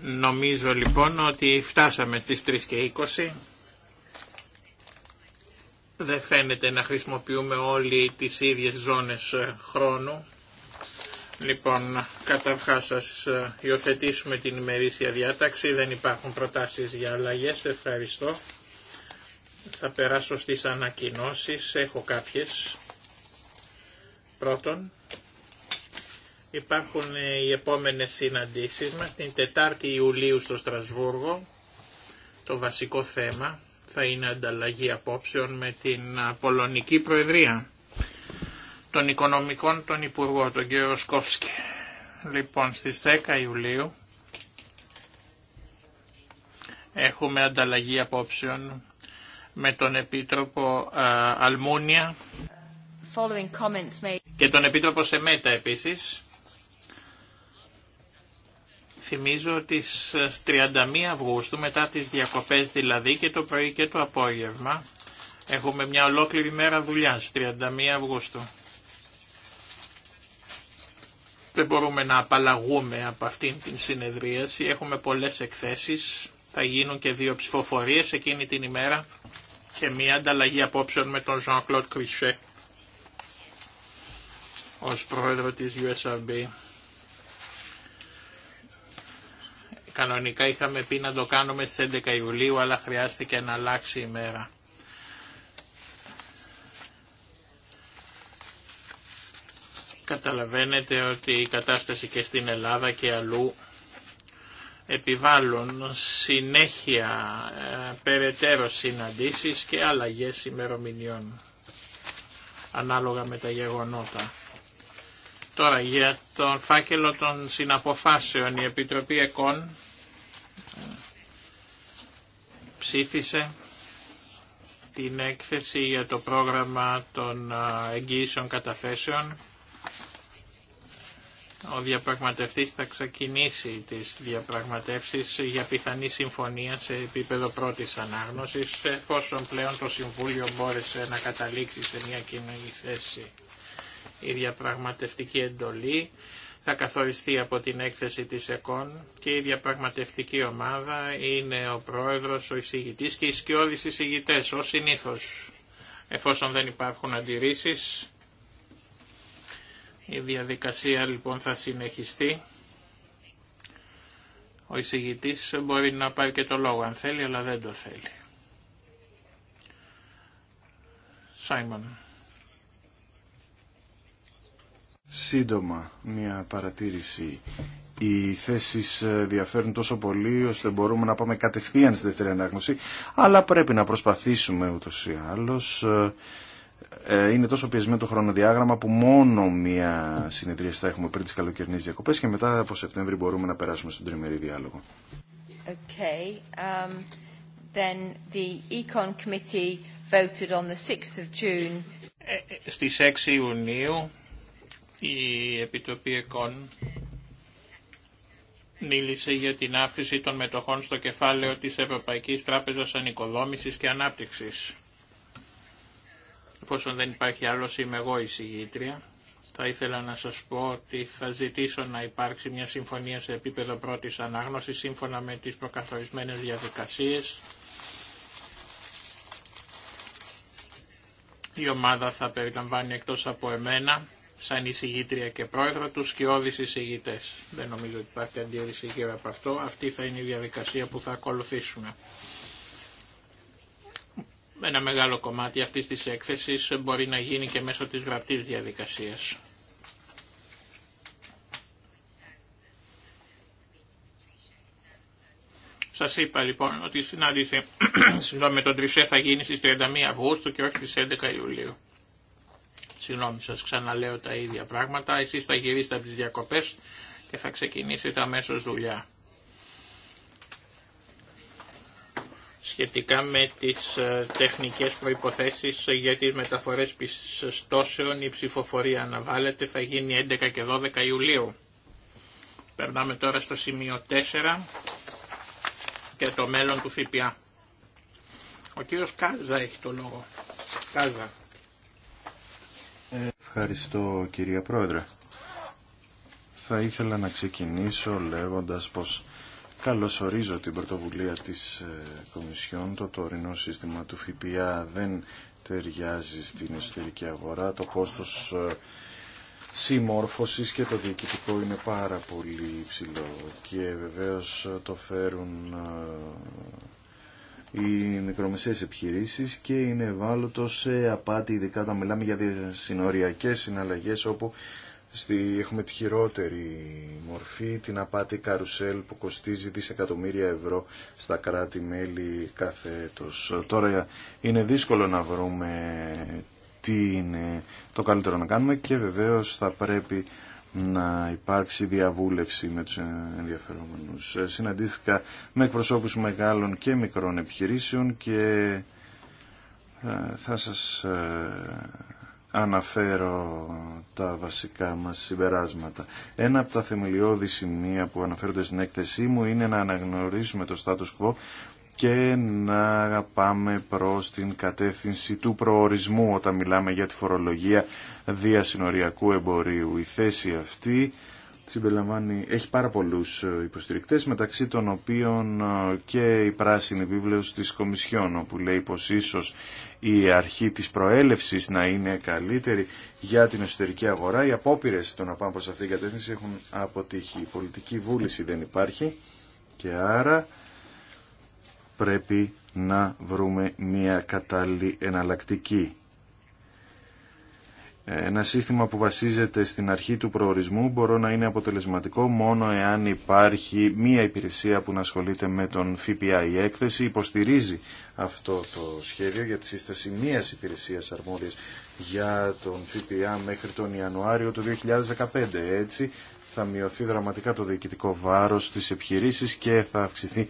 Νομίζω λοιπόν ότι φτάσαμε στις 3 και 20. Δεν φαίνεται να χρησιμοποιούμε όλοι τις ίδιες ζώνες ε, χρόνου. Λοιπόν, καταρχά σα ε, υιοθετήσουμε την ημερήσια διάταξη. Δεν υπάρχουν προτάσεις για αλλαγέ. Ευχαριστώ. Θα περάσω στις ανακοινώσεις. Έχω κάποιες. Πρώτον, Υπάρχουν ε, οι επόμενες συναντήσεις μας, την 4η Ιουλίου στο Στρασβούργο. Το βασικό θέμα θα είναι ανταλλαγή απόψεων με την Πολωνική Προεδρία των Οικονομικών τον Υπουργό, τον κύριο Σκόφσκι. Λοιπόν, στις 10 Ιουλίου έχουμε ανταλλαγή απόψεων με τον Επίτροπο Αλμούνια και τον Επίτροπο Σεμέτα επίσης Θυμίζω τις 31 ε, Αυγούστου, μετά τις διακοπές δηλαδή και το πρωί και το απόγευμα, έχουμε μια ολόκληρη μέρα δουλειάς, 31 Αυγούστου. Δεν μπορούμε να απαλλαγούμε από αυτήν την συνεδρίαση, έχουμε πολλές εκθέσεις, θα γίνουν και δύο ψηφοφορίες εκείνη την ημέρα και μια ανταλλαγή απόψεων με τον Jean-Claude Crichet ως πρόεδρο της USRB. Κανονικά είχαμε πει να το κάνουμε στις 11 Ιουλίου, αλλά χρειάστηκε να αλλάξει η μέρα. Καταλαβαίνετε ότι η κατάσταση και στην Ελλάδα και αλλού επιβάλλουν συνέχεια ε, περαιτέρω συναντήσεις και αλλαγές ημερομηνιών ανάλογα με τα γεγονότα. Τώρα για τον φάκελο των συναποφάσεων η Επιτροπή ΕΚΟΝ ψήφισε την έκθεση για το πρόγραμμα των εγγύησεων καταθέσεων. Ο διαπραγματευτής θα ξεκινήσει τις διαπραγματεύσεις για πιθανή συμφωνία σε επίπεδο πρώτης ανάγνωσης, εφόσον πλέον το Συμβούλιο μπόρεσε να καταλήξει σε μια κοινή θέση. Η διαπραγματευτική εντολή θα καθοριστεί από την έκθεση της ΕΚΟΝ και η διαπραγματευτική ομάδα είναι ο πρόεδρος, ο εισηγητής και οι σκιώδεις εισηγητές, ως συνήθως, εφόσον δεν υπάρχουν αντιρρήσεις. Η διαδικασία λοιπόν θα συνεχιστεί. Ο εισηγητής μπορεί να πάρει και το λόγο αν θέλει, αλλά δεν το θέλει. Σάιμον. Σύντομα, μια παρατήρηση. Οι θέσει ε, διαφέρουν τόσο πολύ ώστε μπορούμε να πάμε κατευθείαν στη δεύτερη ανάγνωση, αλλά πρέπει να προσπαθήσουμε ούτω ή άλλω. Ε, ε, είναι τόσο πιεσμένο το χρονοδιάγραμμα που μόνο μία συνεδρία θα έχουμε πριν τι καλοκαιρινές διακοπέ και μετά από Σεπτέμβρη μπορούμε να περάσουμε στον τριμερή διάλογο. Okay. Um, then the Committee voted on the 6th of June. στις 6 Ιουνίου η Επιτροπή ΕΚΟΝ μίλησε για την αύξηση των μετοχών στο κεφάλαιο της Ευρωπαϊκής Τράπεζας Ανοικοδόμησης και Ανάπτυξης. Εφόσον δεν υπάρχει άλλο είμαι εγώ η Θα ήθελα να σας πω ότι θα ζητήσω να υπάρξει μια συμφωνία σε επίπεδο πρώτης ανάγνωσης σύμφωνα με τις προκαθορισμένες διαδικασίες. Η ομάδα θα περιλαμβάνει εκτός από εμένα σαν εισηγήτρια και πρόεδρο του οι εισηγητέ. Δεν νομίζω ότι υπάρχει αντίρρηση γύρω από αυτό. Αυτή θα είναι η διαδικασία που θα ακολουθήσουμε. Ένα μεγάλο κομμάτι αυτής της έκθεσης μπορεί να γίνει και μέσω της γραπτής διαδικασίας. Σας είπα λοιπόν ότι η συνάντηση με τον Τρισέ θα γίνει στις 31 Αυγούστου και όχι στις 11 Ιουλίου. Συγγνώμη σα ξαναλέω τα ίδια πράγματα. Εσείς θα γυρίσετε από τις διακοπές και θα ξεκινήσετε αμέσως δουλειά. σχετικά με τις ε, τεχνικές προϋποθέσεις για τις μεταφορές πιστώσεων η ψηφοφορία αναβάλλεται θα γίνει 11 και 12 Ιουλίου. Περνάμε τώρα στο σημείο 4 και το μέλλον του ΦΠΑ. Ο κύριος Κάζα έχει το λόγο. Κάζα. Ευχαριστώ κυρία Πρόεδρε. Θα ήθελα να ξεκινήσω λέγοντας πως καλωσορίζω την πρωτοβουλία της ε, Κομισιόν. Το τωρινό σύστημα του ΦΠΑ δεν ταιριάζει στην εσωτερική αγορά. Το κόστος ε, συμμόρφωσης και το διοικητικό είναι πάρα πολύ υψηλό και βεβαίως το φέρουν ε, οι μικρομεσαίες επιχειρήσεις και είναι ευάλωτο σε απάτη, ειδικά όταν μιλάμε για συνοριακέ συναλλαγές όπου στη, έχουμε τη χειρότερη μορφή, την απάτη καρουσέλ που κοστίζει δισεκατομμύρια ευρώ στα κράτη-μέλη κάθε έτος. Τώρα είναι δύσκολο να βρούμε τι είναι το καλύτερο να κάνουμε και βεβαίως θα πρέπει να υπάρξει διαβούλευση με τους ενδιαφερόμενους. Συναντήθηκα με εκπροσώπους μεγάλων και μικρών επιχειρήσεων και ε, θα σας ε, αναφέρω τα βασικά μας συμπεράσματα. Ένα από τα θεμελιώδη σημεία που αναφέρονται στην έκθεσή μου είναι να αναγνωρίσουμε το status quo και να πάμε προς την κατεύθυνση του προορισμού όταν μιλάμε για τη φορολογία διασυνοριακού εμπορίου. Η θέση αυτή συμπεριλαμβάνει, έχει πάρα πολλούς ε, υποστηρικτές, μεταξύ των οποίων ε, και η πράσινη βίβλος της Κομισιόν, όπου λέει πως ίσως η αρχή της προέλευσης να είναι καλύτερη για την εσωτερική αγορά. Οι απόπειρε των να πάμε προς αυτήν την κατεύθυνση έχουν αποτύχει. Η πολιτική βούληση δεν υπάρχει και άρα πρέπει να βρούμε μια κατάλληλη εναλλακτική. Ένα σύστημα που βασίζεται στην αρχή του προορισμού μπορώ να είναι αποτελεσματικό μόνο εάν υπάρχει μία υπηρεσία που να ασχολείται με τον ΦΠΑ. Η έκθεση υποστηρίζει αυτό το σχέδιο για τη σύσταση μίας υπηρεσίας αρμόδιας για τον ΦΠΑ μέχρι τον Ιανουάριο του 2015. Έτσι θα μειωθεί δραματικά το διοικητικό βάρος στις επιχειρήσεις και θα αυξηθεί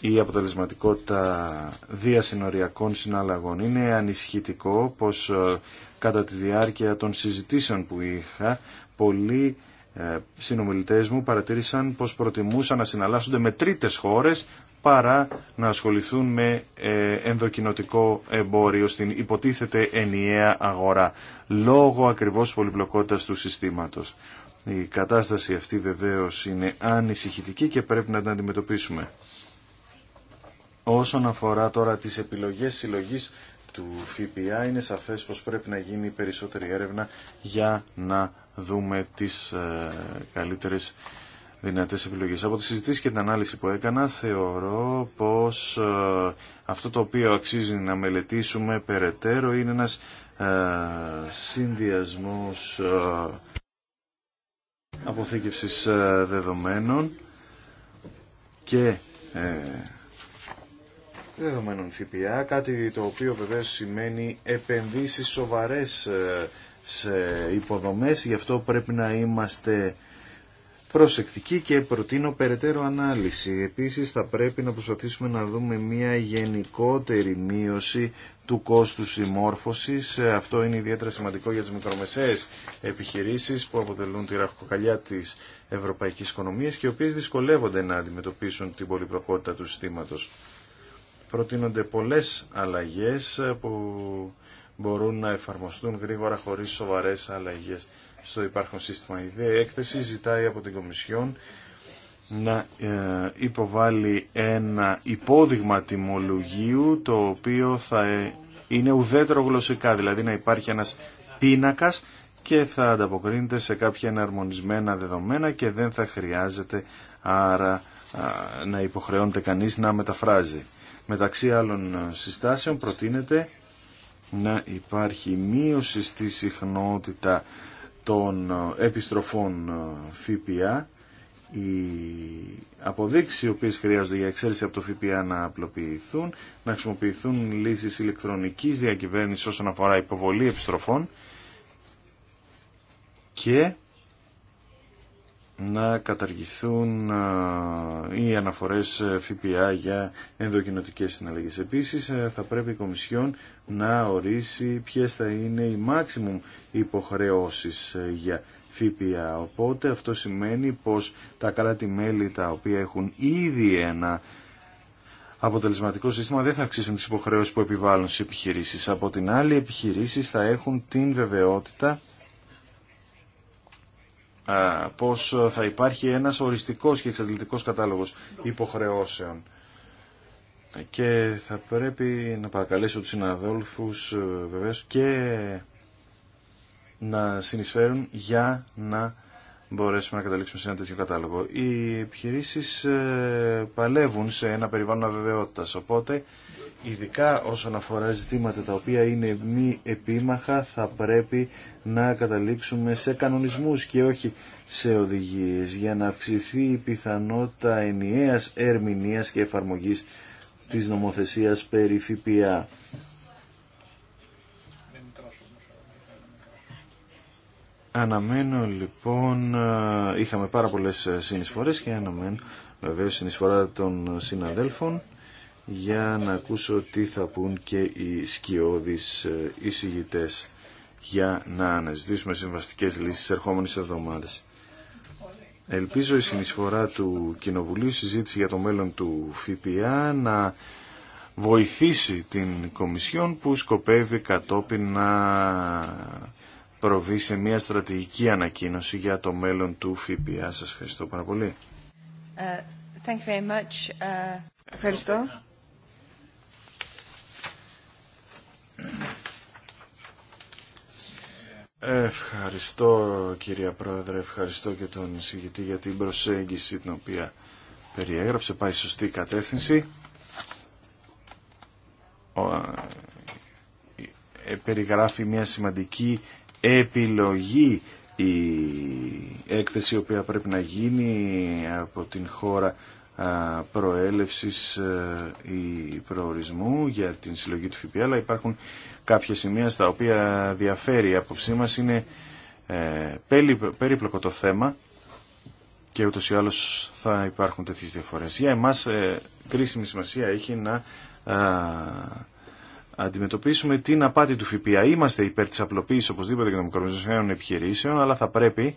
η αποτελεσματικότητα διασυνοριακών συναλλαγών. Είναι ανησυχητικό πως ε, κατά τη διάρκεια των συζητήσεων που είχα, πολλοί ε, συνομιλητές μου παρατήρησαν πως προτιμούσαν να συναλλάσσονται με τρίτες χώρες παρά να ασχοληθούν με ε, ενδοκινοτικό εμπόριο στην υποτίθεται ενιαία αγορά, λόγω ακριβώς πολυπλοκότητας του συστήματος. Η κατάσταση αυτή βεβαίως είναι ανησυχητική και πρέπει να την αντιμετωπίσουμε. Όσον αφορά τώρα τις επιλογές συλλογής του ΦΠΑ, είναι σαφές πως πρέπει να γίνει περισσότερη έρευνα για να δούμε τις ε, καλύτερες δυνατές επιλογές. Από τη συζήτηση και την ανάλυση που έκανα, θεωρώ πως ε, αυτό το οποίο αξίζει να μελετήσουμε περαιτέρω είναι ένας ε, συνδυασμός αποθήκευσης δεδομένων και δεδομένων ΦΠΑ, κάτι το οποίο βεβαίω σημαίνει επενδύσει σοβαρέ ε, σε υποδομές, γι' αυτό πρέπει να είμαστε προσεκτικοί και προτείνω περαιτέρω ανάλυση. Επίσης θα πρέπει να προσπαθήσουμε να δούμε μια γενικότερη μείωση του κόστου συμμόρφωσης. Ε, αυτό είναι ιδιαίτερα σημαντικό για τις μικρομεσαίες επιχειρήσεις που αποτελούν τη ραχοκοκαλιά της ευρωπαϊκής οικονομίας και οι οποίες δυσκολεύονται να αντιμετωπίσουν την πολυπλοκότητα του συστήματος προτείνονται πολλές αλλαγές που μπορούν να εφαρμοστούν γρήγορα χωρίς σοβαρές αλλαγές στο υπάρχον σύστημα. Η έκθεση ζητάει από την Κομισιόν να ε, υποβάλει ένα υπόδειγμα τιμολογίου το οποίο θα ε, είναι ουδέτερο γλωσσικά, δηλαδή να υπάρχει ένας πίνακας και θα ανταποκρίνεται σε κάποια εναρμονισμένα δεδομένα και δεν θα χρειάζεται άρα να υποχρεώνεται κανείς να μεταφράζει. Μεταξύ άλλων ε, συστάσεων προτείνεται να υπάρχει μείωση στη συχνότητα των ε, επιστροφών ε, ΦΠΑ οι αποδείξεις οι οποίες χρειάζονται για εξαίρεση από το ΦΠΑ να απλοποιηθούν, να χρησιμοποιηθούν λύσεις ηλεκτρονικής διακυβέρνησης όσον αφορά υποβολή επιστροφών και να καταργηθούν ε, οι αναφορές ΦΠΑ ε, για ενδοκινοτικές συναλλαγές. Επίσης ε, θα πρέπει η Κομισιόν να ορίσει ποιες θα είναι οι μάξιμουμ υποχρεώσεις για ΦΠΑ. Οπότε αυτό σημαίνει πως τα κράτη-μέλη τα οποία έχουν ήδη ένα αποτελεσματικό σύστημα δεν θα αυξήσουν τις υποχρεώσεις που επιβάλλουν στις επιχειρήσεις. Από την άλλη, οι επιχειρήσεις θα έχουν την βεβαιότητα πως θα υπάρχει ένας οριστικός και εξαντλητικός κατάλογος υποχρεώσεων. Και θα πρέπει να παρακαλέσω τους συναδόλφους ε, βεβαίως και να συνεισφέρουν για να μπορέσουμε να καταλήξουμε σε ένα τέτοιο κατάλογο. Οι επιχειρήσει ε, παλεύουν σε ένα περιβάλλον αβεβαιότητα. Οπότε, ειδικά όσον αφορά ζητήματα τα οποία είναι μη επίμαχα, θα πρέπει να καταλήξουμε σε κανονισμούς και όχι σε οδηγίες για να αυξηθεί η πιθανότητα ενιαία ερμηνεία και εφαρμογής της νομοθεσίας περί ΦΠΑ. Αναμένω λοιπόν, είχαμε πάρα πολλές συνεισφορές και αναμένω βεβαίως συνεισφορά των συναδέλφων για να ακούσω τι θα πούν και οι σκιώδεις εισηγητέ για να αναζητήσουμε συμβαστικές λύσεις στις ερχόμενες εβδομάδες. Ελπίζω η συνεισφορά του Κοινοβουλίου, συζήτηση για το μέλλον του ΦΠΑ να βοηθήσει την Κομισιόν που σκοπεύει κατόπιν να προβεί σε μια στρατηγική ανακοίνωση για το μέλλον του ΦΠΑ. Σας ευχαριστώ πάρα πολύ. Ε, ε. Ευχαριστώ. Ευχαριστώ κυρία Πρόεδρε, ευχαριστώ και τον συγητή για την προσέγγιση την οποία περιέγραψε, πάει σωστή κατεύθυνση. Ε, περιγράφει μια σημαντική επιλογή η έκθεση η οποία πρέπει να γίνει από την χώρα προέλευσης ή προορισμού για την συλλογή του ΦΠΑ, αλλά υπάρχουν κάποια σημεία στα οποία διαφέρει η άποψή μας. Είναι ε, περίπλοκο το θέμα και ούτως ή άλλως θα υπάρχουν τέτοιες διαφορές. Για εμάς ε, κρίσιμη σημασία έχει να αντιμετωπίσουμε την απάτη του ΦΠΑ. Είμαστε υπέρ τη απλοποίηση οπωσδήποτε και των μικρομεσαίων επιχειρήσεων, αλλά θα πρέπει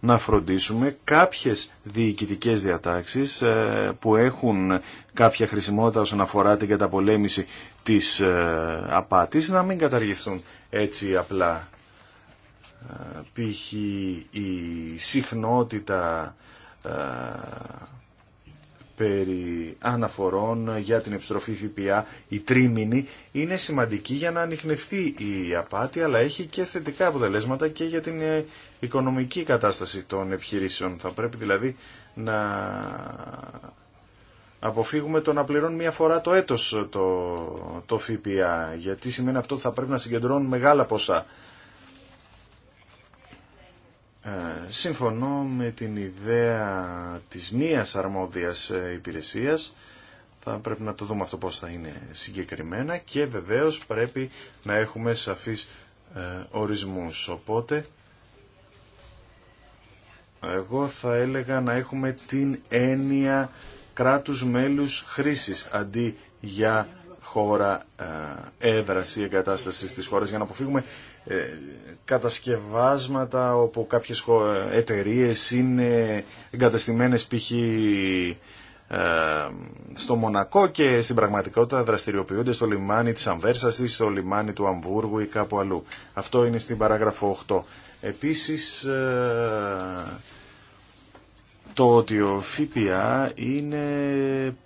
να φροντίσουμε κάποιες διοικητικές διατάξεις ε, που έχουν κάποια χρησιμότητα όσον αφορά την καταπολέμηση της ε, απάτης να μην καταργηθούν έτσι απλά. Ε, π.χ. η συχνότητα περί αναφορών για την επιστροφή ΦΠΑ, η τρίμηνη, είναι σημαντική για να ανοιχνευτεί η απάτη, αλλά έχει και θετικά αποτελέσματα και για την ε, οικονομική κατάσταση των επιχειρήσεων. Θα πρέπει δηλαδή να αποφύγουμε το να πληρώνουν μία φορά το έτος το, το ΦΠΑ, γιατί σημαίνει αυτό ότι θα πρέπει να συγκεντρώνουν μεγάλα ποσά ε, συμφωνώ με την ιδέα της μίας αρμόδιας ε, υπηρεσίας. Θα πρέπει να το δούμε αυτό πώς θα είναι συγκεκριμένα και βεβαίως πρέπει να έχουμε σαφείς ε, ορισμούς. Οπότε εγώ θα έλεγα να έχουμε την έννοια κράτους μέλους χρήσης αντί για χώρα έδραση εγκατάσταση της χώρας για να αποφύγουμε ε, κατασκευάσματα όπου κάποιες εταιρείε είναι εγκαταστημένες π.χ. Ε, στο Μονακό και στην πραγματικότητα δραστηριοποιούνται στο λιμάνι της Αμβέρσας ή στο λιμάνι του Αμβούργου ή κάπου αλλού. Αυτό είναι στην παράγραφο 8. Επίσης ε, το ότι ο ΦΠΑ είναι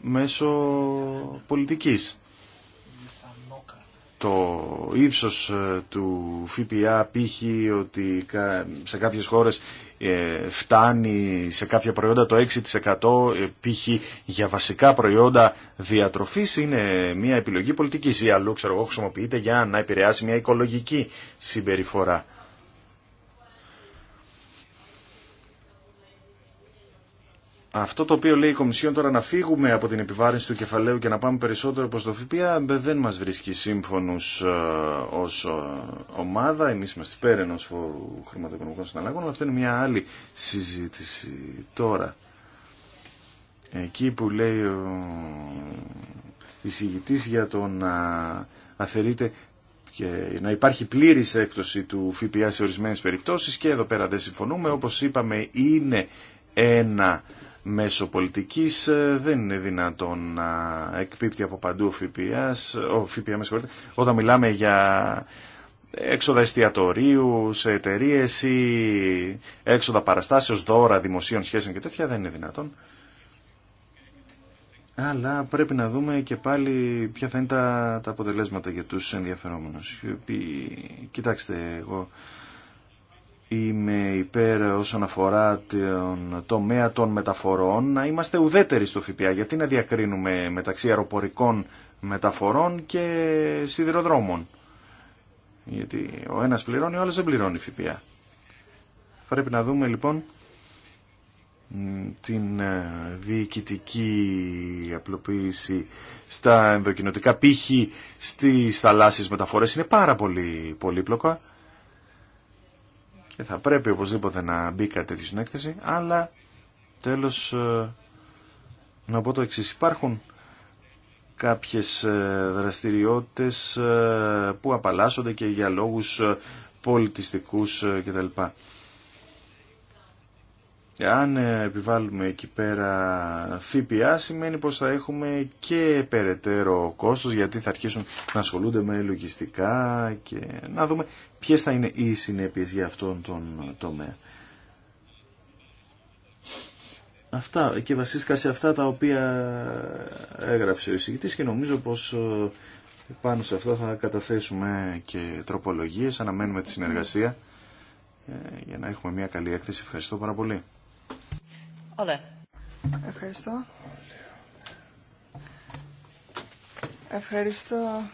μέσω πολιτικής το ύψος ε, του ΦΠΑ π.χ. ότι σε κάποιες χώρες ε, φτάνει σε κάποια προϊόντα το 6% ε, π.χ. για βασικά προϊόντα διατροφής είναι μια επιλογή πολιτικής ή αλλού ξέρω εγώ χρησιμοποιείται για να επηρεάσει μια οικολογική συμπεριφορά. Αυτό το οποίο λέει η Κομισιόν τώρα να φύγουμε από την επιβάρυνση του κεφαλαίου και να πάμε περισσότερο προς το ΦΠΑ δεν μας βρίσκει σύμφωνους ε, ως ε, ομάδα. Εμείς είμαστε υπέρ ενός φόρου χρηματοοικονομικών συναλλαγών, αλλά αυτή είναι μια άλλη συζήτηση τώρα. Εκεί που λέει ο εισηγητής για το να αφαιρείται και να υπάρχει πλήρης έκπτωση του ΦΠΑ σε ορισμένες περιπτώσεις και εδώ πέρα δεν συμφωνούμε. Όπως είπαμε είναι ένα μέσω πολιτικής ε, δεν είναι δυνατόν να εκπίπτει από παντού ο ΦΠΑ, ο ΦΠΑ με όταν μιλάμε για έξοδα εστιατορίου σε εταιρείε ή έξοδα παραστάσεως, δώρα δημοσίων σχέσεων και τέτοια δεν είναι δυνατόν. Αλλά πρέπει να δούμε και πάλι ποια θα είναι τα, τα αποτελέσματα για τους ενδιαφερόμενους. Κοιτάξτε, εγώ είμαι υπέρ όσον αφορά τον τομέα των μεταφορών να είμαστε ουδέτεροι στο ΦΠΑ. Γιατί να διακρίνουμε μεταξύ αεροπορικών μεταφορών και σιδηροδρόμων. Γιατί ο ένας πληρώνει, ο άλλος δεν πληρώνει ΦΠΑ. Πρέπει να δούμε λοιπόν την ε, διοικητική απλοποίηση στα ενδοκινοτικά πύχη στις θαλάσσιες μεταφορές είναι πάρα πολύ πολύπλοκα και θα πρέπει οπωσδήποτε να μπει κάτι στην έκθεση, αλλά τέλος ε, να πω το εξής. Υπάρχουν κάποιες ε, δραστηριότητες ε, που απαλλάσσονται και για λόγους πολιτιστικούς κτλ. Αν ε, επιβάλλουμε εκεί πέρα ΦΠΑ σημαίνει πως θα έχουμε και περαιτέρω κόστος γιατί θα αρχίσουν να ασχολούνται με λογιστικά και να δούμε ποιες θα είναι οι συνέπειες για αυτόν τον τομέα. Αυτά και βασίστηκα σε αυτά τα οποία έγραψε ο εισηγητής και νομίζω πως ε, πάνω σε αυτά θα καταθέσουμε και τροπολογίες, αναμένουμε τη συνεργασία ε, για να έχουμε μια καλή έκθεση. Ευχαριστώ πάρα πολύ. Ευχαριστώ. Ευχαριστώ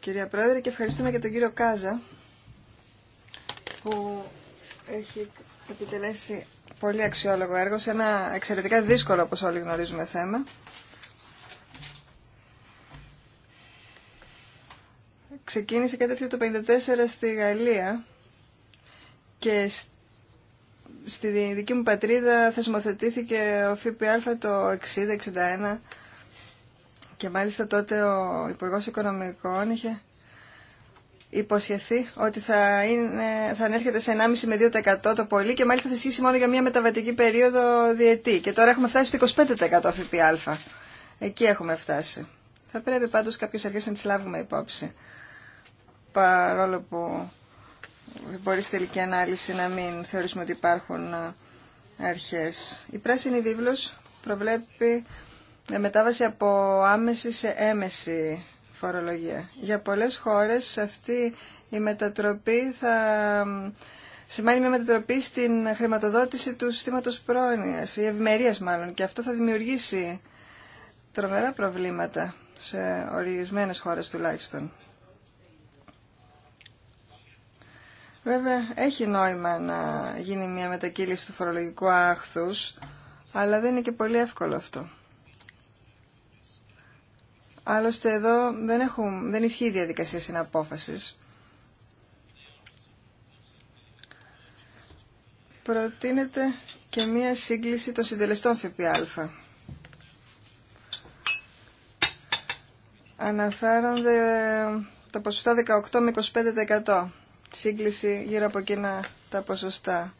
κυρία Πρόεδρε και ευχαριστούμε και τον κύριο Κάζα που έχει επιτελέσει πολύ αξιόλογο έργο σε ένα εξαιρετικά δύσκολο όπως όλοι γνωρίζουμε θέμα. Ξεκίνησε κάτι τέτοιο το 1954 στη Γαλλία και στη δική μου πατρίδα θεσμοθετήθηκε ο ΦΠΑ το 60-61 και μάλιστα τότε ο Υπουργός Οικονομικών είχε υποσχεθεί ότι θα, είναι, θα ανέρχεται σε 1,5 με 2% το πολύ και μάλιστα θα ισχύσει μόνο για μια μεταβατική περίοδο διετή. Και τώρα έχουμε φτάσει στο 25% ΦΠΑ. Εκεί έχουμε φτάσει. Θα πρέπει πάντως κάποιες αρχές να τις λάβουμε υπόψη. Παρόλο που μπορεί στη τελική ανάλυση να μην θεωρήσουμε ότι υπάρχουν ε, αρχές. Η πράσινη βίβλος προβλέπει ε, μετάβαση από άμεση σε έμεση φορολογία. Για πολλές χώρες αυτή η μετατροπή θα σημαίνει μια μετατροπή στην χρηματοδότηση του συστήματος πρόνοιας, ή ευημερίας μάλλον, και αυτό θα δημιουργήσει τρομερά προβλήματα σε ορισμένες χώρες τουλάχιστον. Βέβαια, έχει νόημα να γίνει μια μετακύληση του φορολογικού άχθους, αλλά δεν είναι και πολύ εύκολο αυτό. Άλλωστε εδώ δεν, έχουν, δεν ισχύει η διαδικασία συναπόφασης. Προτείνεται και μία σύγκληση των συντελεστών ΦΠΑ. Αναφέρονται τα ποσοστά 18 με 25% σύγκληση γύρω από εκείνα τα ποσοστά.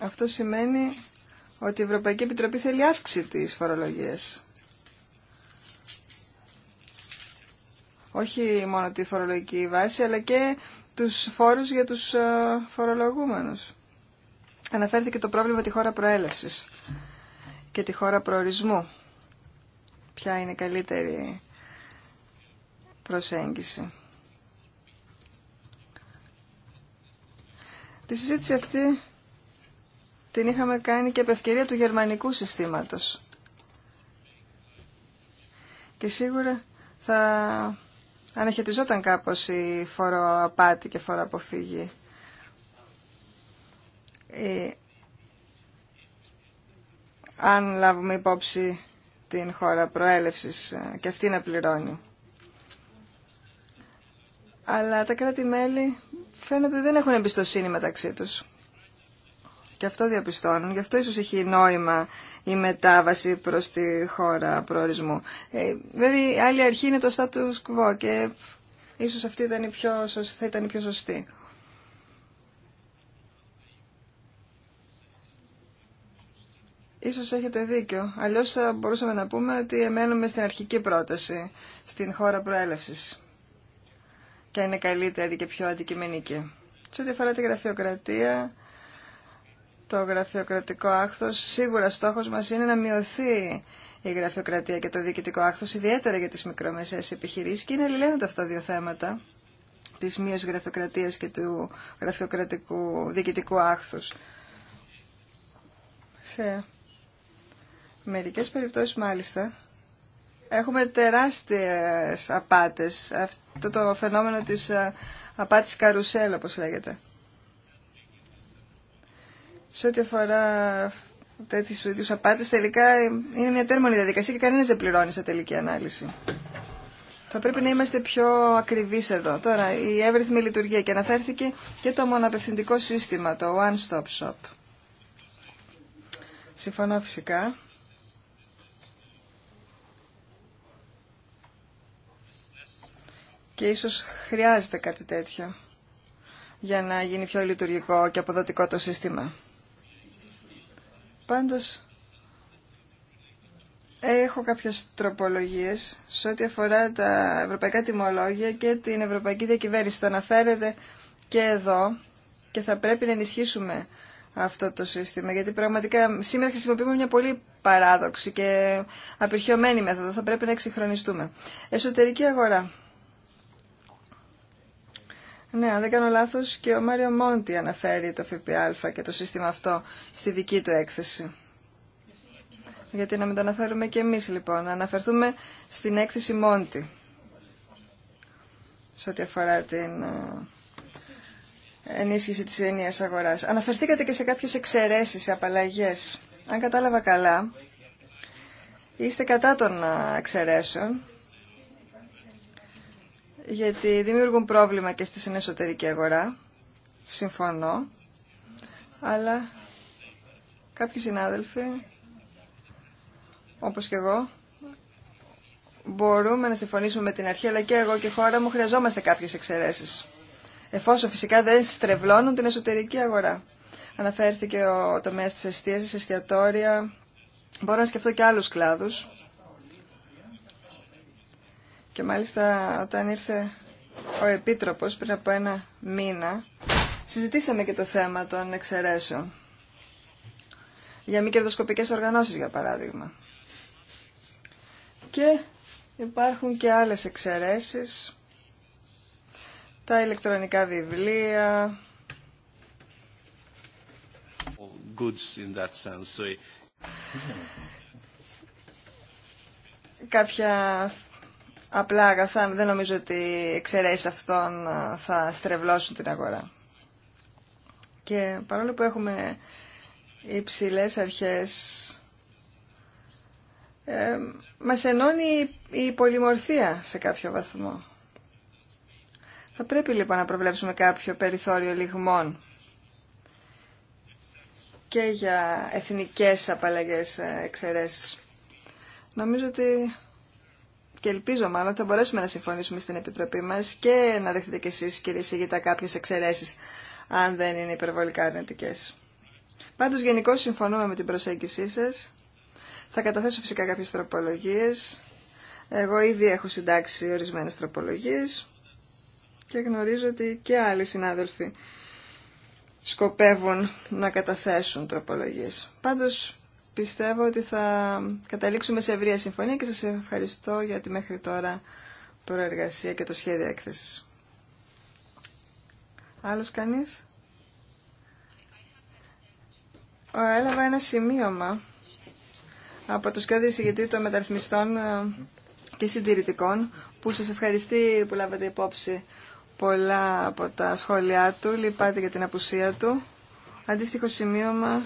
Αυτό σημαίνει ότι η Ευρωπαϊκή Επιτροπή θέλει αύξηση της φορολογίας. Όχι μόνο τη φορολογική βάση, αλλά και τους φόρους για τους ε, φορολογούμενους. Αναφέρθηκε το πρόβλημα τη χώρα προέλευσης και τη χώρα προορισμού. Ποια είναι η καλύτερη προσέγγιση. Τη συζήτηση αυτή την είχαμε κάνει και επ' του γερμανικού συστήματος. Και σίγουρα θα αναχαιτιζόταν κάπως η φοροαπάτη και φοροαποφύγη. Ε, αν λάβουμε υπόψη την χώρα προέλευσης ε, και αυτή να πληρώνει αλλά τα κράτη-μέλη φαίνεται ότι δεν έχουν εμπιστοσύνη μεταξύ τους. Και αυτό διαπιστώνουν. Γι' αυτό ίσως έχει νόημα η μετάβαση προς τη χώρα προορισμού. Ε, βέβαια, η άλλη αρχή είναι το status quo και ίσως αυτή ήταν η πιο, θα ήταν η πιο σωστή. Ίσως έχετε δίκιο. Αλλιώς θα μπορούσαμε να πούμε ότι εμένουμε στην αρχική πρόταση, στην χώρα προέλευσης και είναι καλύτερη και πιο αντικειμενική. Σε ό,τι αφορά τη γραφειοκρατία, το γραφειοκρατικό άχθος, σίγουρα στόχος μας είναι να μειωθεί η γραφειοκρατία και το διοικητικό άχθος, ιδιαίτερα για τις μικρομεσαίες επιχειρήσεις και είναι αλληλένοντα αυτά τα δύο θέματα της μείωσης γραφειοκρατίας και του γραφειοκρατικού διοικητικού άκθου. Σε μερικές περιπτώσεις μάλιστα έχουμε τεράστιες απάτες. Αυτό το φαινόμενο της ε, απάτης καρουσέλ, όπως λέγεται. Σε ό,τι αφορά τέτοιου απάτες, τελικά είναι μια τέρμονη διαδικασία και κανένας δεν πληρώνει σε τελική ανάλυση. Θα πρέπει να είμαστε πιο ακριβείς εδώ. Τώρα, η εύρυθμη λειτουργία και αναφέρθηκε και το μοναπευθυντικό σύστημα, το One Stop Shop. Συμφωνώ φυσικά και ίσως χρειάζεται κάτι τέτοιο για να γίνει πιο λειτουργικό και αποδοτικό το σύστημα. Πάντως, έχω κάποιες τροπολογίες σε ό,τι αφορά τα ευρωπαϊκά τιμολόγια και την ευρωπαϊκή διακυβέρνηση. Το αναφέρεται και εδώ και θα πρέπει να ενισχύσουμε αυτό το σύστημα, γιατί πραγματικά σήμερα χρησιμοποιούμε μια πολύ παράδοξη και απερχιωμένη μέθοδο. Θα πρέπει να εξυγχρονιστούμε. Εσωτερική αγορά. Ναι, αν δεν κάνω λάθο και ο Μάριο Μόντι αναφέρει το ΦΠΑ και το σύστημα αυτό στη δική του έκθεση. Γιατί να μην το αναφέρουμε και εμείς λοιπόν, να αναφερθούμε στην έκθεση Μόντι σε ό,τι αφορά την ε, ενίσχυση της ενίας αγοράς. Αναφερθήκατε και σε κάποιες εξαιρέσεις, σε απαλλαγές. Αν κατάλαβα καλά, είστε κατά των ε, εξαιρέσεων γιατί δημιουργούν πρόβλημα και στη εσωτερική αγορά. Συμφωνώ. Αλλά κάποιοι συνάδελφοι, όπως και εγώ, μπορούμε να συμφωνήσουμε με την αρχή, αλλά και εγώ και η χώρα μου χρειαζόμαστε κάποιες εξαιρέσεις. Εφόσον φυσικά δεν στρεβλώνουν την εσωτερική αγορά. Αναφέρθηκε ο τομέας της εστίασης, εστιατόρια. Μπορώ να σκεφτώ και άλλους κλάδους και μάλιστα όταν ήρθε ο Επίτροπος πριν από ένα μήνα, συζητήσαμε και το θέμα των εξαιρέσεων. Για μη κερδοσκοπικές οργανώσεις, για παράδειγμα. Και υπάρχουν και άλλες εξαιρέσεις. Τα ηλεκτρονικά βιβλία. in Κάποια απλά αγαθά. Δεν νομίζω ότι εξαιρέσει αυτών θα στρεβλώσουν την αγορά. Και παρόλο που έχουμε υψηλές αρχές, ε, μας ενώνει η πολυμορφία σε κάποιο βαθμό. Θα πρέπει λοιπόν να προβλέψουμε κάποιο περιθώριο λιγμών και για εθνικές απαλλαγές ε, εξαιρέσεις. Νομίζω ότι και ελπίζω μάλλον ότι θα μπορέσουμε να συμφωνήσουμε στην Επιτροπή μας και να δεχτείτε κι εσείς κύριε Σιγητά κάποιες εξαιρέσεις αν δεν είναι υπερβολικά αρνητικέ. Πάντως γενικώ συμφωνούμε με την προσέγγισή σας. Θα καταθέσω φυσικά κάποιες τροπολογίες. Εγώ ήδη έχω συντάξει ορισμένες τροπολογίες και γνωρίζω ότι και άλλοι συνάδελφοι σκοπεύουν να καταθέσουν τροπολογίες. Πάντως πιστεύω ότι θα καταλήξουμε σε ευρεία συμφωνία και σας ευχαριστώ για τη μέχρι τώρα προεργασία και το σχέδιο έκθεσης. Άλλος κανείς? Έλαβα ένα σημείωμα από το σχέδιο εισηγητή των μεταρρυθμιστών ε, και συντηρητικών που σας ευχαριστεί που λάβατε υπόψη πολλά από τα σχόλιά του, λυπάται για την απουσία του. Αντίστοιχο σημείωμα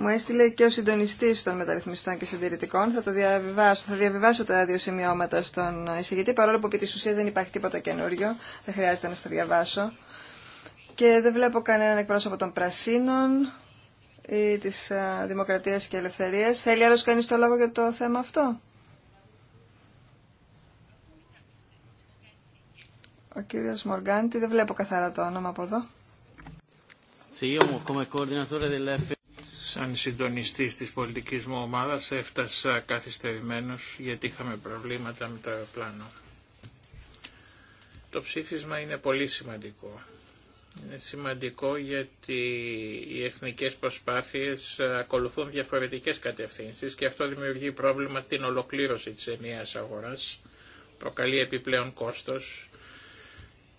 μου έστειλε και ο συντονιστή των μεταρρυθμιστών και συντηρητικών. Θα, το διαβιβάσω, θα διαβιβάσω τα δύο σημειώματα στον εισηγητή, παρόλο που επί τη ουσία δεν υπάρχει τίποτα καινούριο. Δεν χρειάζεται να στα διαβάσω. Και δεν βλέπω κανέναν εκπρόσωπο των Πρασίνων ή τη Δημοκρατία και Ελευθερία. Θέλει άλλο κανεί το λόγο για το θέμα αυτό. Ο κύριο Μοργάντη, δεν βλέπω καθαρά το όνομα από εδώ. Sì, coordinatore σαν συντονιστής της πολιτικής μου ομάδας έφτασα καθυστερημένος γιατί είχαμε προβλήματα με το αεροπλάνο. Το ψήφισμα είναι πολύ σημαντικό. Είναι σημαντικό γιατί οι εθνικές προσπάθειες ακολουθούν διαφορετικές κατευθύνσεις και αυτό δημιουργεί πρόβλημα στην ολοκλήρωση της ενιαίας αγοράς, προκαλεί επιπλέον κόστος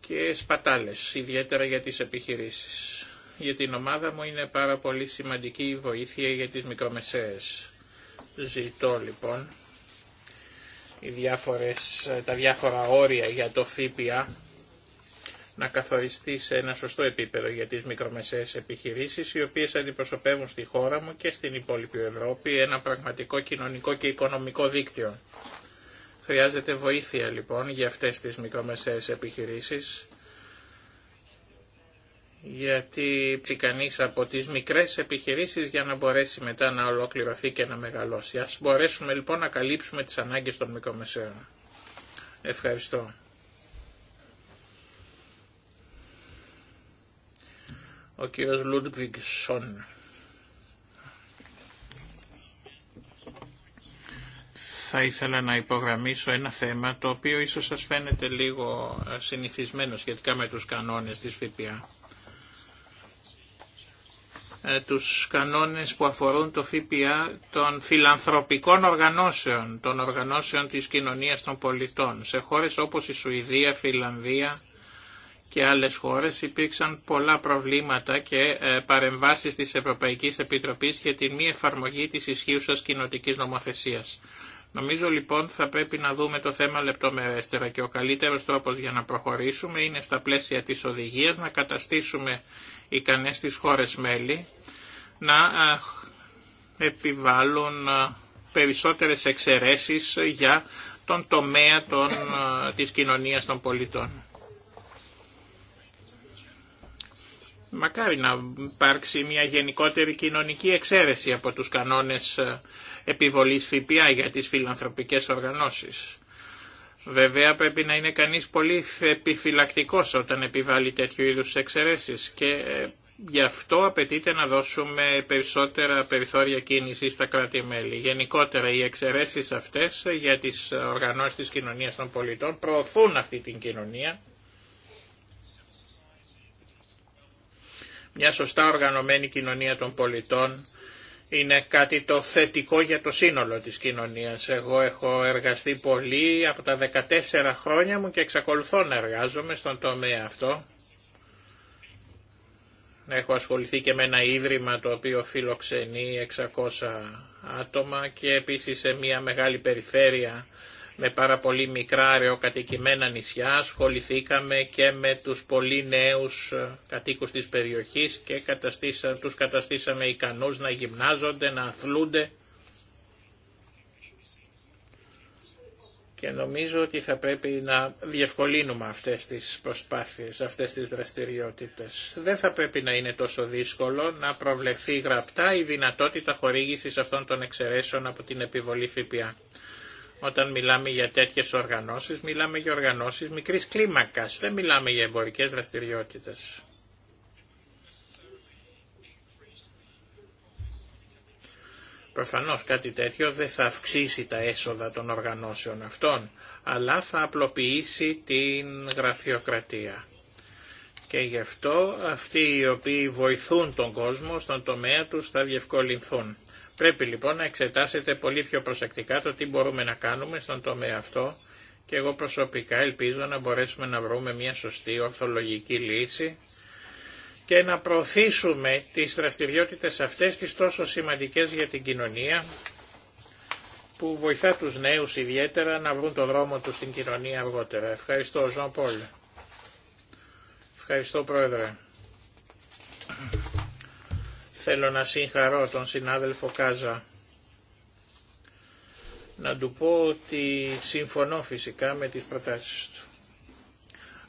και σπατάλες, ιδιαίτερα για τις επιχειρήσεις για την ομάδα μου είναι πάρα πολύ σημαντική η βοήθεια για τις μικρομεσαίες. Ζητώ λοιπόν οι διάφορες, τα διάφορα όρια για το ΦΠΑ να καθοριστεί σε ένα σωστό επίπεδο για τις μικρομεσαίες επιχειρήσεις, οι οποίες αντιπροσωπεύουν στη χώρα μου και στην υπόλοιπη Ευρώπη ένα πραγματικό κοινωνικό και οικονομικό δίκτυο. Χρειάζεται βοήθεια λοιπόν για αυτές τις μικρομεσαίες επιχειρήσεις, γιατί κανείς από τις μικρές επιχειρήσεις για να μπορέσει μετά να ολοκληρωθεί και να μεγαλώσει. Ας μπορέσουμε λοιπόν να καλύψουμε τις ανάγκες των μικρομεσαίων. Ευχαριστώ. Ο κύριος Λούντβιγκσον. θα ήθελα να υπογραμμίσω ένα θέμα το οποίο ίσως σας φαίνεται λίγο συνηθισμένο σχετικά με τους κανόνες της ΦΠΑ. Ε, τους κανόνες που αφορούν το ΦΠΑ των φιλανθρωπικών οργανώσεων, των οργανώσεων της κοινωνίας των πολιτών. Σε χώρες όπως η Σουηδία, Φιλανδία και άλλες χώρες υπήρξαν πολλά προβλήματα και ε, παρεμβάσεις της Ευρωπαϊκής Επιτροπής για τη μη εφαρμογή της ισχύουσας κοινοτικής νομοθεσίας. Νομίζω λοιπόν θα πρέπει να δούμε το θέμα λεπτομερέστερα και ο καλύτερος τρόπος για να προχωρήσουμε είναι στα πλαίσια της οδηγίας να καταστήσουμε ικανές τις χώρες μέλη να επιβάλλουν περισσότερες εξαιρέσεις για τον τομέα των, της κοινωνίας των πολιτών. Μακάρι να υπάρξει μια γενικότερη κοινωνική εξαίρεση από τους κανόνες επιβολής ΦΠΑ για τις φιλανθρωπικές οργανώσεις. Βέβαια πρέπει να είναι κανείς πολύ επιφυλακτικός όταν επιβάλλει τέτοιου είδους εξαιρέσεις και ε, γι' αυτό απαιτείται να δώσουμε περισσότερα περιθώρια κίνηση στα κράτη-μέλη. Γενικότερα οι εξαιρέσει αυτές για τις οργανώσεις της κοινωνίας των πολιτών προωθούν αυτή την κοινωνία. Μια σωστά οργανωμένη κοινωνία των πολιτών είναι κάτι το θετικό για το σύνολο της κοινωνίας. Εγώ έχω εργαστεί πολύ από τα 14 χρόνια μου και εξακολουθώ να εργάζομαι στον τομέα αυτό. Έχω ασχοληθεί και με ένα ίδρυμα το οποίο φιλοξενεί 600 άτομα και επίσης σε μια μεγάλη περιφέρεια με πάρα πολύ μικρά αεροκατοικημένα νησιά, ασχοληθήκαμε και με τους πολύ νέους ε, κατοίκους της περιοχής και καταστήσα, τους καταστήσαμε ικανούς να γυμνάζονται, να αθλούνται και νομίζω ότι θα πρέπει να διευκολύνουμε αυτές τις προσπάθειες, αυτές τις δραστηριότητες. Δεν θα πρέπει να είναι τόσο δύσκολο να προβλεφθεί γραπτά η δυνατότητα χορήγησης αυτών των εξαιρέσεων από την επιβολή ΦΠΑ. Όταν μιλάμε για τέτοιες οργανώσεις, μιλάμε για οργανώσεις μικρής κλίμακας, δεν μιλάμε για εμπορικές δραστηριότητες. Προφανώς κάτι τέτοιο δεν θα αυξήσει τα έσοδα των οργανώσεων αυτών, αλλά θα απλοποιήσει την γραφειοκρατία. Και γι' αυτό αυτοί οι οποίοι βοηθούν τον κόσμο στον τομέα τους θα διευκολυνθούν. Πρέπει λοιπόν να εξετάσετε πολύ πιο προσεκτικά το τι μπορούμε να κάνουμε στον τομέα αυτό και εγώ προσωπικά ελπίζω να μπορέσουμε να βρούμε μια σωστή ορθολογική λύση και να προωθήσουμε τις δραστηριότητες αυτές τις τόσο σημαντικές για την κοινωνία που βοηθά τους νέους ιδιαίτερα να βρουν τον δρόμο τους στην κοινωνία αργότερα. Ευχαριστώ, Ζων Ευχαριστώ, Πρόεδρε. Θέλω να συγχαρώ τον συνάδελφο Κάζα. Να του πω ότι συμφωνώ φυσικά με τις προτάσεις του.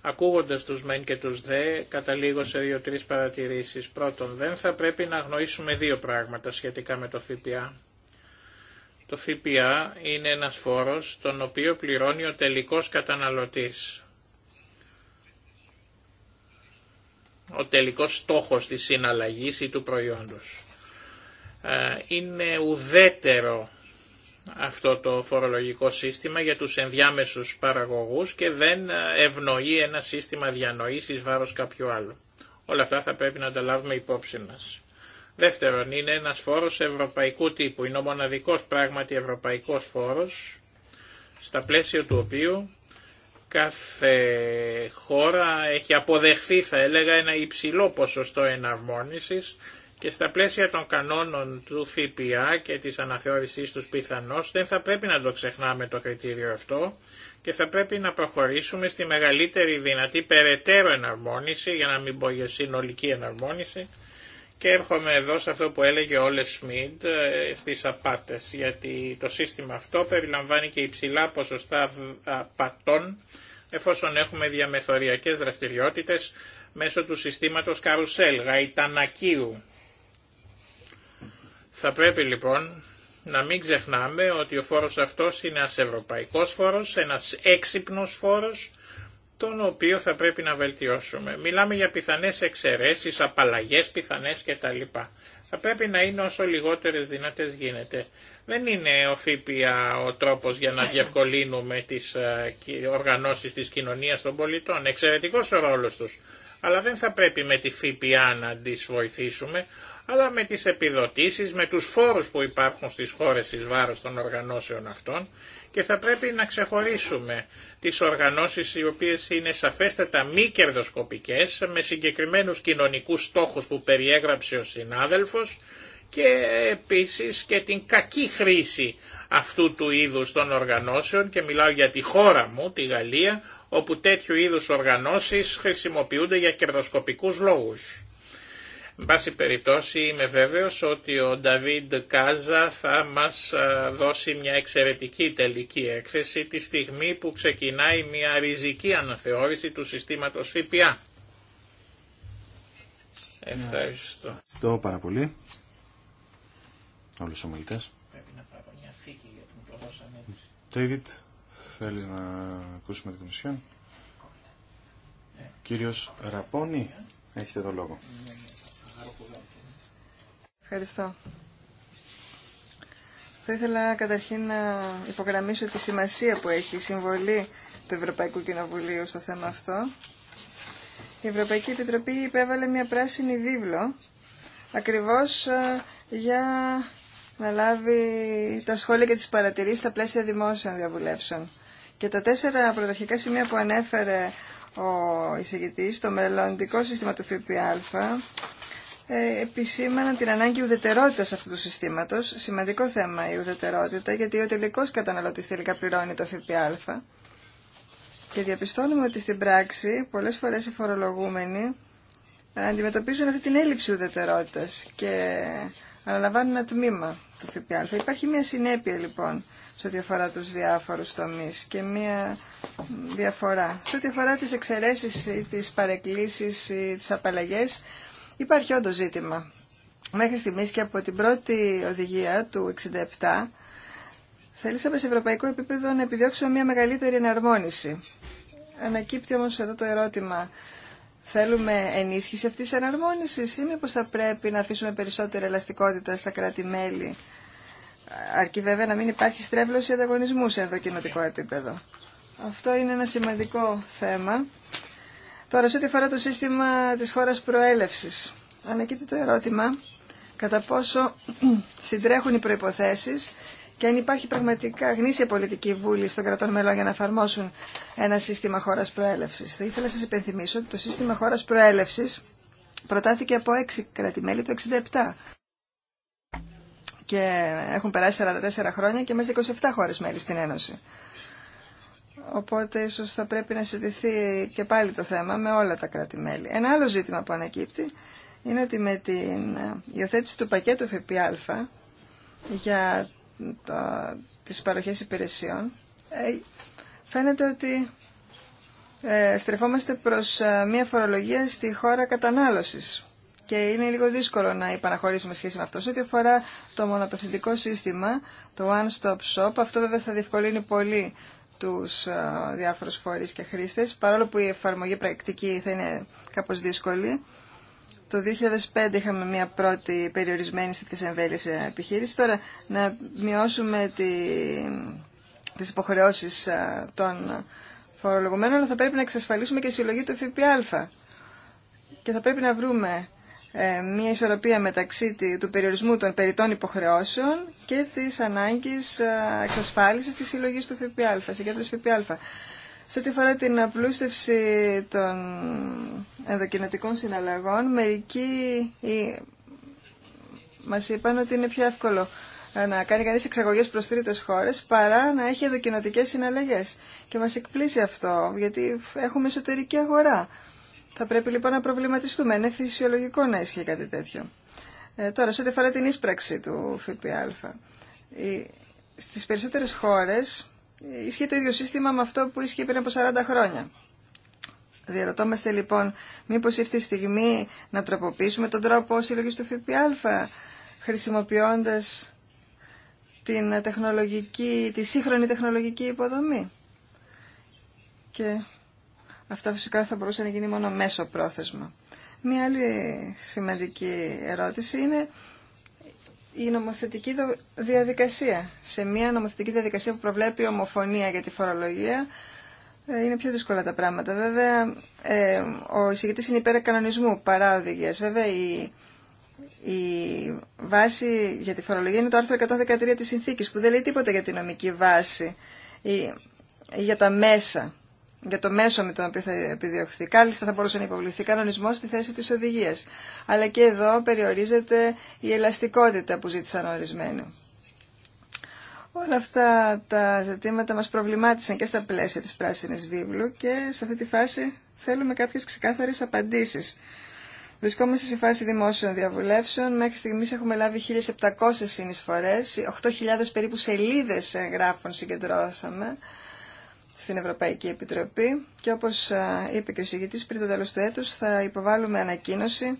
Ακούγοντας τους μεν και τους δε, καταλήγω σε δύο-τρεις παρατηρήσεις. Πρώτον, δεν θα πρέπει να γνωρίσουμε δύο πράγματα σχετικά με το ΦΠΑ. Το ΦΠΑ είναι ένας φόρος τον οποίο πληρώνει ο τελικός καταναλωτής. ο τελικός στόχος της συναλλαγής ή του προϊόντος. Ε, είναι ουδέτερο αυτό το φορολογικό σύστημα για τους ενδιάμεσους παραγωγούς και δεν ευνοεί ένα σύστημα διανοήσεις βάρος κάποιου άλλου. Όλα αυτά θα πρέπει να τα λάβουμε υπόψη μας. Δεύτερον, είναι ένας φόρος ευρωπαϊκού τύπου. Είναι ο μοναδικός πράγματι ευρωπαϊκός φόρος, στα πλαίσια του οποίου κάθε χώρα έχει αποδεχθεί θα έλεγα ένα υψηλό ποσοστό εναρμόνισης και στα πλαίσια των κανόνων του ΦΠΑ και της αναθεώρησής τους πιθανώς δεν θα πρέπει να το ξεχνάμε το κριτήριο αυτό και θα πρέπει να προχωρήσουμε στη μεγαλύτερη δυνατή περαιτέρω εναρμόνιση για να μην πω για συνολική εναρμόνιση και έρχομαι εδώ σε αυτό που έλεγε ο Όλε Σμιντ ε, στις απάτες, γιατί το σύστημα αυτό περιλαμβάνει και υψηλά ποσοστά απατών, εφόσον έχουμε διαμεθοριακές δραστηριότητες μέσω του συστήματος καρουσέλ, γαϊτανακίου. Θα πρέπει λοιπόν να μην ξεχνάμε ότι ο φόρος αυτός είναι ένας ευρωπαϊκός φόρος, ένας έξυπνος φόρος, τον οποίο θα πρέπει να βελτιώσουμε. Μιλάμε για πιθανές εξαιρέσεις, απαλλαγές πιθανές κτλ. Θα πρέπει να είναι όσο λιγότερες δυνατές γίνεται. Δεν είναι ο ΦΥΠΙΑ ο τρόπος για να διευκολύνουμε τις ε, οργανώσεις της κοινωνίας των πολιτών. Εξαιρετικός ο ρόλος τους. Αλλά δεν θα πρέπει με τη ΦΥΠΙΑ να τις βοηθήσουμε, αλλά με τις επιδοτήσεις, με τους φόρους που υπάρχουν στις χώρες εις βάρος των οργανώσεων αυτών και θα πρέπει να ξεχωρίσουμε τις οργανώσεις οι οποίες είναι σαφέστατα μη κερδοσκοπικές με συγκεκριμένους κοινωνικούς στόχους που περιέγραψε ο συνάδελφος και επίσης και την κακή χρήση αυτού του είδους των οργανώσεων και μιλάω για τη χώρα μου, τη Γαλλία, όπου τέτοιου είδους οργανώσεις χρησιμοποιούνται για κερδοσκοπικούς λόγους. Εν πάση περιπτώσει είμαι βέβαιος ότι ο Νταβίντ Κάζα θα μας ε, δώσει μια εξαιρετική τελική έκθεση τη στιγμή που ξεκινάει μια ριζική αναθεώρηση του συστήματος ΦΠΑ. Ευχαριστώ. Ευχαριστώ πάρα πολύ. Όλους τους ομιλητές. Πρέπει να πάρω μια θήκη για τον Τέιβιτ, θέλεις να ακούσουμε την Κομισιόν. Ε. Κύριος έχετε το λόγο. Ναι, ναι. Ευχαριστώ. Θα ήθελα καταρχήν να υπογραμμίσω τη σημασία που έχει η συμβολή του Ευρωπαϊκού Κοινοβουλίου στο θέμα αυτό. Η Ευρωπαϊκή Επιτροπή υπέβαλε μια πράσινη βίβλο ακριβώς ε, για να λάβει τα σχόλια και τις παρατηρήσεις στα πλαίσια δημόσιων διαβουλεύσεων. Και τα τέσσερα πρωταρχικά σημεία που ανέφερε ο εισηγητής, το μελλοντικό σύστημα του ΦΠΑ, ε, επισήμαναν την ανάγκη ουδετερότητα αυτού του συστήματο, Σημαντικό θέμα η ουδετερότητα, γιατί ο τελικό καταναλωτή τελικά πληρώνει το ΦΠΑ. Και διαπιστώνουμε ότι στην πράξη πολλές φορές οι φορολογούμενοι ε, αντιμετωπίζουν αυτή την έλλειψη ουδετερότητας και αναλαμβάνουν ένα τμήμα του ΦΠΑ. Υπάρχει μια συνέπεια λοιπόν σε ό,τι αφορά τους διάφορους τομείς και μια διαφορά. Σε ό,τι αφορά τις εξαιρέσεις ή τις παρεκκλήσεις ή τις απαλλαγές, Υπάρχει όντω ζήτημα. Μέχρι στιγμής και από την πρώτη οδηγία του 67 θέλησαμε σε ευρωπαϊκό επίπεδο να επιδιώξουμε μια μεγαλύτερη εναρμόνιση. Ανακύπτει όμως εδώ το ερώτημα Θέλουμε ενίσχυση αυτής της εναρμόνισης ή μήπως θα πρέπει να αφήσουμε περισσότερη ελαστικότητα στα κράτη-μέλη, αρκεί βέβαια να μην υπάρχει στρέβλωση ανταγωνισμού σε κοινοτικό επίπεδο. Αυτό είναι ένα σημαντικό θέμα Τώρα, σε ό,τι αφορά το σύστημα της χώρας προέλευσης, ανακύπτει το ερώτημα κατά πόσο συντρέχουν οι προϋποθέσεις και αν υπάρχει πραγματικά γνήσια πολιτική βούλη στον κρατών μελών για να εφαρμόσουν ένα σύστημα χώρας προέλευσης. Θα ήθελα να σας υπενθυμίσω ότι το σύστημα χώρας προέλευσης προτάθηκε από έξι κρατημέλη το 1967 και έχουν περάσει 44 χρόνια και μέσα 27 χώρες μέλη στην Ένωση. Οπότε ίσως θα πρέπει να συζητηθεί και πάλι το θέμα με όλα τα κράτη-μέλη. Ένα άλλο ζήτημα που ανακύπτει είναι ότι με την υιοθέτηση του πακέτου ΦΠΑ για το, τις παροχές υπηρεσιών ε, φαίνεται ότι ε, στρεφόμαστε προς ε, μια φορολογία στη χώρα κατανάλωσης και είναι λίγο δύσκολο να υπαναχωρήσουμε σχέση με αυτό. Σε ό,τι αφορά το μονοπευθυντικό σύστημα, το One Stop Shop, αυτό βέβαια θα διευκολύνει πολύ τους ε, διάφορους φορείς και χρήστες, παρόλο που η εφαρμογή πρακτική θα είναι κάπως δύσκολη. Το 2005 είχαμε μια πρώτη περιορισμένη στη εμβέλειες επιχείρηση. Τώρα να μειώσουμε τη, τις υποχρεώσεις ε, των φορολογουμένων, αλλά θα πρέπει να εξασφαλίσουμε και τη συλλογή του ΦΠΑ. Και θα πρέπει να βρούμε ε, μια ισορροπία μεταξύ του περιορισμού των περιττών υποχρεώσεων και της ανάγκης ε, εξασφάλισης της συλλογής του ΦΠΑ, συγκέντρωση ΦΠΑ. Σε ό,τι αφορά την απλούστευση των ενδοκινητικών συναλλαγών, μερικοί μας είπαν ότι είναι πιο εύκολο ε, να κάνει κανείς εξαγωγές προς τρίτες χώρες παρά να έχει ενδοκινοτικές συναλλαγές. Και μας εκπλήσει αυτό, γιατί έχουμε εσωτερική αγορά. Θα πρέπει λοιπόν να προβληματιστούμε. Είναι φυσιολογικό να ισχύει κάτι τέτοιο. Ε, τώρα, σε ό,τι αφορά την ίσπραξη του ΦΠΑ, Στι περισσότερε χώρε ισχύει το ίδιο σύστημα με αυτό που ισχύει πριν από 40 χρόνια. Διαρωτόμαστε λοιπόν μήπω ήρθε η στιγμή να τροποποιήσουμε τον τρόπο συλλογή του ΦΠΑ χρησιμοποιώντα την τεχνολογική, τη σύγχρονη τεχνολογική υποδομή. Και Αυτά φυσικά θα μπορούσε να γίνει μόνο μέσο πρόθεσμα. Μία άλλη σημαντική ερώτηση είναι η νομοθετική διαδικασία. Σε μια νομοθετική διαδικασία που προβλέπει ομοφωνία για τη φορολογία ε, είναι πιο δύσκολα τα πράγματα. Βέβαια, ε, ο εισηγητής είναι υπέρ κανονισμού παρά οδηγίας. Βέβαια, η, η βάση για τη φορολογία είναι το άρθρο 113 της συνθήκης που δεν λέει τίποτα για τη νομική βάση ή για τα μέσα για το μέσο με τον οποίο θα επιδιωχθεί. Κάλιστα θα μπορούσε να υποβληθεί κανονισμό στη θέση τη οδηγία. Αλλά και εδώ περιορίζεται η ελαστικότητα που ζήτησαν ορισμένοι. Όλα αυτά τα ζητήματα μας προβλημάτισαν και στα πλαίσια της Πράσινης Βίβλου και σε αυτή τη φάση θέλουμε κάποιες ξεκάθαρες απαντήσεις. Βρισκόμαστε σε φάση δημόσιων διαβουλεύσεων. Μέχρι στιγμή έχουμε λάβει 1.700 συνεισφορέ, 8.000 περίπου σελίδε γράφων συγκεντρώσαμε στην Ευρωπαϊκή Επιτροπή και όπως είπε και ο συγητής πριν το τέλος του έτους θα υποβάλουμε ανακοίνωση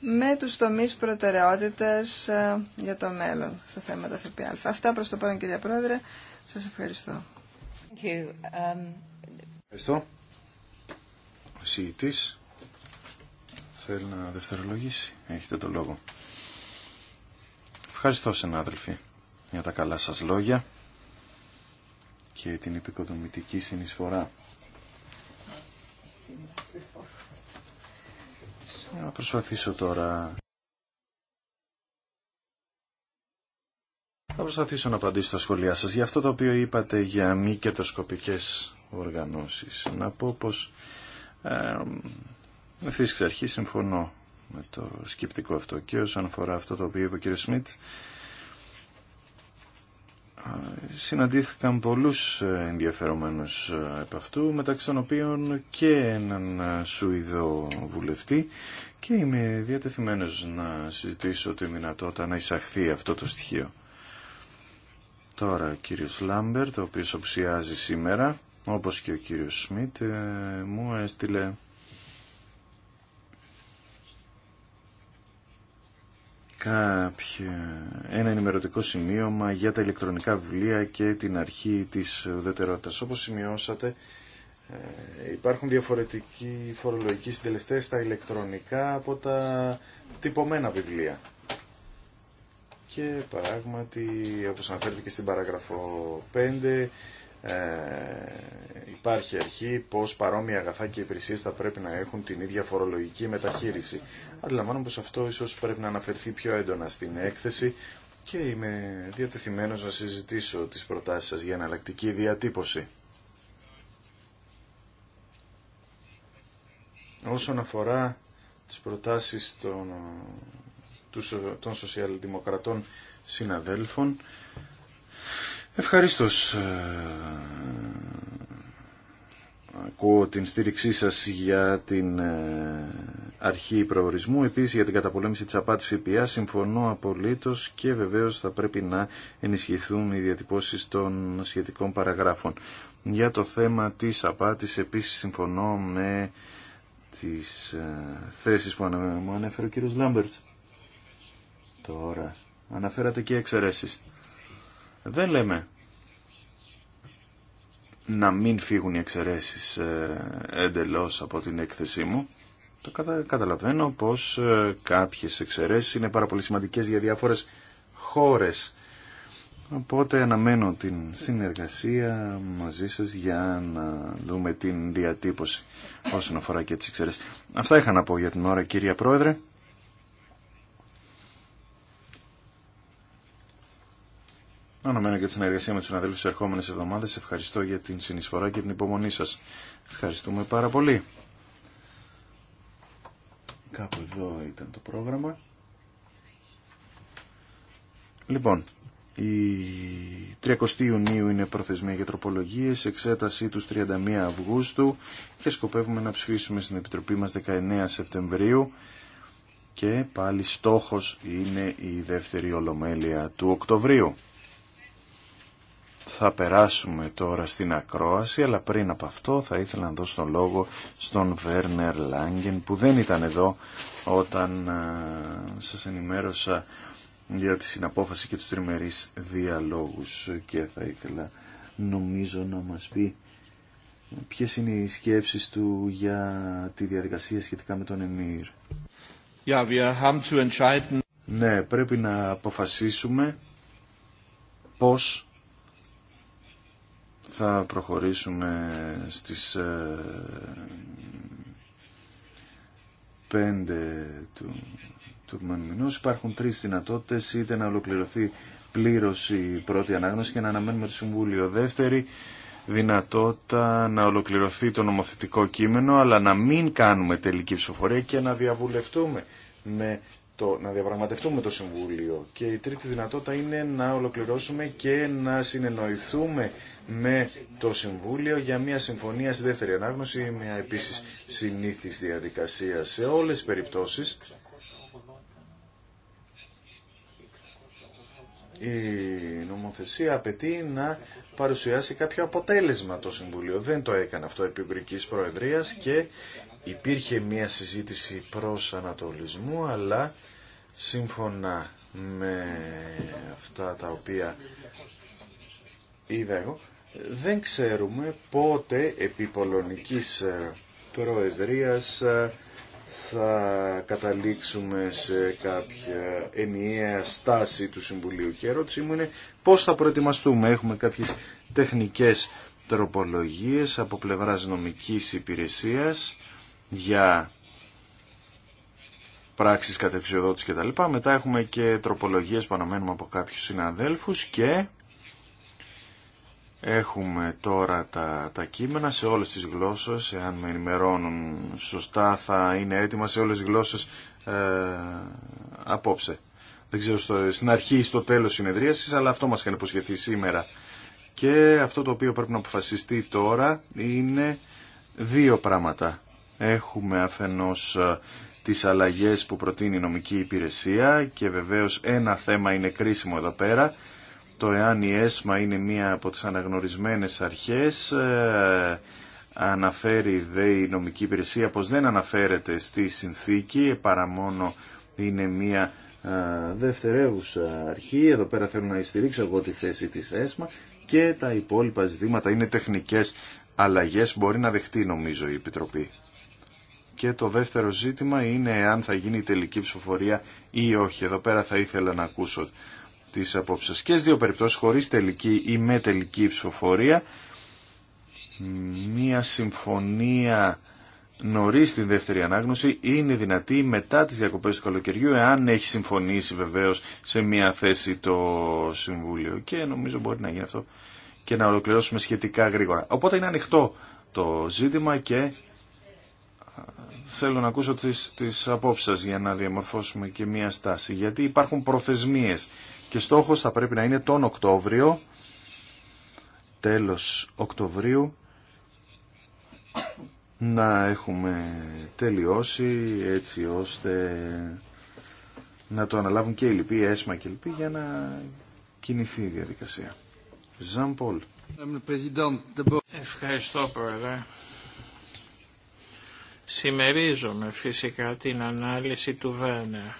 με τους τομείς προτεραιότητας για το μέλλον στα θέματα ΦΠΑ. Αυτά προς το παρόν κυρία Πρόεδρε. Σας ευχαριστώ. Thank you. Um, ευχαριστώ. Ο συγητής θέλει να δευτερολογήσει. Έχετε το λόγο. Ευχαριστώ συνάδελφοι για τα καλά σας λόγια και την επικοδομητική συνεισφορά. Θα προσπαθήσω τώρα... Θα προσπαθήσω να απαντήσω στα σχόλιά σας για αυτό το οποίο είπατε για μη κερδοσκοπικές οργανώσεις. Να πω πως ε, ευθύς εξ αρχή συμφωνώ με το σκεπτικό αυτό και όσον αφορά αυτό το οποίο είπε ο κ. Σμιτ συναντήθηκαν πολλούς ε, ενδιαφερομένους ε, επ' αυτού, μεταξύ των οποίων και έναν ε, Σουηδό βουλευτή και είμαι διατεθειμένος να συζητήσω τη δυνατότητα να εισαχθεί αυτό το στοιχείο. Τώρα ο κύριος Λάμπερτ, ο οποίος οψιάζει σήμερα, όπως και ο κύριος Σμιτ, μου έστειλε Κάποιο ένα ενημερωτικό σημείωμα για τα ηλεκτρονικά βιβλία και την αρχή της ουδετερότητας. Όπως σημειώσατε, ε, υπάρχουν διαφορετικοί φορολογικοί συντελεστές στα ηλεκτρονικά από τα τυπωμένα βιβλία. Και παράγματι, όπως αναφέρθηκε στην παράγραφο 5, ε, υπάρχει αρχή πως παρόμοια αγαθά και υπηρεσίες θα πρέπει να έχουν την ίδια φορολογική μεταχείριση. Αντιλαμβάνομαι πως αυτό ίσως πρέπει να αναφερθεί πιο έντονα στην έκθεση και είμαι διατεθειμένος να συζητήσω τις προτάσεις σας για εναλλακτική διατύπωση. Όσον αφορά τις προτάσεις των, των σοσιαλδημοκρατών συναδέλφων, Ευχαριστώ. Ε, ακούω την στήριξή σας για την ε, αρχή προορισμού. Επίσης για την καταπολέμηση της απάτης ΦΠΑ συμφωνώ απολύτως και βεβαίως θα πρέπει να ενισχυθούν οι διατυπώσεις των σχετικών παραγράφων. Για το θέμα της απάτης επίσης συμφωνώ με τις ε, θέσεις που μου ανέφερε ο κύριος Λάμπερτς. Τώρα αναφέρατε και εξαιρέσεις. Δεν λέμε να μην φύγουν οι εξαιρέσει ε, εντελώς από την έκθεσή μου. Το καταλαβαίνω πως ε, κάποιες εξαιρέσει είναι πάρα πολύ σημαντικές για διάφορες χώρες. Οπότε αναμένω την συνεργασία μαζί σας για να δούμε την διατύπωση όσον αφορά και τις εξαιρέσεις. Αυτά είχα να πω για την ώρα κυρία Πρόεδρε. Αναμένω και τη συνεργασία με του συναδέλφου τι ερχόμενε εβδομάδε. Ευχαριστώ για την συνεισφορά και την υπομονή σα. Ευχαριστούμε πάρα πολύ. Κάπου εδώ ήταν το πρόγραμμα. Λοιπόν, η 30 Ιουνίου είναι προθεσμία για τροπολογίες, εξέτασή του 31 Αυγούστου και σκοπεύουμε να ψηφίσουμε στην Επιτροπή μας 19 Σεπτεμβρίου και πάλι στόχος είναι η δεύτερη ολομέλεια του Οκτωβρίου θα περάσουμε τώρα στην ακρόαση, αλλά πριν από αυτό θα ήθελα να δώσω τον λόγο στον Βέρνερ Λάγκεν που δεν ήταν εδώ όταν ε, σας ενημέρωσα για τη συναπόφαση και τους τριμερείς διαλόγους και θα ήθελα νομίζω να μας πει ποιες είναι οι σκέψεις του για τη διαδικασία σχετικά με τον Εμμύρ. Ναι, πρέπει να αποφασίσουμε πώς θα προχωρήσουμε στις 5 ε, του, του μηνός. Υπάρχουν τρεις δυνατότητες, είτε να ολοκληρωθεί πλήρως η πρώτη ανάγνωση και να αναμένουμε το Συμβούλιο. Δεύτερη δυνατότητα να ολοκληρωθεί το νομοθετικό κείμενο, αλλά να μην κάνουμε τελική ψηφοφορία και να διαβουλευτούμε με το να διαπραγματευτούμε το Συμβούλιο. Και η τρίτη δυνατότητα είναι να ολοκληρώσουμε και να συνεννοηθούμε με το Συμβούλιο για μια συμφωνία στη δεύτερη ανάγνωση ή μια επίσης συνήθις διαδικασία. Σε όλες τις περιπτώσεις νομοθεσία απαιτεί να παρουσιάσει κάποιο αποτέλεσμα το Συμβούλιο. Δεν το έκανε αυτό επί Ουγγρικής Προεδρίας και υπήρχε μια συζήτηση προς ανατολισμού αλλά σύμφωνα με αυτά τα οποία είδα εγώ, δεν ξέρουμε πότε επί Πολωνικής ε, Προεδρίας ε, θα καταλήξουμε σε κάποια ενιαία στάση του Συμβουλίου. Και η ερώτησή μου είναι πώς θα προετοιμαστούμε. Έχουμε κάποιες τεχνικές τροπολογίες από πλευράς νομικής υπηρεσίας για πράξεις τα κτλ. Μετά έχουμε και τροπολογίες που αναμένουμε από κάποιου συναδέλφους και έχουμε τώρα τα, τα κείμενα σε όλες τις γλώσσες. Εάν με ενημερώνουν σωστά θα είναι έτοιμα σε όλες τι γλώσσες ε, απόψε. Δεν ξέρω στο, στην αρχή ή στο τέλος συνεδρίασης, αλλά αυτό μας είχαν υποσχεθεί σήμερα. Και αυτό το οποίο πρέπει να αποφασιστεί τώρα είναι δύο πράγματα. Έχουμε αφενός ε, τις αλλαγές που προτείνει η νομική υπηρεσία και βεβαίως ένα θέμα είναι κρίσιμο εδώ πέρα, το εάν η ΕΣΜΑ είναι μία από τις αναγνωρισμένες αρχές, ε, αναφέρει δε η νομική υπηρεσία πως δεν αναφέρεται στη συνθήκη, παρά μόνο είναι μία ε, δευτερεύουσα αρχή, εδώ πέρα θέλω να στηρίξω εγώ τη θέση της ΕΣΜΑ και τα υπόλοιπα ζητήματα είναι τεχνικές αλλαγές, μπορεί να δεχτεί νομίζω η Επιτροπή. Και το δεύτερο ζήτημα είναι αν θα γίνει η τελική ψηφοφορία ή όχι. Εδώ πέρα θα ήθελα να ακούσω τις απόψεις. Και στις δύο περιπτώσεις, χωρίς τελική ή με τελική ψηφοφορία, μία συμφωνία νωρί στην δεύτερη ανάγνωση είναι δυνατή μετά τι διακοπέ του καλοκαιριού εάν έχει συμφωνήσει βεβαίω σε μία θέση το Συμβούλιο και νομίζω μπορεί να γίνει αυτό και να ολοκληρώσουμε σχετικά γρήγορα. Οπότε είναι ανοιχτό το ζήτημα και θέλω να ακούσω τις, τις απόψεις σας για να διαμορφώσουμε και μία στάση. Γιατί υπάρχουν προθεσμίες και στόχος θα πρέπει να είναι τον Οκτώβριο, τέλος Οκτωβρίου, να έχουμε τελειώσει έτσι ώστε να το αναλάβουν και οι λοιποί, η ΕΣΜΑ και οι λοιποί, για να κινηθεί η διαδικασία. Ζαν Πολ. Ευχαριστώ, Πρόεδρε. Σημερίζομαι φυσικά την ανάλυση του Βέρνερ.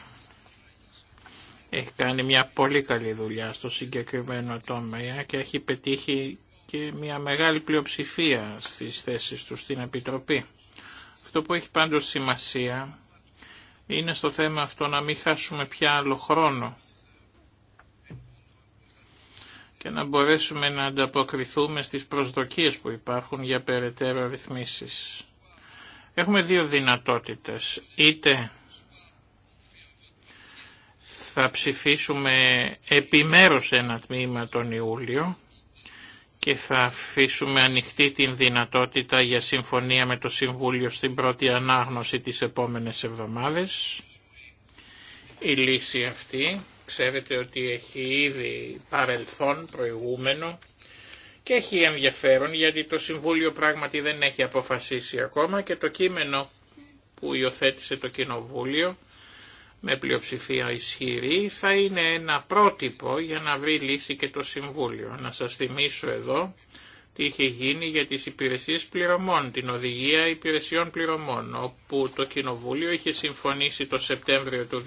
Έχει κάνει μια πολύ καλή δουλειά στο συγκεκριμένο τομέα και έχει πετύχει και μια μεγάλη πλειοψηφία στις θέσεις του στην Επιτροπή. Αυτό που έχει πάντως σημασία είναι στο θέμα αυτό να μην χάσουμε πια άλλο χρόνο και να μπορέσουμε να ανταποκριθούμε στις προσδοκίες που υπάρχουν για περαιτέρω ρυθμίσεις. Έχουμε δύο δυνατότητες. Είτε θα ψηφίσουμε επιμέρους ένα τμήμα τον Ιούλιο και θα αφήσουμε ανοιχτή την δυνατότητα για συμφωνία με το Συμβούλιο στην πρώτη ανάγνωση τις επόμενες εβδομάδες. Η λύση αυτή ξέρετε ότι έχει ήδη παρελθόν προηγούμενο και έχει ενδιαφέρον γιατί το Συμβούλιο πράγματι δεν έχει αποφασίσει ακόμα και το κείμενο που υιοθέτησε το Κοινοβούλιο με πλειοψηφία ισχυρή θα είναι ένα πρότυπο για να βρει λύση και το Συμβούλιο. Να σας θυμίσω εδώ τι είχε γίνει για τις υπηρεσίες πληρωμών, την οδηγία υπηρεσιών πληρωμών, όπου το Κοινοβούλιο είχε συμφωνήσει το Σεπτέμβριο του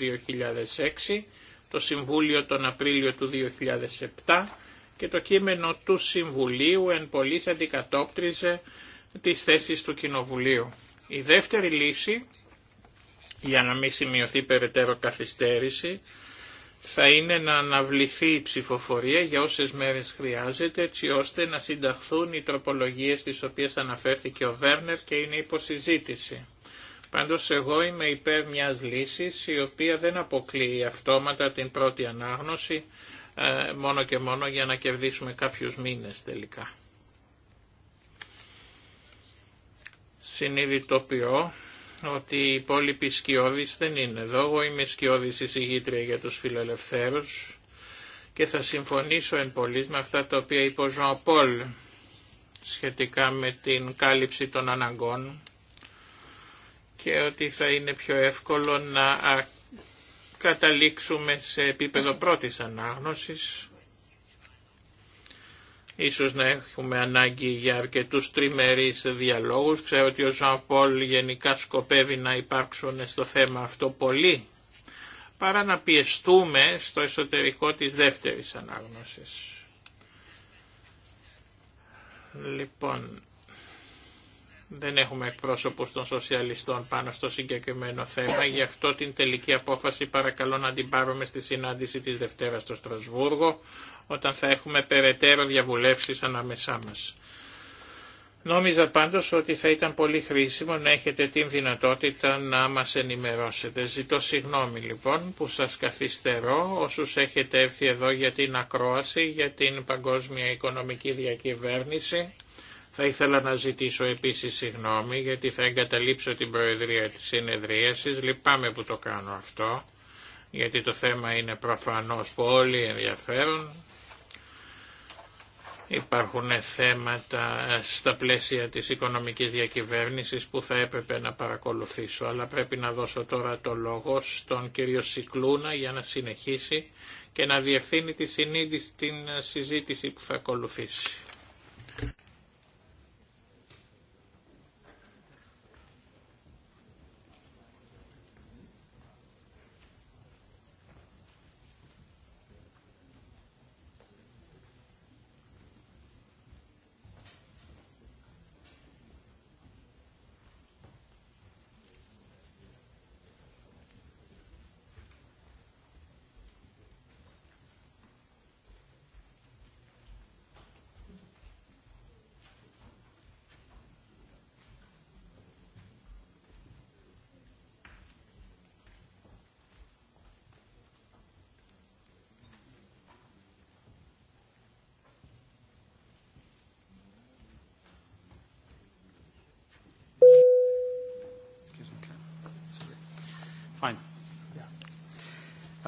2006, το Συμβούλιο τον Απρίλιο του 2007 και το κείμενο του Συμβουλίου εν πολλής αντικατόπτριζε τις θέσεις του Κοινοβουλίου. Η δεύτερη λύση, για να μην σημειωθεί περαιτέρω καθυστέρηση, θα είναι να αναβληθεί η ψηφοφορία για όσες μέρες χρειάζεται, έτσι ώστε να συνταχθούν οι τροπολογίες τις οποίες αναφέρθηκε ο Βέρνερ και είναι υποσυζήτηση. Πάντως εγώ είμαι υπέρ μιας λύσης η οποία δεν αποκλείει αυτόματα την πρώτη ανάγνωση, ε, μόνο και μόνο για να κερδίσουμε κάποιους μήνες τελικά. Συνειδητοποιώ ότι οι υπόλοιποι σκιώδεις δεν είναι εδώ. Εγώ είμαι σκιώδης εισηγήτρια για τους φιλελευθέρους και θα συμφωνήσω εν πολλής με αυτά τα οποία είπε ο Ζωαπόλ σχετικά με την κάλυψη των αναγκών και ότι θα είναι πιο εύκολο να καταλήξουμε σε επίπεδο πρώτης ανάγνωσης. Ίσως να έχουμε ανάγκη για αρκετούς τριμερείς διαλόγους. Ξέρω ότι ο Ζαν Πολ γενικά σκοπεύει να υπάρξουν στο θέμα αυτό πολύ, παρά να πιεστούμε στο εσωτερικό της δεύτερης ανάγνωσης. Λοιπόν, δεν έχουμε εκπρόσωπους των σοσιαλιστών πάνω στο συγκεκριμένο θέμα, γι' αυτό την τελική απόφαση παρακαλώ να την πάρουμε στη συνάντηση της Δευτέρα στο Στρασβούργο, όταν θα έχουμε περαιτέρω διαβουλεύσεις ανάμεσά μας. Νόμιζα πάντως ότι θα ήταν πολύ χρήσιμο να έχετε την δυνατότητα να μας ενημερώσετε. Ζητώ συγγνώμη λοιπόν που σας καθυστερώ όσους έχετε έρθει εδώ για την ακρόαση, για την παγκόσμια οικονομική διακυβέρνηση. Θα ήθελα να ζητήσω επίσης συγγνώμη γιατί θα εγκαταλείψω την προεδρία της συνεδρίασης. Λυπάμαι που το κάνω αυτό γιατί το θέμα είναι προφανώς πολύ ενδιαφέρον. Υπάρχουν θέματα στα πλαίσια της οικονομικής διακυβέρνησης που θα έπρεπε να παρακολουθήσω, αλλά πρέπει να δώσω τώρα το λόγο στον κύριο Σικλούνα για να συνεχίσει και να διευθύνει τη συνείδηση, την συζήτηση που θα ακολουθήσει.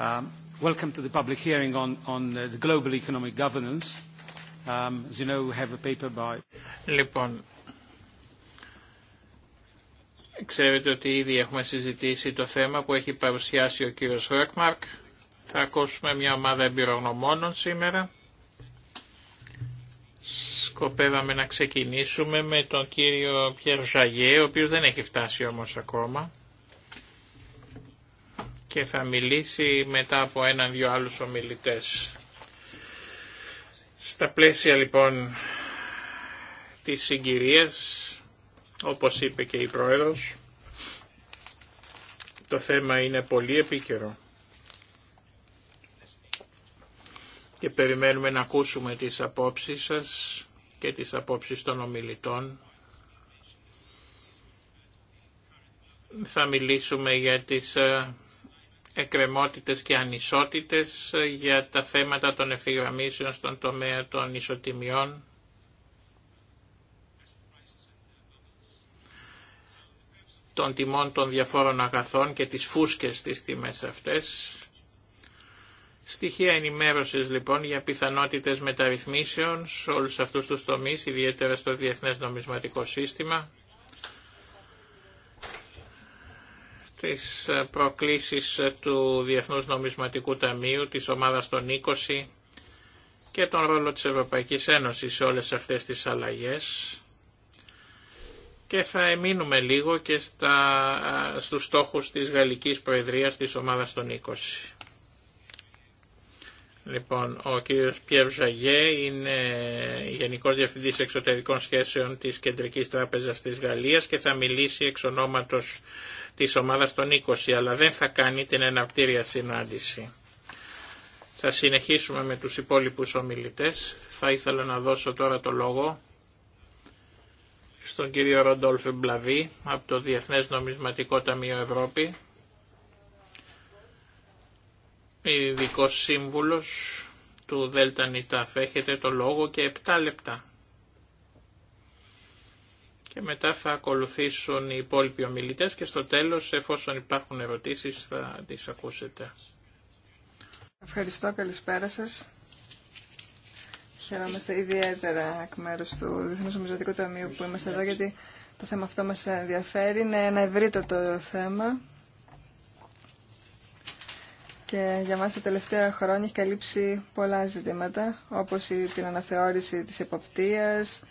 Um, welcome to the public hearing on uh, the global economic governance. Um, as you know, we have a paper by. Λοιπόν, ξέρετε ότι ήδη έχουμε συζητήσει το θέμα που έχει παρουσιάσει ο κύριος Ρέκμαρκ. Θα ακούσουμε μια ομάδα εμπειρογνωμόνων σήμερα. Σκοπεύαμε να ξεκινήσουμε με τον κύριο Πιέρ Ζαγέ, ο οποίος δεν έχει φτάσει όμως ακόμα και θα μιλήσει μετά από έναν-δυο άλλους ομιλητές. Στα πλαίσια λοιπόν της συγκυρίας, όπως είπε και η Πρόεδρος, το θέμα είναι πολύ επίκαιρο. Και περιμένουμε να ακούσουμε τις απόψεις σας και τις απόψεις των ομιλητών. Θα μιλήσουμε για τις ε, εκκρεμότητες και ανισότητες ε, για τα θέματα των ευθυγραμμίσεων στον τομέα των ισοτιμιών. των τιμών των διαφόρων αγαθών και τις φούσκες στις τιμές αυτές. Στοιχεία ενημέρωσης λοιπόν για πιθανότητες μεταρρυθμίσεων σε όλους αυτούς τους τομείς, ιδιαίτερα στο Διεθνές Νομισματικό Σύστημα. τις ε, προκλήσεις ε, του Διεθνούς Νομισματικού Ταμείου, της ομάδας των 20 και τον ρόλο της Ευρωπαϊκής Ένωσης σε όλες αυτές τις αλλαγές και θα εμείνουμε λίγο και στα, ε, στους στόχους της Γαλλικής Προεδρίας της ομάδας των 20. Λοιπόν, ο κύριος Πιέρ Ζαγέ είναι Γενικός Διευθυντής Εξωτερικών Σχέσεων της Κεντρικής Τράπεζας της Γαλλίας και θα μιλήσει εξ ονόματος της ομάδας των 20, αλλά δεν θα κάνει την εναρτήρια συνάντηση. Θα συνεχίσουμε με τους υπόλοιπους ομιλητές. Θα ήθελα να δώσω τώρα το λόγο στον κύριο Ροντόλφ Μπλαβή από το Διεθνές Νομισματικό Ταμείο Ευρώπη, ειδικό σύμβουλος του Δέλτα Νιτάφ. Έχετε το λόγο και 7 λεπτά και μετά θα ακολουθήσουν οι υπόλοιποι ομιλητέ και στο τέλος εφόσον υπάρχουν ερωτήσεις θα τις ακούσετε. Ευχαριστώ, καλησπέρα σας. Χαιρόμαστε ιδιαίτερα εκ μέρου του Διεθνού Ομιζωτικού Ταμείου που είμαστε εδώ γιατί το θέμα αυτό μας ενδιαφέρει. Είναι ένα ευρύτατο θέμα και για μας τα τελευταία χρόνια έχει καλύψει πολλά ζητήματα όπως την αναθεώρηση της εποπτείας,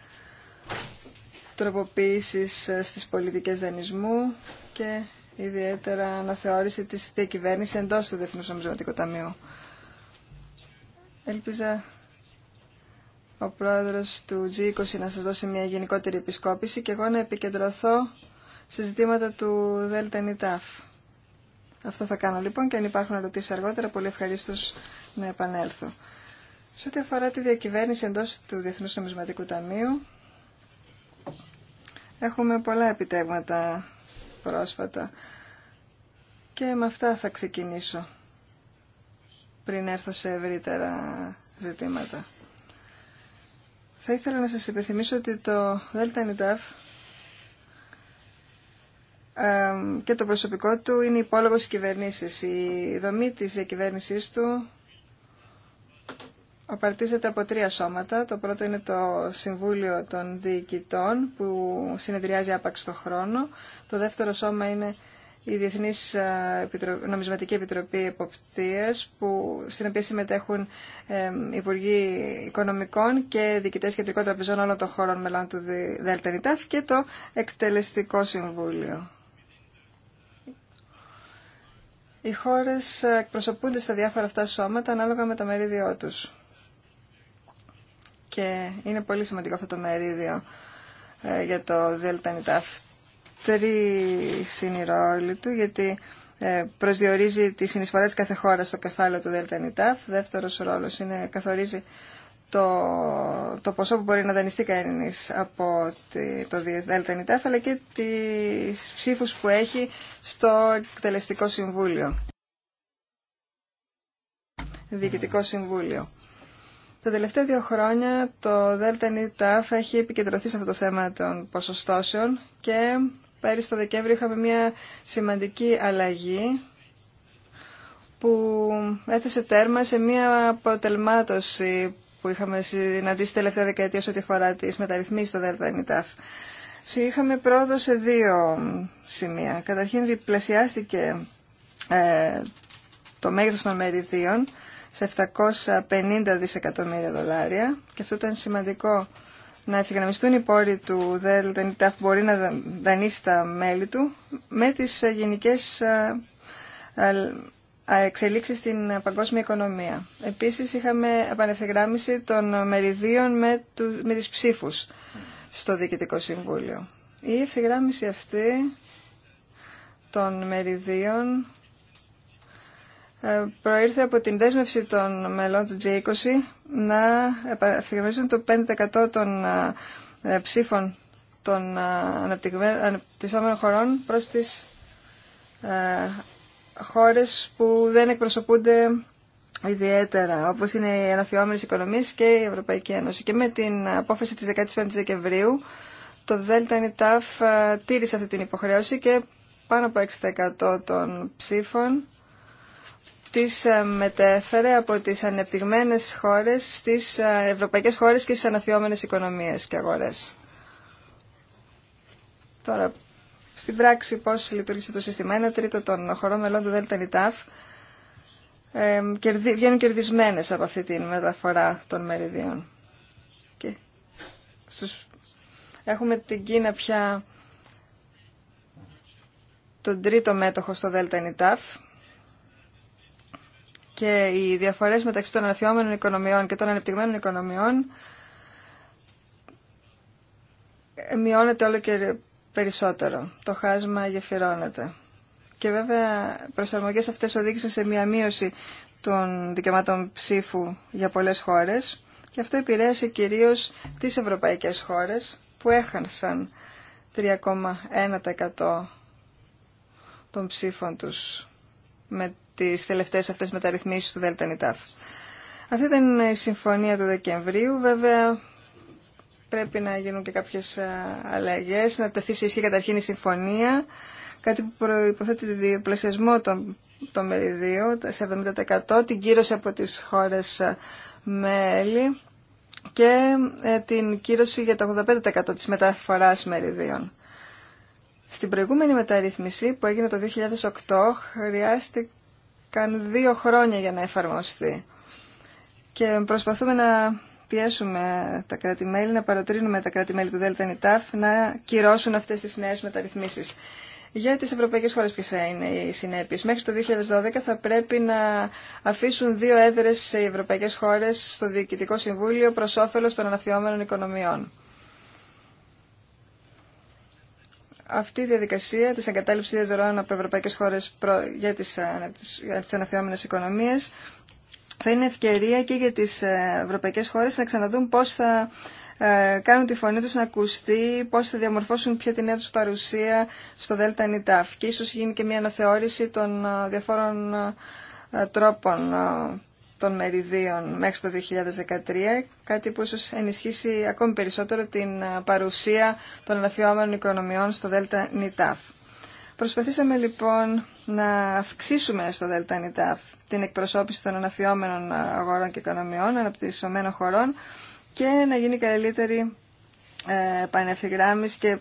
τροποποίησης ε, στις πολιτικές δανεισμού και ιδιαίτερα αναθεώρηση της διακυβέρνησης εντός του Διεθνούς Ταμείου. Ελπίζα ο πρόεδρος του G20 να σας δώσει μια γενικότερη επισκόπηση και εγώ να επικεντρωθώ σε ζητήματα του ΔΕΛΤΑ Αυτό θα κάνω λοιπόν και αν υπάρχουν ερωτήσει αργότερα πολύ ευχαριστώ να επανέλθω. Σε ό,τι αφορά τη διακυβέρνηση εντός του Διεθνούς Ταμείου, Έχουμε πολλά επιτέγματα πρόσφατα και με αυτά θα ξεκινήσω πριν έρθω σε ευρύτερα ζητήματα. Θα ήθελα να σας υπενθυμίσω ότι το ΔΕΛΤΑ και το προσωπικό του είναι υπόλογος κυβερνήσεις. Η δομή της διακυβέρνησής του απαρτίζεται από τρία σώματα. Το πρώτο είναι το Συμβούλιο των Διοικητών που συνεδριάζει άπαξ το χρόνο. Το δεύτερο σώμα είναι η Διεθνής ε, Νομισματική Επιτροπή Εποπτείας που, στην οποία συμμετέχουν ε, Υπουργοί Οικονομικών και Διοικητές Κεντρικών Τραπεζών όλων των χώρων μελών του ΔΕΛΤΑΝΙΤΑΦ και το Εκτελεστικό Συμβούλιο. Οι χώρες ε, εκπροσωπούνται στα διάφορα αυτά σώματα ανάλογα με το μερίδιό τους και είναι πολύ σημαντικό αυτό το μερίδιο ε, για το ΔΕΛΤΑΝΙΤΑΦ. Τρεις είναι οι του, γιατί ε, προσδιορίζει τη συνεισφορά της κάθε χώρα στο κεφάλαιο του ΔΕΛΤΑΝΙΤΑΦ. Δεύτερος ρόλος είναι, καθορίζει το, το ποσό που μπορεί να δανειστεί κανείς από το ΔΕΛΤΑΝΙΤΑΦ, αλλά και τις ψήφους που έχει στο εκτελεστικό συμβούλιο. Διοικητικό Συμβούλιο. Τα τελευταία δύο χρόνια το ΔΝΤΑΦ έχει επικεντρωθεί σε αυτό το θέμα των ποσοστώσεων και πέρυσι το Δεκέμβριο είχαμε μια σημαντική αλλαγή που έθεσε τέρμα σε μια αποτελμάτωση που είχαμε συναντήσει τελευταία δεκαετία ό,τι αφορά τι μεταρρυθμίσεις στο ΔΝΤΑΦ. Είχαμε πρόοδο σε δύο σημεία. Καταρχήν διπλασιάστηκε ε, το μέγεθος των μεριδίων σε 750 δισεκατομμύρια δολάρια και αυτό ήταν σημαντικό να ευθυγραμμιστούν οι πόροι του ΔΕΛΤΑ που μπορεί να δανείσει τα μέλη του με τις γενικές ε, ε, εξελίξεις στην παγκόσμια οικονομία. Επίσης είχαμε επανευθυγράμμιση των μεριδίων με, του, με τις ψήφους στο Διοικητικό Συμβούλιο. Η ευθυγράμμιση αυτή των μεριδίων ε, προήρθε από την δέσμευση των μελών του G20 να επαναθυγμίσουν το 5% των ε, ψήφων των ε, αναπτυσσόμενων χωρών προς τις χώρες που δεν εκπροσωπούνται ιδιαίτερα, όπως είναι οι αναφιόμενες οικονομίες και η Ευρωπαϊκή Ένωση. Και με την απόφαση της 15ης Δεκεμβρίου, το ΔΝΤ τήρησε αυτή την υποχρέωση και πάνω από 6% των ψήφων τις ε, μετέφερε από τις ανεπτυγμένες χώρες στις ε, ευρωπαϊκές χώρες και στις αναφιόμενες οικονομίες και αγορές. Τώρα, στην πράξη πώς λειτουργήσε το σύστημα. Ένα τρίτο των χωρών μελών του ΔΕΛΤΑ ε, βγαίνουν κερδισμένες από αυτή τη μεταφορά των μεριδίων. Και Έχουμε την Κίνα πια τον τρίτο μέτοχο στο ΔΕΛΤΑ και οι διαφορές μεταξύ των αναφιόμενων οικονομιών και των ανεπτυγμένων οικονομιών ε, μειώνεται όλο και περισσότερο. Το χάσμα γεφυρώνεται. Και βέβαια προσαρμογές αυτές οδήγησαν σε μια μείωση των δικαιωμάτων ψήφου για πολλές χώρες και αυτό επηρέασε κυρίως τις ευρωπαϊκές χώρες που έχανσαν 3,1% των ψήφων τους με τις τελευταίες αυτές μεταρρυθμίσεις του ΔΕΛΤΑ Αυτή ήταν η συμφωνία του Δεκεμβρίου. Βέβαια πρέπει να γίνουν και κάποιες ε, αλλαγές, να τεθεί σε ίσχυ καταρχήν η συμφωνία, κάτι που προϋποθέτει τη διπλασιασμό των, των μεριδίων, σε 70% την κύρωση από τις χώρες ε, μέλη και ε, την κύρωση για το 85% της μεταφοράς μεριδίων. Στην προηγούμενη μεταρρύθμιση που έγινε το 2008 χρειάστηκε Κάνουν δύο χρόνια για να εφαρμοστεί. Και προσπαθούμε να πιέσουμε τα κράτη-μέλη, να παροτρύνουμε τα κράτη-μέλη του ΔΕΛΤΑ να κυρώσουν αυτές τις νέες μεταρρυθμίσεις. Για τις ευρωπαϊκές χώρες ποιες είναι οι συνέπειες. Μέχρι το 2012 θα πρέπει να αφήσουν δύο έδρες σε ευρωπαϊκές χώρες στο Διοικητικό Συμβούλιο προς όφελος των αναφιόμενων οικονομιών. αυτή η διαδικασία της εγκατάλειψης διαδρών από ευρωπαϊκές χώρες για ε, τις, για τις οικονομίες θα είναι ευκαιρία και για τις ε, ευρωπαϊκές χώρες να ξαναδούν πώς θα ε, κάνουν τη φωνή τους να ακουστεί, πώς θα διαμορφώσουν πια την νέα τους παρουσία στο Δέλτα Νιτάφ. Και ίσως γίνει και μια αναθεώρηση των διαφόρων τρόπων των μεριδίων μέχρι το 2013, κάτι που ίσως ενισχύσει ακόμη περισσότερο την παρουσία των αναφιόμενων οικονομιών στο Δέλτα Νιτάφ. Προσπαθήσαμε λοιπόν να αυξήσουμε στο Δέλτα Νιτάφ την εκπροσώπηση των αναφιόμενων αγορών και οικονομιών, αναπτυσσομένων χωρών και να γίνει καλύτερη ε, πανευθυγράμμιση και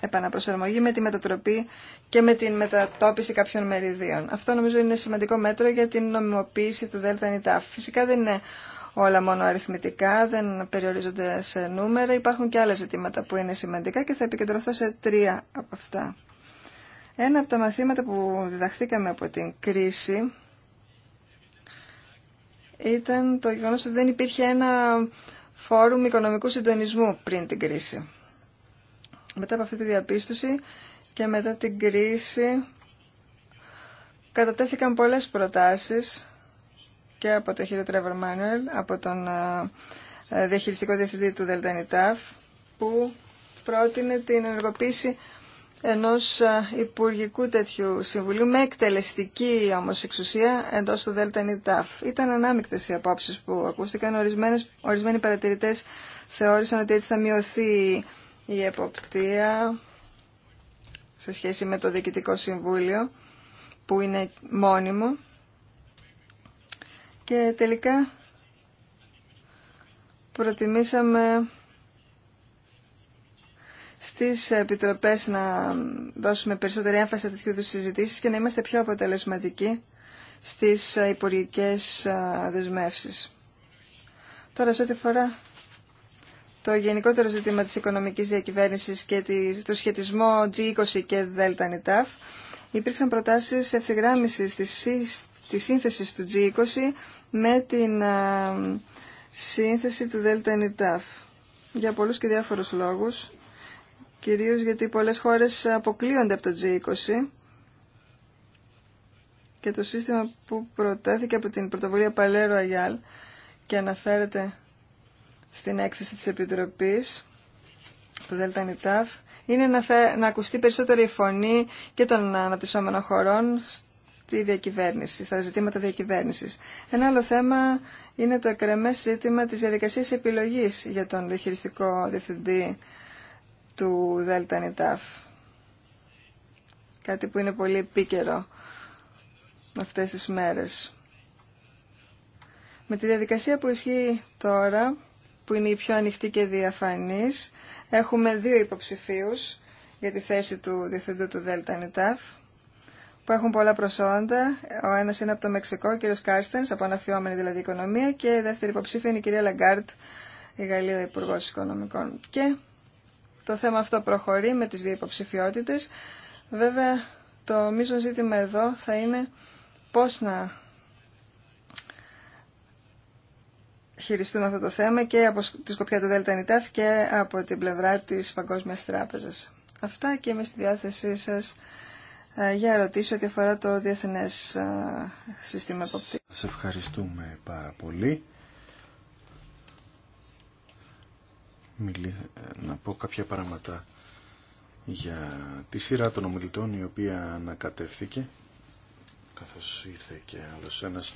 επαναπροσαρμογή με τη μετατροπή και με την μετατόπιση κάποιων μεριδίων. Αυτό νομίζω είναι σημαντικό μέτρο για την νομιμοποίηση του ΔΝΤ. Φυσικά δεν είναι όλα μόνο αριθμητικά, δεν περιορίζονται σε νούμερα. Υπάρχουν και άλλα ζητήματα που είναι σημαντικά και θα επικεντρωθώ σε τρία από αυτά. Ένα από τα μαθήματα που διδαχθήκαμε από την κρίση ήταν το γεγονός ότι δεν υπήρχε ένα φόρουμ οικονομικού συντονισμού πριν την κρίση. Μετά από αυτή τη διαπίστωση και μετά την κρίση κατατέθηκαν πολλές προτάσεις και από τον κύριο Τρέβορ Μάνουελ, από τον ε, ε, διαχειριστικό διευθυντή του ΔΕΛΤΑΝΙΤΑΦ, που πρότεινε την ενεργοποίηση ενός ε, υπουργικού τέτοιου συμβουλίου με εκτελεστική όμως εξουσία εντός του ΔΕΛΤΑΝΙΤΑΦ. Ήταν ανάμεικτες οι απόψεις που ακούστηκαν. Ορισμένες, ορισμένοι παρατηρητές θεώρησαν ότι έτσι θα μειωθεί η εποπτεία σε σχέση με το Διοικητικό Συμβούλιο που είναι μόνιμο και τελικά προτιμήσαμε στις επιτροπές να δώσουμε περισσότερη έμφαση σε τέτοιου είδους συζητήσεις και να είμαστε πιο αποτελεσματικοί στις υπουργικές ε, δεσμεύσεις. Τώρα σε ό,τι φορά το γενικότερο ζήτημα της οικονομικής διακυβέρνησης και το σχετισμό G20 και ΔΝΤ, υπήρξαν προτάσεις ευθυγράμμισης της σύνθεσης του G20 με την ε, σύνθεση του ΔΝΤ. Για πολλούς και διάφορους λόγους, κυρίως γιατί πολλές χώρες αποκλείονται από το G20 και το σύστημα που προτάθηκε από την πρωτοβουλία Παλέρο Αγιάλ και αναφέρεται στην έκθεση της Επιτροπής του ΔΕΛΤΑ είναι να, να ακουστεί περισσότερη φωνή και των αναπτυσσόμενων χωρών στη διακυβέρνηση, στα ζητήματα διακυβέρνησης. Ένα άλλο θέμα είναι το εκρεμές ζήτημα της διαδικασίας επιλογής για τον διαχειριστικό διευθυντή του ΔΕΛΤΑ Κάτι που είναι πολύ επίκαιρο αυτές τις μέρες. Με τη διαδικασία που ισχύει τώρα, που είναι η πιο ανοιχτή και διαφανής. Έχουμε δύο υποψηφίους για τη θέση του διευθυντού του ΔΕΛΤΑΝΙΤΑΦ που έχουν πολλά προσόντα. Ο ένας είναι από το Μεξικό, ο κύριος Κάρστενς, από αναφιόμενη δηλαδή οικονομία και η δεύτερη υποψήφια είναι η κυρία Λαγκάρτ, η Γαλλίδα Υπουργό Οικονομικών. Και το θέμα αυτό προχωρεί με τις δύο υποψηφιότητες. Βέβαια, το μείζον ζήτημα εδώ θα είναι πώς να χειριστούμε αυτό το θέμα και από τη σκοπιά του ΔΕΛΤΑ και από την πλευρά της Παγκόσμιας Τράπεζας. Αυτά και είμαι στη διάθεσή σας ε, για ερωτήσεις ό,τι αφορά το διεθνές ε, σύστημα εποπτείας. Σας ευχαριστούμε πάρα πολύ. Ε, να πω κάποια πράγματα για τη σειρά των ομιλητών η οποία ανακατεύθηκε καθώς ήρθε και άλλος ένας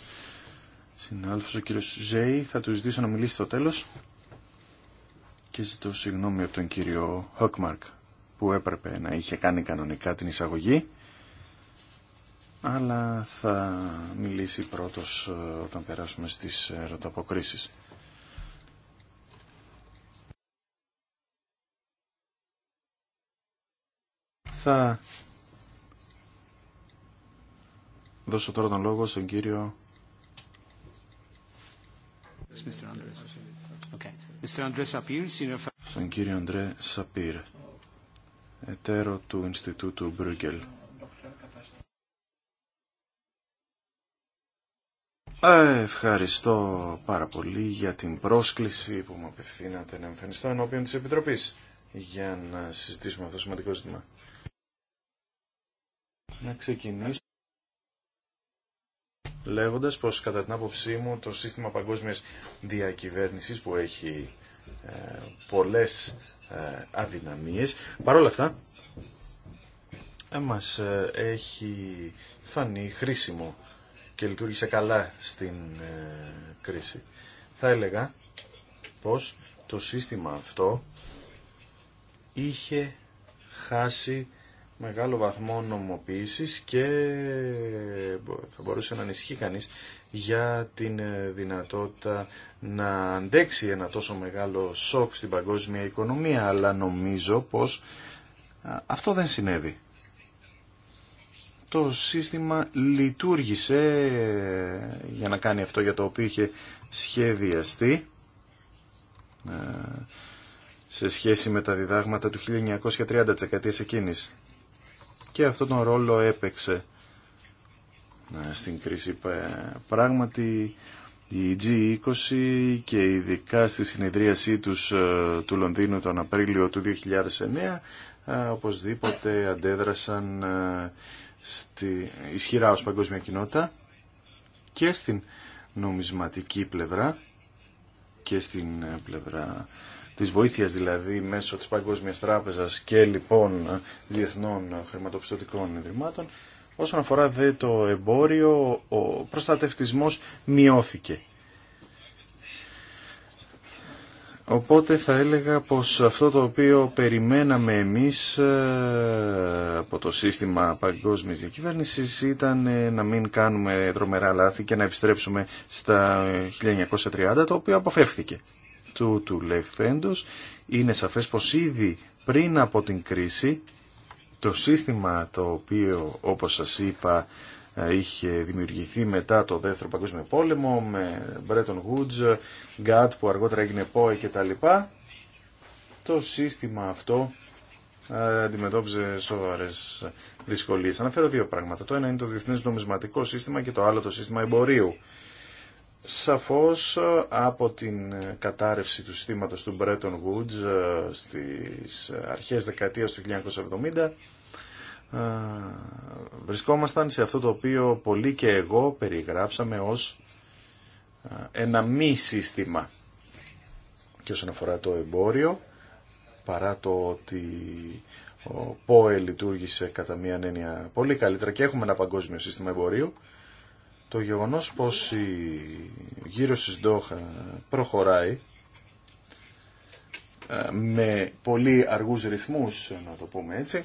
συνάδελφος ο κύριο Ζέη. Θα του ζητήσω να μιλήσει στο τέλος. Και ζητώ συγγνώμη από τον κύριο Χόκμαρκ που έπρεπε να είχε κάνει κανονικά την εισαγωγή. Αλλά θα μιλήσει πρώτος ε, όταν περάσουμε στις ερωταποκρίσεις. Θα δώσω τώρα τον λόγο στον κύριο στον κύριο Αντρέ Σαπίρ, εταίρο του Ινστιτούτου Μπρούγκελ. Ε, ευχαριστώ πάρα πολύ για την πρόσκληση που μου απευθύνατε να εμφανιστώ ενώπιον της Επιτροπής για να συζητήσουμε αυτό το σημαντικό ζήτημα. Να ξεκινήσω λέγοντας πως κατά την άποψή μου το σύστημα παγκόσμιας διακυβέρνησης που έχει ε, πολλές ε, αδυναμίες, παρόλα αυτά ε, μας ε, έχει φανεί χρήσιμο και λειτουργήσε καλά στην ε, κρίση. Θα έλεγα πως το σύστημα αυτό είχε χάσει μεγάλο βαθμό νομοποίησης και θα μπορούσε να ανησυχεί κανεί για την ε, δυνατότητα να αντέξει ένα τόσο μεγάλο σοκ στην παγκόσμια οικονομία, αλλά νομίζω πως ε, αυτό δεν συνέβη. Το σύστημα λειτουργήσε ε, για να κάνει αυτό για το οποίο είχε σχεδιαστεί σε σχέση με τα διδάγματα του 1930 της εκείνης και αυτόν τον ρόλο έπαιξε ε, στην κρίση. Πράγματι, η G20 και ειδικά στη συνεδρίασή τους ε, του Λονδίνου τον Απρίλιο του 2009 ε, οπωσδήποτε αντέδρασαν στη, ισχυρά ως παγκόσμια κοινότητα και στην νομισματική πλευρά και στην πλευρά της βοήθειας δηλαδή μέσω της Παγκόσμιας Τράπεζας και λοιπόν διεθνών χρηματοπιστωτικών ιδρυμάτων. Όσον αφορά δε το εμπόριο, ο προστατευτισμός μειώθηκε. Οπότε θα έλεγα πως αυτό το οποίο περιμέναμε εμείς ε, από το σύστημα παγκόσμιας διακυβέρνησης ήταν ε, να μην κάνουμε τρομερά λάθη και να επιστρέψουμε στα 1930, το οποίο αποφεύχθηκε του του λεχθέντος είναι σαφές πως ήδη πριν από την κρίση το σύστημα το οποίο όπως σας είπα είχε δημιουργηθεί μετά το δεύτερο παγκόσμιο πόλεμο με Bretton Woods, GATT που αργότερα έγινε POE και τα λοιπά το σύστημα αυτό ε, αντιμετώπιζε σοβαρές δυσκολίες. Αναφέρω δύο πράγματα. Το ένα είναι το Διεθνές Νομισματικό Σύστημα και το άλλο το σύστημα εμπορίου σαφώς ε, από την κατάρρευση του συστήματος του Bretton Woods ε, στις αρχές δεκαετίας του 1970 ε, βρισκόμασταν σε αυτό το οποίο πολλοί και εγώ περιγράψαμε ως ένα μη σύστημα και όσον αφορά το εμπόριο παρά το ότι ο ΠΟΕ λειτουργήσε κατά μία έννοια πολύ καλύτερα και έχουμε ένα παγκόσμιο σύστημα εμπορίου το γεγονός πως η γύρωση Ντόχα προχωράει ε, με πολύ αργούς ρυθμούς, να το πούμε έτσι,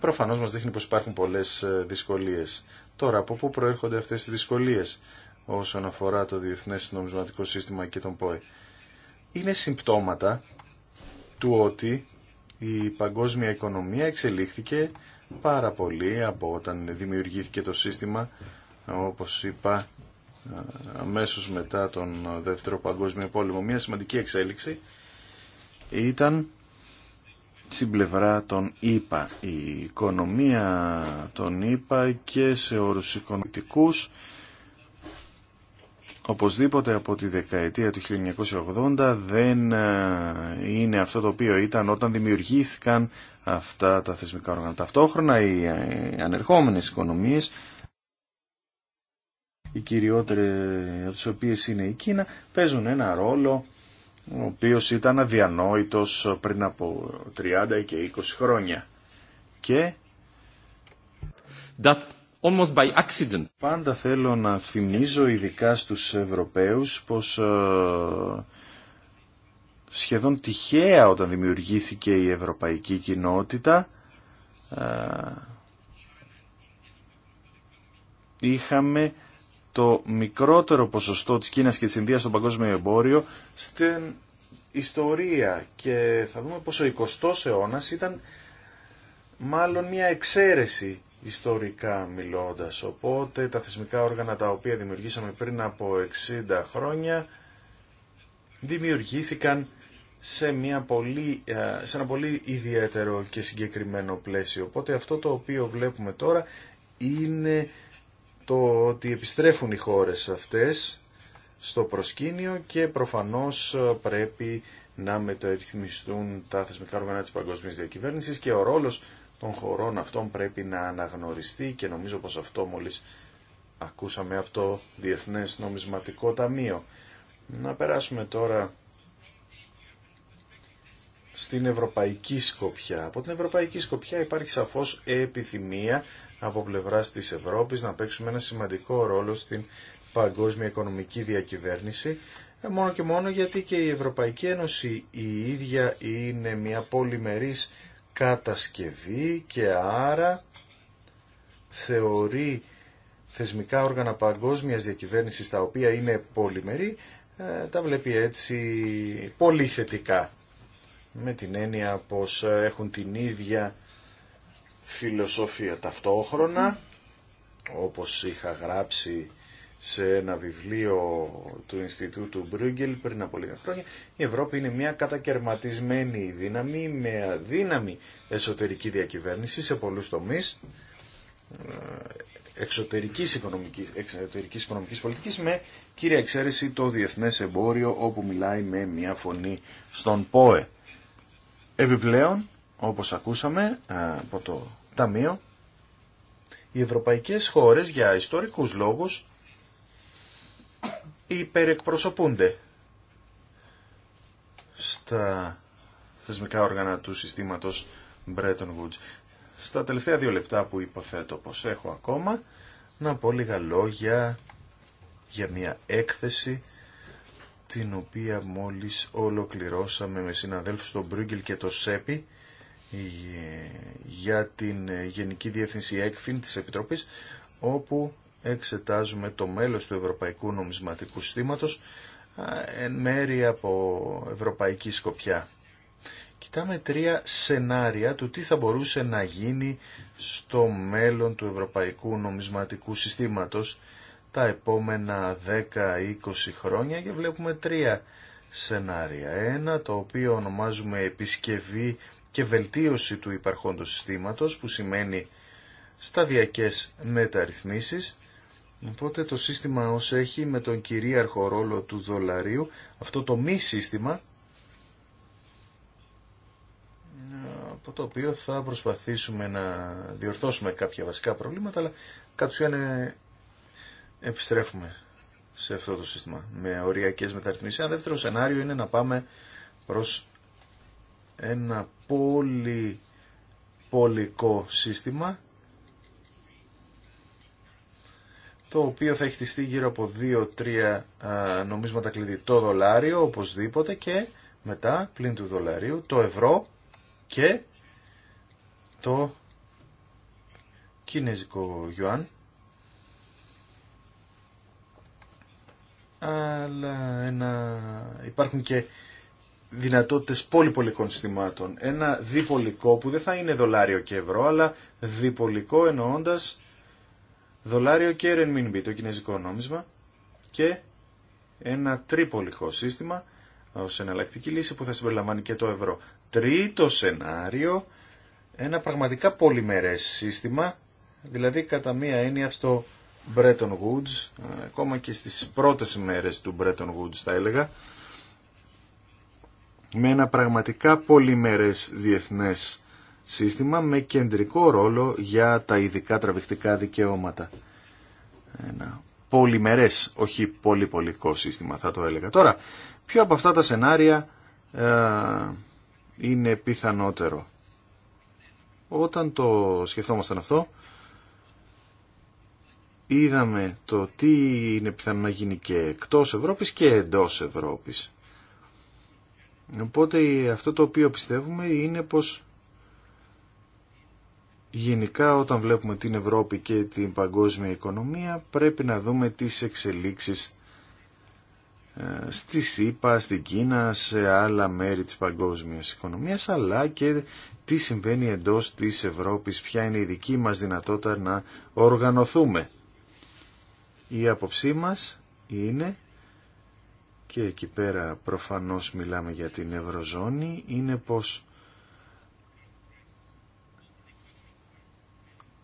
προφανώς μας δείχνει πως υπάρχουν πολλές ε, δυσκολίες. Τώρα, από πού προέρχονται αυτές οι δυσκολίες όσον αφορά το Διεθνές Νομισματικό Σύστημα και τον ΠΟΕ. Είναι συμπτώματα του ότι η παγκόσμια οικονομία εξελίχθηκε πάρα πολύ από όταν δημιουργήθηκε το σύστημα, όπως είπα, αμέσως μετά τον Δεύτερο Παγκόσμιο Πόλεμο. Μια σημαντική εξέλιξη ήταν στην πλευρά των ΙΠΑ. Η οικονομία των ΙΠΑ και σε όρους οικονομικούς οπωσδήποτε από τη δεκαετία του 1980 δεν ε, είναι αυτό το οποίο ήταν όταν δημιουργήθηκαν αυτά τα θεσμικά όργανα. Ταυτόχρονα ε, οι ανερχόμενες οικονομίες, οι κυριότερες από τις οποίες είναι η Κίνα, παίζουν ένα ρόλο ο οποίος ήταν αδιανόητος πριν από 30 και 20 χρόνια. Και... Πάντα θέλω να θυμίζω ειδικά στους Ευρωπαίους πως ε, σχεδόν τυχαία όταν δημιουργήθηκε η Ευρωπαϊκή Κοινότητα ε, είχαμε το μικρότερο ποσοστό της Κίνας και της Ινδίας στον παγκόσμιο εμπόριο στην ιστορία και θα δούμε πως ο 20ος αιώνας ήταν μάλλον μια εξαίρεση ιστορικά μιλώντας. Οπότε τα θεσμικά όργανα τα οποία δημιουργήσαμε πριν από 60 χρόνια δημιουργήθηκαν σε, μια πολύ, ε, σε ένα πολύ ιδιαίτερο και συγκεκριμένο πλαίσιο. Οπότε αυτό το οποίο βλέπουμε τώρα είναι το ότι επιστρέφουν οι χώρες αυτές στο προσκήνιο και προφανώς ε, πρέπει να μεταρρυθμιστούν τα θεσμικά οργανά της παγκόσμιας διακυβέρνησης και ο ρόλος των χωρών αυτών πρέπει να αναγνωριστεί και νομίζω πως αυτό μόλις ακούσαμε από το Διεθνές Νομισματικό Ταμείο. Να περάσουμε τώρα στην Ευρωπαϊκή Σκοπιά. Από την Ευρωπαϊκή Σκοπιά υπάρχει σαφώς επιθυμία από πλευράς της Ευρώπης να παίξουμε ένα σημαντικό ρόλο στην παγκόσμια οικονομική διακυβέρνηση ε, μόνο και μόνο γιατί και η Ευρωπαϊκή Ένωση η ίδια είναι μια πολυμερής κατασκευή και άρα θεωρεί θεσμικά όργανα παγκόσμιας διακυβέρνησης τα οποία είναι πολυμερή ε, τα βλέπει έτσι πολύ θετικά με την έννοια πως έχουν την ίδια φιλοσοφία ταυτόχρονα όπως είχα γράψει σε ένα βιβλίο του Ινστιτούτου Μπρούγκελ πριν από λίγα χρόνια, η Ευρώπη είναι μια κατακαιρματισμένη δύναμη με αδύναμη εσωτερική διακυβέρνηση σε πολλούς τομείς ε, εξωτερικής οικονομικής, εξωτερικής οικονομικής πολιτικής με κύρια εξαίρεση το διεθνές εμπόριο όπου μιλάει με μια φωνή στον ΠΟΕ. Επιπλέον, όπως ακούσαμε ε, από το Ταμείο, οι ευρωπαϊκές χώρες για ιστορικούς λόγους υπερεκπροσωπούνται στα θεσμικά όργανα του συστήματος Bretton Woods. Στα τελευταία δύο λεπτά που υποθέτω πως έχω ακόμα, να πω λίγα λόγια για μια έκθεση την οποία μόλις ολοκληρώσαμε με συναδέλφους τον Μπρούγκελ και το ΣΕΠΙ ε, για την Γενική Διεύθυνση ΕΚΦΙΝ της Επιτροπής, όπου εξετάζουμε το μέλος του Ευρωπαϊκού Νομισματικού Συστήματος εν μέρη από ευρωπαϊκή σκοπιά. Κοιτάμε τρία σενάρια του τι θα μπορούσε να γίνει στο μέλλον του Ευρωπαϊκού Νομισματικού Συστήματος τα επόμενα 10-20 χρόνια και βλέπουμε τρία σενάρια. Ένα το οποίο ονομάζουμε επισκευή και βελτίωση του υπαρχόντος συστήματος που σημαίνει σταδιακές μεταρρυθμίσεις Οπότε το σύστημα ως έχει με τον κυρίαρχο ρόλο του δολαρίου, αυτό το μη σύστημα, από το οποίο θα προσπαθήσουμε να διορθώσουμε κάποια βασικά προβλήματα, αλλά κάτω είναι επιστρέφουμε σε αυτό το σύστημα με οριακές μεταρρυθμίσεις. Ένα δεύτερο σενάριο είναι να πάμε προς ένα πολύ πολικό σύστημα το οποίο θα έχει χτιστεί γύρω από 2-3 νομίσματα κλειδί το δολάριο οπωσδήποτε και μετά πλην του δολαρίου το ευρώ και το κινέζικο γιουάν αλλά ένα... υπάρχουν και δυνατότητες πολυπολικών συστημάτων. Ένα διπολικό που δεν θα είναι δολάριο και ευρώ, αλλά διπολικό εννοώντας δολάριο και ερενμίνμπι, το κινέζικο νόμισμα, και ένα τρίπολιχο σύστημα ως εναλλακτική λύση που θα συμπεριλαμβάνει και το ευρώ. Τρίτο σενάριο, ένα πραγματικά πολυμερές σύστημα, δηλαδή κατά μία έννοια στο Bretton Woods, ακόμα και στις πρώτες μέρες του Bretton Woods θα έλεγα, με ένα πραγματικά πολυμερές διεθνές σύστημα με κεντρικό ρόλο για τα ειδικά τραβηχτικά δικαιώματα. Ένα πολυμερές, όχι πολυπολικό σύστημα θα το έλεγα. Τώρα, ποιο από αυτά τα σενάρια ε, είναι πιθανότερο. Όταν το σκεφτόμασταν αυτό, είδαμε το τι είναι πιθανό να γίνει και εκτός Ευρώπης και εντός Ευρώπης. Οπότε αυτό το οποίο πιστεύουμε είναι πως γενικά όταν βλέπουμε την Ευρώπη και την παγκόσμια οικονομία πρέπει να δούμε τις εξελίξεις ε, στη ΣΥΠΑ, στην Κίνα, σε άλλα μέρη της παγκόσμιας οικονομίας, αλλά και τι συμβαίνει εντός της Ευρώπης, ποια είναι η δική μας δυνατότητα να οργανωθούμε. Η άποψή μας είναι, και εκεί πέρα προφανώς μιλάμε για την Ευρωζώνη, είναι πως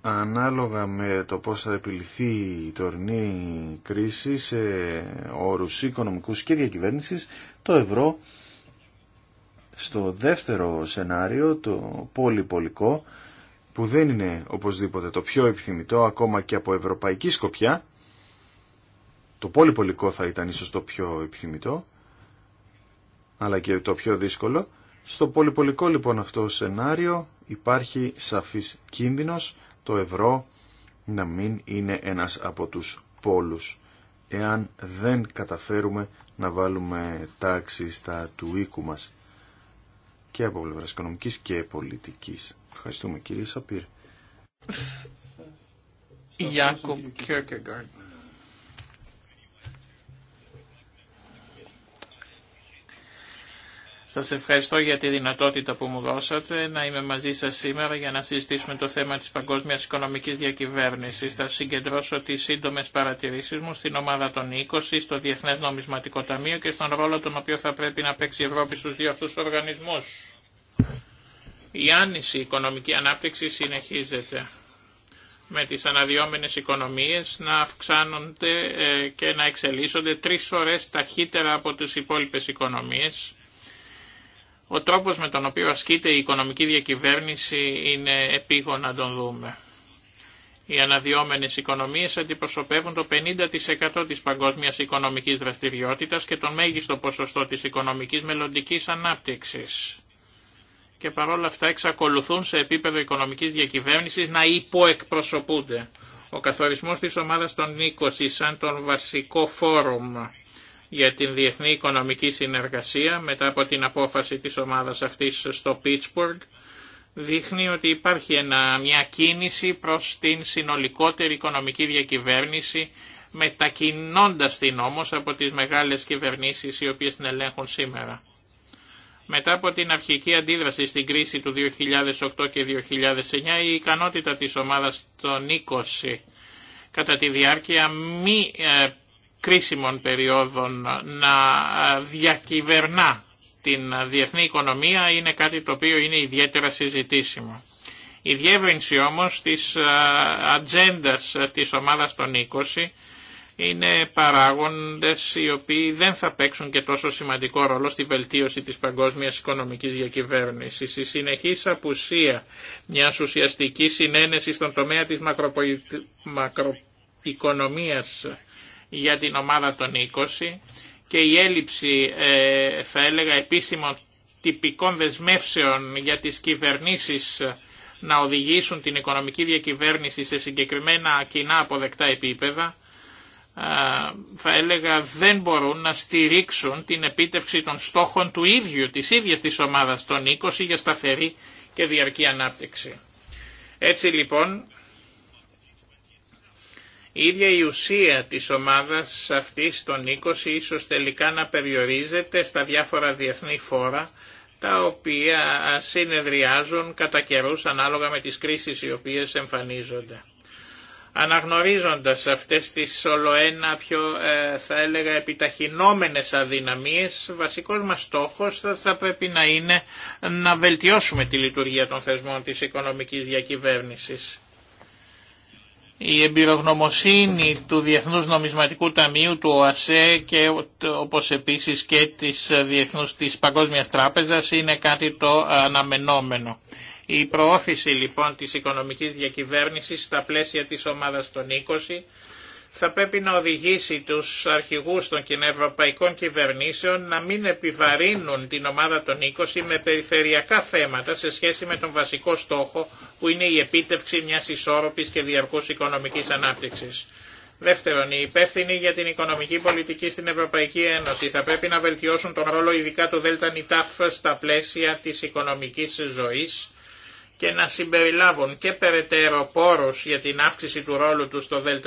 ανάλογα με το πώς θα επιληθεί η τωρινή κρίση σε όρους οικονομικούς και διακυβέρνησης, το ευρώ στο δεύτερο σενάριο, το πολυπολικό, που δεν είναι οπωσδήποτε το πιο επιθυμητό ακόμα και από ευρωπαϊκή σκοπιά, το πολυπολικό θα ήταν ίσως το πιο επιθυμητό, αλλά και το πιο δύσκολο. Στο πολυπολικό λοιπόν αυτό σενάριο υπάρχει σαφής κίνδυνος το ευρώ να μην είναι ένας από τους πόλους. Εάν δεν καταφέρουμε να βάλουμε τάξη στα του οίκου μας και από πλευρά οικονομικής και πολιτικής. Ευχαριστούμε κύριε Σαπίρ. Κιέρκεγκάρντ. Σας ευχαριστώ για τη δυνατότητα που μου δώσατε να είμαι μαζί σας σήμερα για να συζητήσουμε το θέμα της παγκόσμιας οικονομικής διακυβέρνησης. Θα συγκεντρώσω τις σύντομες παρατηρήσεις μου στην ομάδα των 20, στο Διεθνές Νομισματικό Ταμείο και στον ρόλο τον οποίο θα πρέπει να παίξει η Ευρώπη στους δύο αυτούς οργανισμούς. Η άνηση οικονομική ανάπτυξη συνεχίζεται με τις αναδυόμενες οικονομίες να αυξάνονται ε, και να εξελίσσονται τρεις φορές ταχύτερα από τις υπόλοιπες οικονομίες ο τρόπος με τον οποίο ασκείται η οικονομική διακυβέρνηση είναι επίγον να τον δούμε. Οι αναδυόμενες οικονομίες αντιπροσωπεύουν το 50% της παγκόσμιας οικονομικής δραστηριότητας και το μέγιστο ποσοστό της οικονομικής μελλοντική ανάπτυξης. Και παρόλα αυτά εξακολουθούν σε επίπεδο οικονομικής διακυβέρνησης να υποεκπροσωπούνται. Ο καθορισμός της ομάδας των 20 σαν τον βασικό φόρουμ για την διεθνή οικονομική συνεργασία μετά από την απόφαση της ομάδας αυτής στο Πίτσπουργκ δείχνει ότι υπάρχει μια κίνηση προς την συνολικότερη οικονομική διακυβέρνηση μετακινώντας την όμως από τις μεγάλες κυβερνήσεις οι οποίες την ελέγχουν σήμερα. Μετά από την αρχική αντίδραση στην κρίση του 2008 και 2009, η ικανότητα της ομάδας των 20 κατά τη διάρκεια μη ε, κρίσιμων περιόδων να ε, διακυβερνά την ε, διεθνή οικονομία είναι κάτι το οποίο είναι ιδιαίτερα συζητήσιμο. Η διεύρυνση όμως της ε, ατζέντα της ομάδας των 20 είναι παράγοντες οι οποίοι δεν θα παίξουν και τόσο σημαντικό ρόλο στη βελτίωση της παγκόσμιας οικονομικής διακυβέρνησης. Η συνεχής απουσία μια ουσιαστική συνένεση στον τομέα της μακροπολι... μακροοικονομίας για την ομάδα των 20 και η έλλειψη ε, θα έλεγα επίσημων τυπικών δεσμεύσεων για τις κυβερνήσεις ε, να οδηγήσουν την οικονομική διακυβέρνηση σε συγκεκριμένα κοινά αποδεκτά επίπεδα, ε, θα έλεγα δεν μπορούν να στηρίξουν την επίτευξη των στόχων του ίδιου, της ίδιας της ομάδας των 20 για σταθερή και διαρκή ανάπτυξη. Έτσι λοιπόν η ίδια η ουσία της ομάδας αυτής των 20 ίσως τελικά να περιορίζεται στα διάφορα διεθνή φόρα τα οποία συνεδριάζουν κατά καιρού ανάλογα με τις κρίσεις οι οποίες εμφανίζονται. Αναγνωρίζοντας αυτές τις ολοένα πιο ε, θα έλεγα επιταχυνόμενες αδυναμίες, βασικός μας στόχος θα, πρέπει να είναι να βελτιώσουμε τη λειτουργία των θεσμών της οικονομικής διακυβέρνησης. Η εμπειρογνωμοσύνη του Διεθνούς Νομισματικού Ταμείου, του ΟΑΣΕ και όπως επίσης και της, ε, Διεθνούς, της Παγκόσμιας Τράπεζας είναι κάτι το αναμενόμενο. Η προώθηση λοιπόν της οικονομικής διακυβέρνησης στα πλαίσια της ομάδας των 20 θα πρέπει να οδηγήσει τους αρχηγούς των κοινευρωπαϊκών κυβερνήσεων να μην επιβαρύνουν την ομάδα των 20 με περιφερειακά θέματα σε σχέση με τον βασικό στόχο που είναι η επίτευξη μιας ισόρροπης και διαρκούς οικονομικής ανάπτυξης. Δεύτερον, οι υπεύθυνοι για την οικονομική πολιτική στην Ευρωπαϊκή Ένωση θα πρέπει να βελτιώσουν τον ρόλο ειδικά του ΔΝΤ στα πλαίσια της οικονομικής ζωής και να συμπεριλάβουν και περαιτέρω πόρους για την αύξηση του ρόλου του στο ΔΝΤ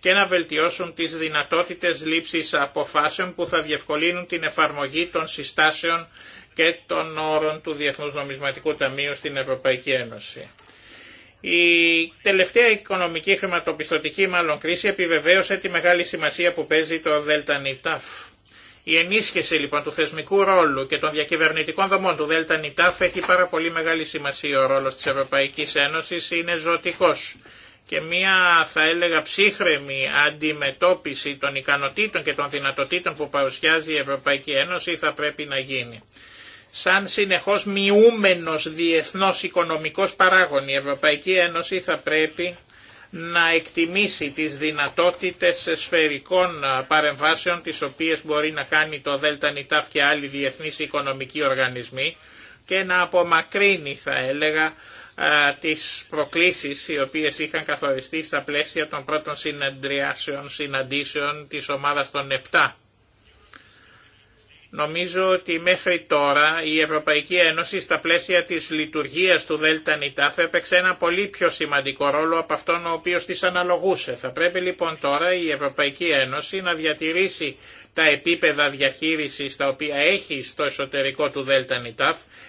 και να βελτιώσουν τις δυνατότητες λήψης αποφάσεων που θα διευκολύνουν την εφαρμογή των συστάσεων και των όρων του Διεθνούς Νομισματικού Ταμείου στην Ευρωπαϊκή Ένωση. Η τελευταία οικονομική χρηματοπιστωτική μάλλον κρίση επιβεβαίωσε τη μεγάλη σημασία που παίζει το ΔΝΤ η ενίσχυση λοιπόν του θεσμικού ρόλου και των διακυβερνητικών δομών του ΔΝΤ έχει πάρα πολύ μεγάλη σημασία. Ο ρόλος της Ευρωπαϊκής Ένωσης είναι ζωτικός και μια θα έλεγα ψύχρεμη αντιμετώπιση των ικανοτήτων και των δυνατοτήτων που παρουσιάζει η Ευρωπαϊκή Ένωση θα πρέπει να γίνει. Σαν συνεχώς μειούμενος διεθνός οικονομικός παράγων η Ευρωπαϊκή Ένωση θα πρέπει να εκτιμήσει τις δυνατότητες σφαιρικών παρεμβάσεων τις οποίες μπορεί να κάνει το ΔΝΤ και άλλοι διεθνείς οικονομικοί οργανισμοί και να απομακρύνει θα έλεγα τις προκλήσεις οι οποίες είχαν καθοριστεί στα πλαίσια των πρώτων συναντριάσεων, συναντήσεων της ομάδας των 7 Νομίζω ότι μέχρι τώρα η Ευρωπαϊκή Ένωση στα πλαίσια της λειτουργίας του ΔΝΤ έπαιξε ένα πολύ πιο σημαντικό ρόλο από αυτόν ο οποίος της αναλογούσε. Θα πρέπει λοιπόν τώρα η Ευρωπαϊκή Ένωση να διατηρήσει τα επίπεδα διαχείρισης τα οποία έχει στο εσωτερικό του ΔΝΤ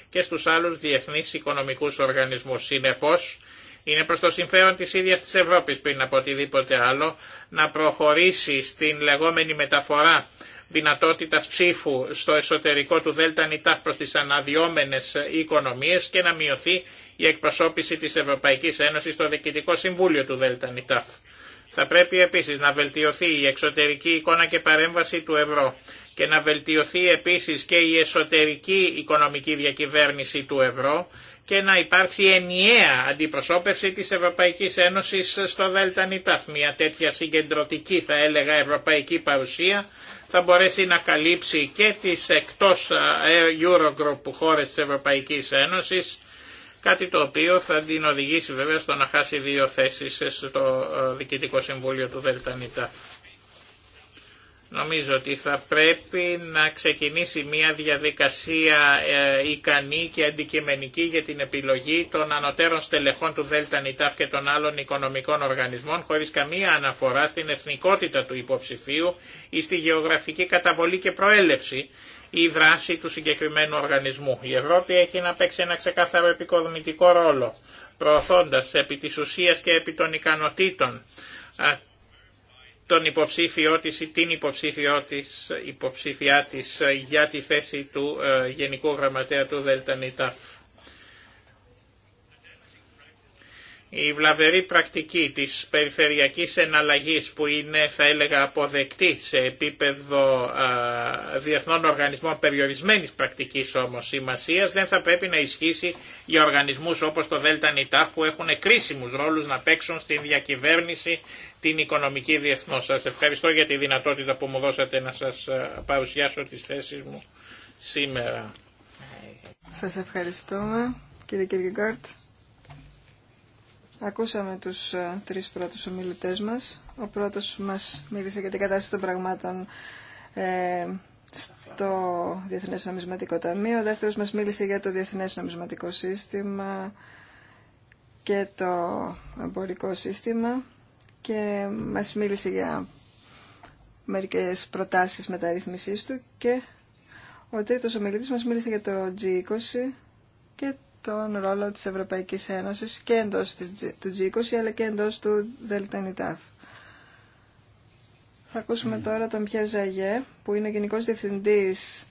και στους άλλους διεθνείς οικονομικούς οργανισμούς. Συνεπώς, είναι προς το συμφέρον της ίδιας της Ευρώπης πριν από οτιδήποτε άλλο να προχωρήσει στην λεγόμενη μεταφορά Δυνατότητα ψήφου στο εσωτερικό του Δέλτα Νιτάφ προς τις αναδυόμενες οικονομίες και να μειωθεί η εκπροσώπηση της Ευρωπαϊκής Ένωσης στο Διοικητικό Συμβούλιο του Δέλτα Θα πρέπει επίσης να βελτιωθεί η εξωτερική εικόνα και παρέμβαση του ευρώ και να βελτιωθεί επίσης και η εσωτερική οικονομική διακυβέρνηση του ευρώ και να υπάρξει ενιαία αντιπροσώπευση της Ευρωπαϊκής Ένωσης στο ΔΝΤ. Μια τέτοια συγκεντρωτική θα έλεγα ευρωπαϊκή παρουσία θα μπορέσει να καλύψει και τις εκτός ε, Eurogroup χώρες της Ευρωπαϊκής Ένωσης, κάτι το οποίο θα την οδηγήσει βέβαια στο να χάσει δύο θέσεις στο ε, Διοικητικό Συμβούλιο του Δελτανιτά. Νομίζω ότι θα πρέπει να ξεκινήσει μια διαδικασία ε, ικανή και αντικειμενική για την επιλογή των ανωτέρων στελεχών του Νιτάφ και των άλλων οικονομικών οργανισμών χωρίς καμία αναφορά στην εθνικότητα του υποψηφίου ή στη γεωγραφική καταβολή και προέλευση ή δράση του συγκεκριμένου οργανισμού. Η Ευρώπη έχει να παίξει ένα ξεκάθαρο επικοδομητικό ρόλο προωθώντας επί της ουσίας και επί των ικανοτήτων τον υποψήφιό της ή την υποψήφιά της ε, για τη θέση του ε, Γενικού Γραμματέα του Δελτανιτά. Η βλαβερή πρακτική της περιφερειακής εναλλαγής που είναι θα έλεγα αποδεκτή σε επίπεδο διεθνών οργανισμών περιορισμένης πρακτικής όμως σημασία, δεν θα πρέπει να ισχύσει για οργανισμούς όπως το ΔΝΤ που έχουν κρίσιμους ρόλους να παίξουν στην διακυβέρνηση την οικονομική διεθνώς. Σας ευχαριστώ για τη δυνατότητα που μου δώσατε να σας παρουσιάσω τις θέσεις μου σήμερα. Σας ευχαριστούμε κύριε Ακούσαμε τους ε, τρεις πρώτους ομιλητές μας. Ο πρώτος μας μίλησε για την κατάσταση των πραγμάτων ε, στο Διεθνές Νομισματικό Ταμείο. Ο δεύτερος μας μίλησε για το Διεθνές Νομισματικό Σύστημα και το εμπορικό σύστημα και μας μίλησε για μερικές προτάσεις μεταρρύθμισής του και ο τρίτος ομιλητής μας μίλησε για το G20 και τον ρόλο της Ευρωπαϊκής Ένωσης και εντός του G20 αλλά και εντός του ΔΕΛΤΑΝΙΤΑΦ. Θα ακούσουμε ναι. τώρα τον Πιέρ Ζαγέ που είναι ο Γενικός Διευθυντής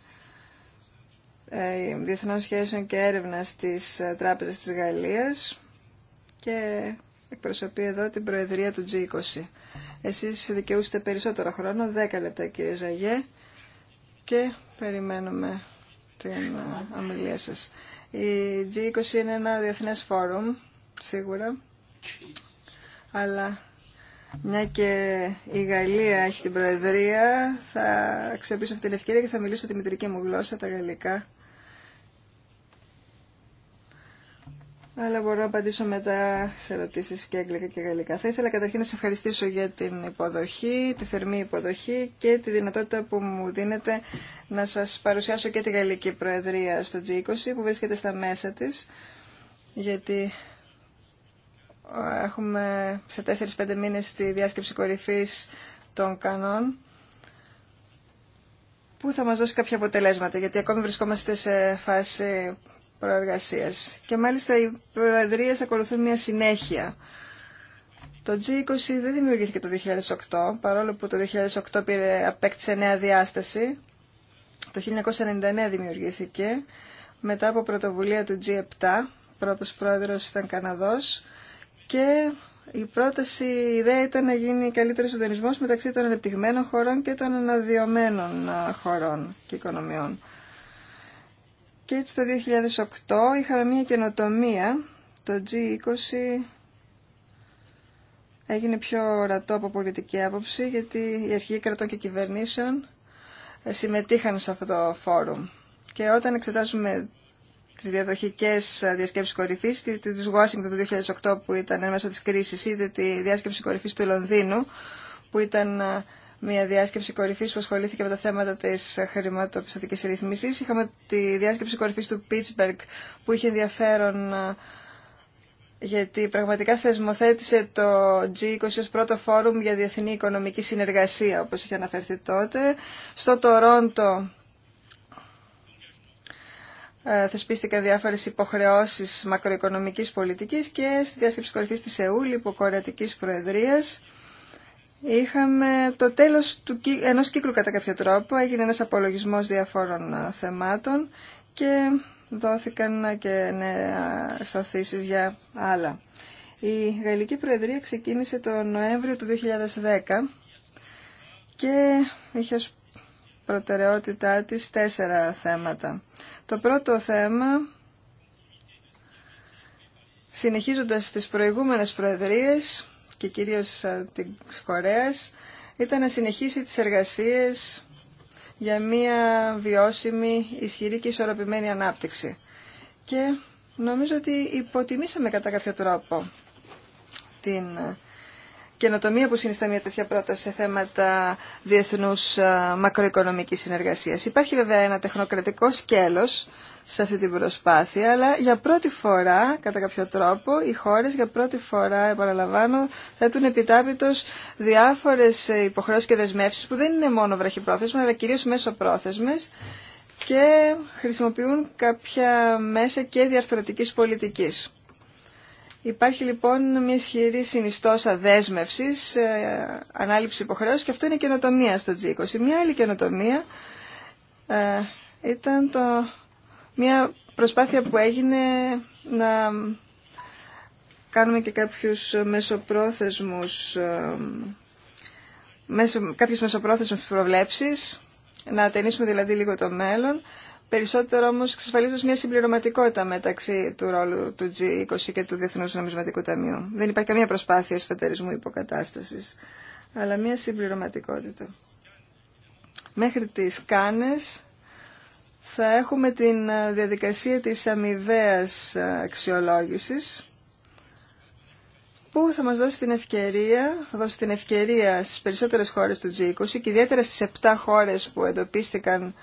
ε, Διεθνών Σχέσεων και Έρευνας της ε, Τράπεζας της Γαλλίας και εκπροσωπεί εδώ την Προεδρία του G20. Εσείς δικαιούστε περισσότερο χρόνο, 10 λεπτά κύριε Ζαγιέ και περιμένουμε την ε, ομιλία σας. Η G20 είναι ένα διεθνές φόρουμ, σίγουρα, αλλά μια και η Γαλλία έχει την Προεδρία, θα αξιοποιήσω αυτή την ευκαιρία και θα μιλήσω τη μητρική μου γλώσσα, τα γαλλικά, αλλά μπορώ να απαντήσω μετά σε ερωτήσει και αγγλικά και γαλλικά. Θα ήθελα καταρχήν να σα ευχαριστήσω για την υποδοχή, τη θερμή υποδοχή και τη δυνατότητα που μου δίνετε να σα παρουσιάσω και τη Γαλλική Προεδρία στο G20 που βρίσκεται στα μέσα τη, γιατί έχουμε σε 4-5 μήνε τη διάσκεψη κορυφή των κανόν που θα μας δώσει κάποια αποτελέσματα, γιατί ακόμη βρισκόμαστε σε φάση προεργασίας. Και μάλιστα οι προεδρίες ακολουθούν μια συνέχεια. Το G20 δεν δημιουργήθηκε το 2008, παρόλο που το 2008 πήρε, απέκτησε νέα διάσταση. Το 1999 δημιουργήθηκε, μετά από πρωτοβουλία του G7, πρώτος πρόεδρος ήταν Καναδός, και η πρόταση, η ιδέα ήταν να γίνει καλύτερο συντονισμό μεταξύ των ανεπτυγμένων χωρών και των αναδειωμένων χωρών και οικονομιών. Και έτσι το 2008 είχαμε μια καινοτομία, το G20 έγινε πιο ορατό από πολιτική άποψη γιατί οι αρχηγοί κρατών και κυβερνήσεων ε, συμμετείχαν σε αυτό το φόρουμ. Και όταν εξετάζουμε τις διαδοχικές ε, διασκέψεις κορυφής, τη της Washington του 2008 που ήταν μέσω της κρίσης, είτε τη διάσκεψη κορυφής του Λονδίνου που ήταν ε, μια διάσκεψη κορυφή που ασχολήθηκε με τα θέματα τη χρηματοπιστωτική ρύθμιση. Είχαμε τη διάσκεψη κορυφή του Πίτσμπεργκ που είχε ενδιαφέρον γιατί πραγματικά θεσμοθέτησε το G20 ως πρώτο φόρουμ για διεθνή οικονομική συνεργασία, όπως είχε αναφερθεί τότε. Στο Τορόντο ε, θεσπίστηκαν διάφορες υποχρεώσεις μακροοικονομικής πολιτικής και στη διάσκεψη κορυφής της υπό υποκορεατικής προεδρίας, Είχαμε το τέλος του, ενός κύκλου κατά κάποιο τρόπο, έγινε ένας απολογισμός διαφόρων θεμάτων και δόθηκαν και νέα σωθήσεις για άλλα. Η Γαλλική Προεδρία ξεκίνησε το Νοέμβριο του 2010 και είχε ως προτεραιότητά της τέσσερα θέματα. Το πρώτο θέμα, συνεχίζοντας τις προηγούμενες προεδρίες, και κυρίως ε, της Κορέας ήταν να συνεχίσει τις εργασίες για μια βιώσιμη, ισχυρή και ισορροπημένη ανάπτυξη. Και νομίζω ότι υποτιμήσαμε κατά κάποιο τρόπο την ε, καινοτομία που συνιστά μια τέτοια πρόταση σε θέματα διεθνούς ε, μακροοικονομικής συνεργασίας. Υπάρχει βέβαια ένα τεχνοκρατικό σκέλος σε αυτή την προσπάθεια, αλλά για πρώτη φορά, κατά κάποιο τρόπο, οι χώρες για πρώτη φορά, επαναλαμβάνω, θέτουν επιτάπητος διάφορες ε, υποχρεώσεις και δεσμεύσεις που δεν είναι μόνο βραχυπρόθεσμα, αλλά κυρίως μέσοπρόθεσμες και χρησιμοποιούν κάποια μέσα και διαρθρωτικής πολιτικής. Υπάρχει λοιπόν μια ισχυρή συνιστόσα δέσμευση, ε, ανάληψη υποχρέωση και αυτό είναι καινοτομία στο G20. Μια άλλη καινοτομία ε, ήταν το μια προσπάθεια που έγινε να κάνουμε και κάποιους μεσοπρόθεσμους μέσω, κάποιες μεσοπρόθεσμες προβλέψεις, να ταινίσουμε δηλαδή λίγο το μέλλον, περισσότερο όμως εξασφαλίζοντας μια συμπληρωματικότητα μεταξύ του ρόλου του G20 και του Διεθνούς Νομισματικού Ταμείου. Δεν υπάρχει καμία προσπάθεια σφετερισμού υποκατάστασης, αλλά μια συμπληρωματικότητα. Μέχρι τις Κάνες θα έχουμε την ε, διαδικασία της αμοιβαία ε, αξιολόγησης που θα μας δώσει την ευκαιρία, θα δώσει την ευκαιρία στις περισσότερες χώρες του G20 και ιδιαίτερα στις 7 χώρες που εντοπίστηκαν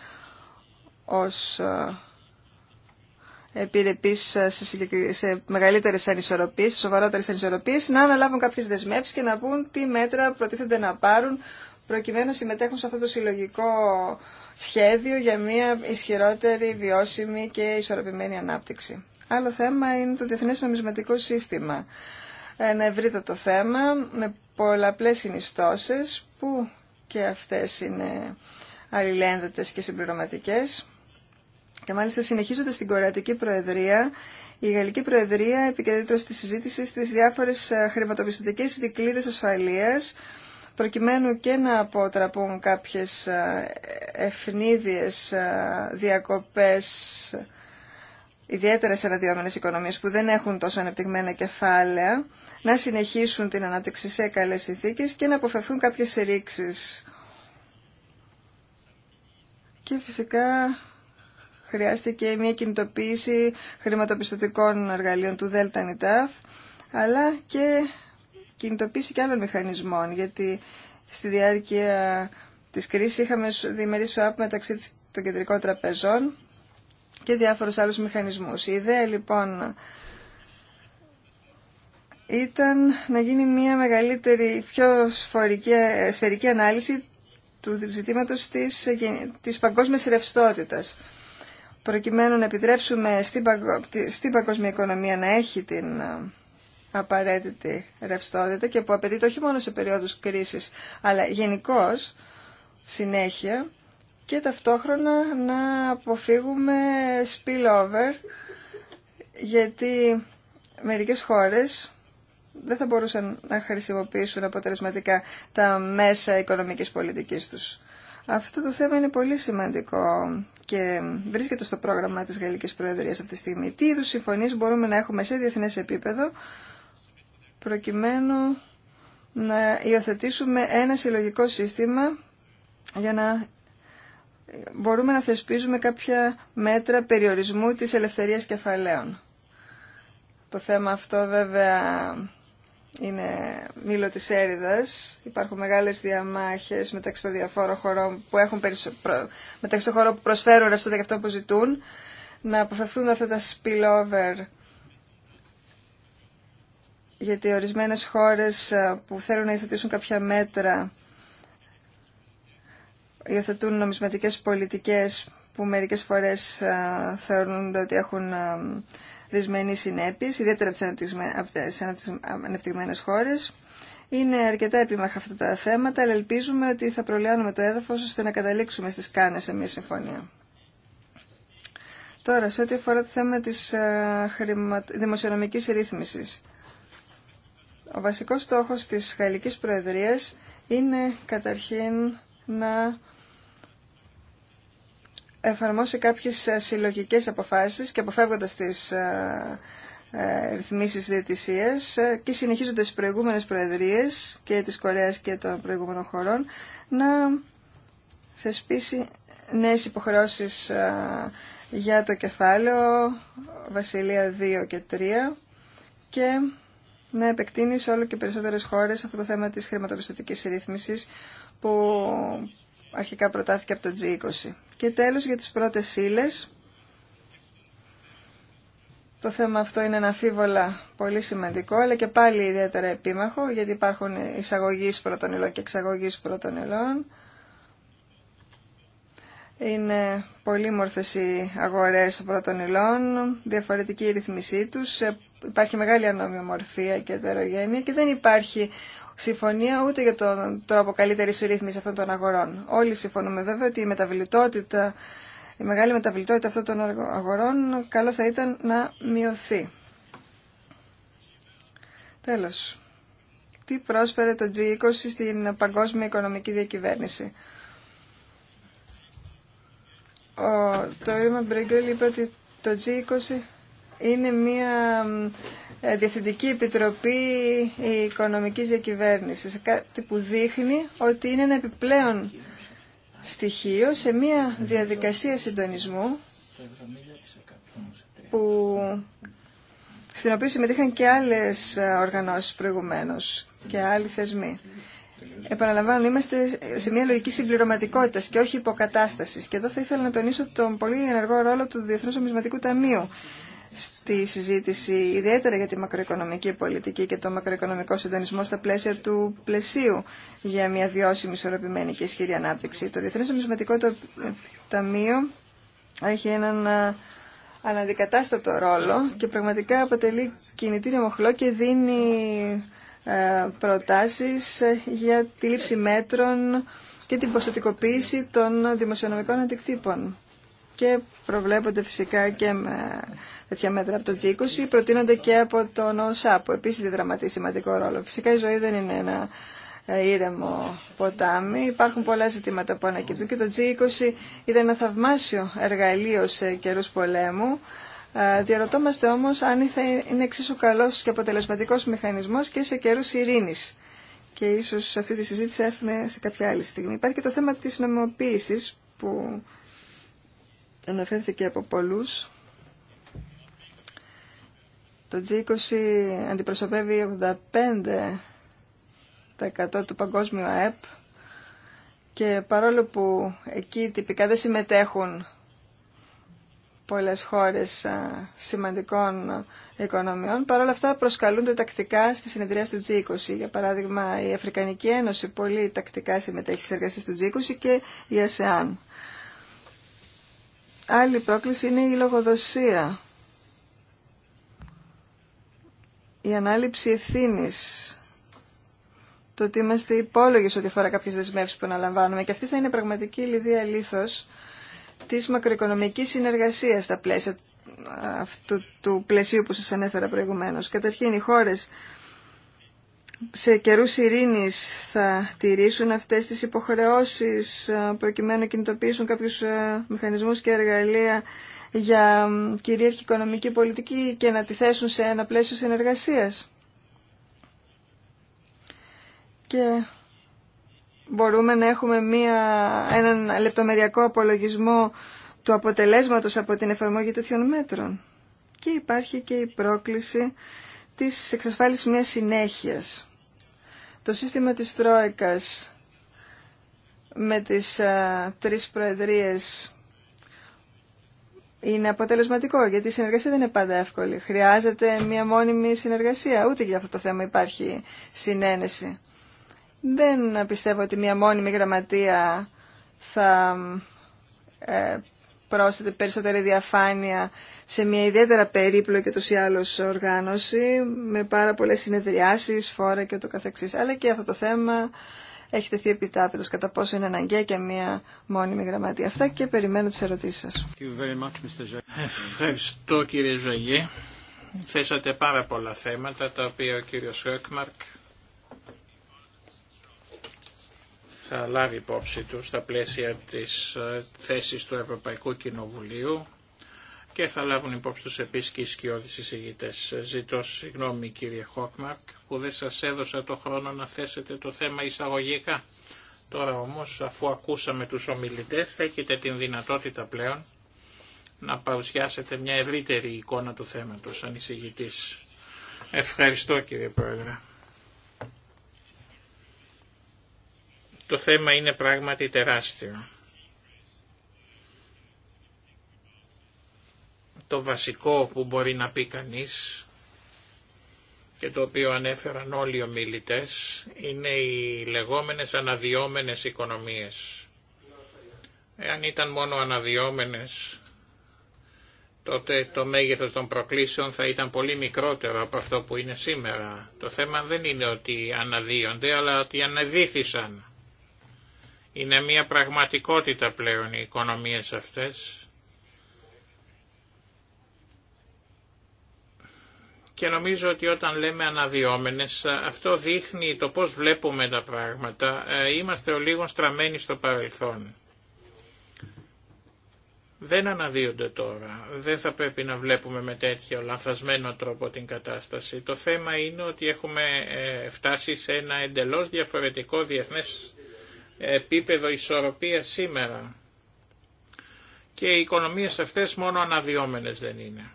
ως ε, επιρρεπείς σε μεγαλύτερες ανισορροπίες, σε σοβαρότερες ανισορροπίες, να αναλάβουν κάποιες δεσμεύσεις και να πούν τι μέτρα προτίθενται να πάρουν προκειμένου να συμμετέχουν σε αυτό το συλλογικό σχέδιο για μια ισχυρότερη, βιώσιμη και ισορροπημένη ανάπτυξη. Άλλο θέμα είναι το Διεθνές Νομισματικό Σύστημα. Ένα ευρύτατο θέμα με πολλαπλές συνιστώσει που και αυτές είναι αλληλένδετες και συμπληρωματικές. Και μάλιστα συνεχίζονται στην Κορεατική Προεδρία, η Γαλλική Προεδρία επικεντρώσε στη συζήτηση στι διάφορε χρηματοπιστωτικέ δικλείδε ασφαλεία προκειμένου και να αποτραπούν κάποιες ε, ευνίδιες ε, διακοπές ιδιαίτερα σε οικονομίες που δεν έχουν τόσο ανεπτυγμένα κεφάλαια, να συνεχίσουν την ανάπτυξη σε καλές ηθίκες και να αποφευθούν κάποιες ρήξεις. Και φυσικά χρειάστηκε μια κινητοποίηση χρηματοπιστωτικών εργαλείων του ΔΕΛΤΑ αλλά και κινητοποίηση και άλλων μηχανισμών, γιατί στη διάρκεια της κρίσης είχαμε διμερή swap μεταξύ των κεντρικών τραπεζών και διάφορους άλλους μηχανισμούς. Η ιδέα λοιπόν ήταν να γίνει μια μεγαλύτερη, πιο σφαιρική, ανάλυση του ζητήματος της, της παγκόσμιας ρευστότητας προκειμένου να επιτρέψουμε στην, παγκόσμια οικονομία να έχει την απαραίτητη ρευστότητα και που απαιτείται όχι μόνο σε περίοδους κρίσης, αλλά γενικώ συνέχεια και ταυτόχρονα να αποφύγουμε spillover γιατί μερικές χώρες δεν θα μπορούσαν να χρησιμοποιήσουν αποτελεσματικά τα μέσα οικονομικής πολιτικής τους. Αυτό το θέμα είναι πολύ σημαντικό και βρίσκεται στο πρόγραμμα της Γαλλικής Προεδρίας αυτή τη στιγμή. Τι είδους συμφωνίες μπορούμε να έχουμε σε διεθνές επίπεδο προκειμένου να υιοθετήσουμε ένα συλλογικό σύστημα για να μπορούμε να θεσπίζουμε κάποια μέτρα περιορισμού της ελευθερίας κεφαλαίων. Το θέμα αυτό βέβαια είναι μήλο της έριδας. Υπάρχουν μεγάλες διαμάχες μεταξύ των διαφόρων χωρών που έχουν μεταξύ χωρών που προσφέρουν ρευστότητα και αυτό που ζητούν. Να αποφευθούν αυτά τα spillover γιατί ορισμένες χώρες ε, που θέλουν να υιοθετήσουν κάποια μέτρα υιοθετούν νομισματικές πολιτικές που μερικές φορές ε, θεωρούν ότι έχουν ε, δυσμενή συνέπειες, ιδιαίτερα από τις ανεπτυγμένες χώρες. Είναι αρκετά επίμαχα αυτά τα θέματα, αλλά ελπίζουμε ότι θα προλαιώνουμε το έδαφος ώστε να καταλήξουμε στις κάνες σε μια συμφωνία. Τώρα, σε ό,τι αφορά το θέμα της δημοσιονομικής ρύθμισης. Ο βασικός στόχος της Γαλλικής Προεδρίας είναι καταρχήν να εφαρμόσει κάποιες ε, συλλογικές αποφάσεις και αποφεύγοντας τις ε, ε, ρυθμίσεις διαιτησίας και συνεχίζοντας τις προηγούμενες προεδρίες και της Κορέας και των προηγούμενων χωρών να θεσπίσει νέες υποχρεώσεις για το κεφάλαιο Βασιλεία 2 και 3 και να επεκτείνει σε όλο και περισσότερες χώρες αυτό το θέμα της χρηματοπιστωτικής ρύθμισης που αρχικά προτάθηκε από το G20. Και τέλος για τις πρώτες ύλε. Το θέμα αυτό είναι αναφίβολα πολύ σημαντικό, αλλά και πάλι ιδιαίτερα επίμαχο, γιατί υπάρχουν εισαγωγή πρώτων υλών και εξαγωγή πρώτων υλών. Είναι πολύ μορφες οι αγορές πρώτων υλών, διαφορετική η ρυθμισή τους, υπάρχει μεγάλη ανομοιομορφία και ετερογένεια και δεν υπάρχει συμφωνία ούτε για τον τρόπο καλύτερη ρύθμιση αυτών των αγορών. Όλοι συμφωνούμε βέβαια ότι η μεταβλητότητα, η μεγάλη μεταβλητότητα αυτών των αγορών καλό θα ήταν να μειωθεί. Τέλος, τι πρόσφερε το G20 στην παγκόσμια οικονομική διακυβέρνηση. Ο, το Ιδρύμα Μπρίγκελ είπε ότι το G20 είναι μια ε, Διευθυντική Επιτροπή Οικονομικής Διακυβέρνησης. Κάτι που δείχνει ότι είναι ένα επιπλέον στοιχείο σε μια διαδικασία συντονισμού που, στην οποία συμμετείχαν και άλλες ε, οργανώσεις προηγουμένως και άλλοι θεσμοί. Επαναλαμβάνω, είμαστε σε μια λογική συμπληρωματικότητα και όχι υποκατάσταση. Και εδώ θα ήθελα να τονίσω τον πολύ ενεργό ρόλο του Διεθνού Ομισματικού Ταμείου στη συζήτηση, ιδιαίτερα για τη μακροοικονομική πολιτική και το μακροοικονομικό συντονισμό στα πλαίσια του πλαισίου για μια βιώσιμη, ισορροπημένη και ισχυρή ανάπτυξη. Το Διεθνές Νομισματικό Ταμείο έχει έναν αναδικατάστατο ρόλο και πραγματικά αποτελεί κινητήριο μοχλό και δίνει προτάσεις για τη λήψη μέτρων και την ποσοτικοποίηση των δημοσιονομικών αντικτύπων. Και προβλέπονται φυσικά και με τέτοια μέτρα από το G20 προτείνονται και από τον ΩΣΑ που επίσης διδραματεί σημαντικό ρόλο. Φυσικά η ζωή δεν είναι ένα ε, ήρεμο ποτάμι. Υπάρχουν πολλά ζητήματα που ανακύπτουν και το G20 ήταν ένα θαυμάσιο εργαλείο σε καιρούς πολέμου. Ε, διαρωτόμαστε όμως αν θα είναι εξίσου καλός και αποτελεσματικός μηχανισμός και σε καιρούς ειρήνης. Και ίσως αυτή τη συζήτηση θα έρθουμε σε κάποια άλλη στιγμή. Υπάρχει και το θέμα της νομιμοποίησης που αναφέρθηκε από πολλούς. Το G20 αντιπροσωπεύει 85% του παγκόσμιου ΑΕΠ και παρόλο που εκεί τυπικά δεν συμμετέχουν πολλές χώρες σημαντικών οικονομιών, παρόλα αυτά προσκαλούνται τακτικά στις συνεδρία του G20. Για παράδειγμα, η Αφρικανική Ένωση πολύ τακτικά συμμετέχει στις εργασίες του G20 και η ΑΣΕΑΝ. Άλλη πρόκληση είναι η λογοδοσία η ανάληψη ευθύνη. Το ότι είμαστε υπόλογοι ό,τι αφορά κάποιε δεσμεύσει που αναλαμβάνουμε. Και αυτή θα είναι πραγματική λιδία λήθο τη μακροοικονομική συνεργασία στα πλαίσια αυτού του πλαισίου που σας ανέφερα προηγουμένως. Καταρχήν οι χώρες σε καιρούς ειρήνης θα τηρήσουν αυτές τις υποχρεώσεις ε, προκειμένου να κινητοποιήσουν κάποιους ε, μηχανισμούς και εργαλεία για κυρίαρχη οικονομική πολιτική και να τη θέσουν σε ένα πλαίσιο συνεργασίας. Και μπορούμε να έχουμε μία, έναν λεπτομεριακό απολογισμό του αποτελέσματος από την εφαρμογή τέτοιων μέτρων. Και υπάρχει και η πρόκληση της εξασφάλισης μιας συνέχειας. Το σύστημα της Τρόικας με τις α, τρεις προεδρίες είναι αποτελεσματικό, γιατί η συνεργασία δεν είναι πάντα εύκολη. Χρειάζεται μια μόνιμη συνεργασία. Ούτε για αυτό το θέμα υπάρχει συνένεση. Δεν πιστεύω ότι μια μόνιμη γραμματεία θα ε, πρόσθεται περισσότερη διαφάνεια σε μια ιδιαίτερα περίπλοκη τους ή οργάνωση με πάρα πολλές συνεδριάσεις, φόρα και ούτω καθεξής. Αλλά και αυτό το θέμα έχει τεθεί επιτάπητο κατά πόσο είναι αναγκαία και μία μόνιμη γραμματεία. Αυτά και περιμένω τι ερωτήσει σα. Ευχαριστώ κύριε Ζωγέ. Θέσατε πάρα πολλά θέματα τα οποία ο κύριο Χερκμαρκ θα λάβει υπόψη του στα πλαίσια της ε, θέσης του Ευρωπαϊκού Κοινοβουλίου και θα λάβουν υπόψη τους επίσης και οι σκιώδεις εισηγητές. Ζητώ συγγνώμη κύριε Χόκμαρκ που δεν σας έδωσα το χρόνο να θέσετε το θέμα εισαγωγικά. Τώρα όμως αφού ακούσαμε τους ομιλητές θα έχετε την δυνατότητα πλέον να παρουσιάσετε μια ευρύτερη εικόνα του θέματος σαν εισηγητής. Ευχαριστώ κύριε Πρόεδρε. Το θέμα είναι πράγματι τεράστιο. το βασικό που μπορεί να πει κανείς και το οποίο ανέφεραν όλοι οι ομιλητές είναι οι λεγόμενες αναδυόμενες οικονομίες. Εάν ήταν μόνο αναδυόμενες τότε το μέγεθος των προκλήσεων θα ήταν πολύ μικρότερο από αυτό που είναι σήμερα. Το θέμα δεν είναι ότι αναδύονται, αλλά ότι αναδύθησαν. Είναι μια πραγματικότητα πλέον οι οικονομίες αυτές και νομίζω ότι όταν λέμε αναδυόμενες αυτό δείχνει το πώς βλέπουμε τα πράγματα. Ε, είμαστε ο λίγο στραμμένοι στο παρελθόν. Δεν αναδύονται τώρα. Δεν θα πρέπει να βλέπουμε με τέτοιο λαθασμένο τρόπο την κατάσταση. Το θέμα είναι ότι έχουμε ε, φτάσει σε ένα εντελώς διαφορετικό διεθνές επίπεδο ισορροπίας σήμερα. Και οι οικονομίες αυτές μόνο αναδυόμενες δεν είναι.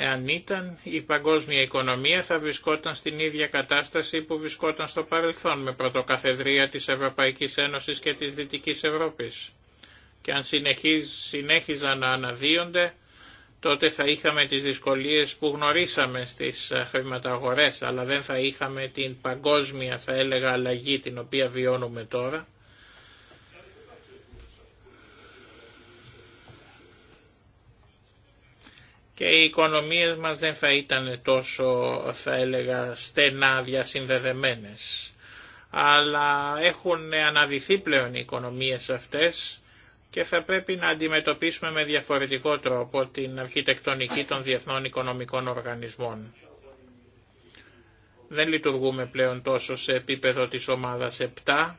Εάν ήταν, η παγκόσμια οικονομία θα βρισκόταν στην ίδια κατάσταση που βρισκόταν στο παρελθόν με πρωτοκαθεδρία της Ευρωπαϊκής Ένωσης και της Δυτικής Ευρώπης. Και αν συνέχιζαν να αναδύονται, τότε θα είχαμε τις δυσκολίες που γνωρίσαμε στις ε, χρηματαγορές, αλλά δεν θα είχαμε την παγκόσμια, θα έλεγα, αλλαγή την οποία βιώνουμε τώρα και οι οικονομίες μας δεν θα ήταν τόσο θα έλεγα στενά διασυνδεδεμένες. Αλλά έχουν αναδυθεί πλέον οι οικονομίες αυτές και θα πρέπει να αντιμετωπίσουμε με διαφορετικό τρόπο την αρχιτεκτονική των διεθνών οικονομικών οργανισμών. Δεν λειτουργούμε πλέον τόσο σε επίπεδο της ομάδας 7.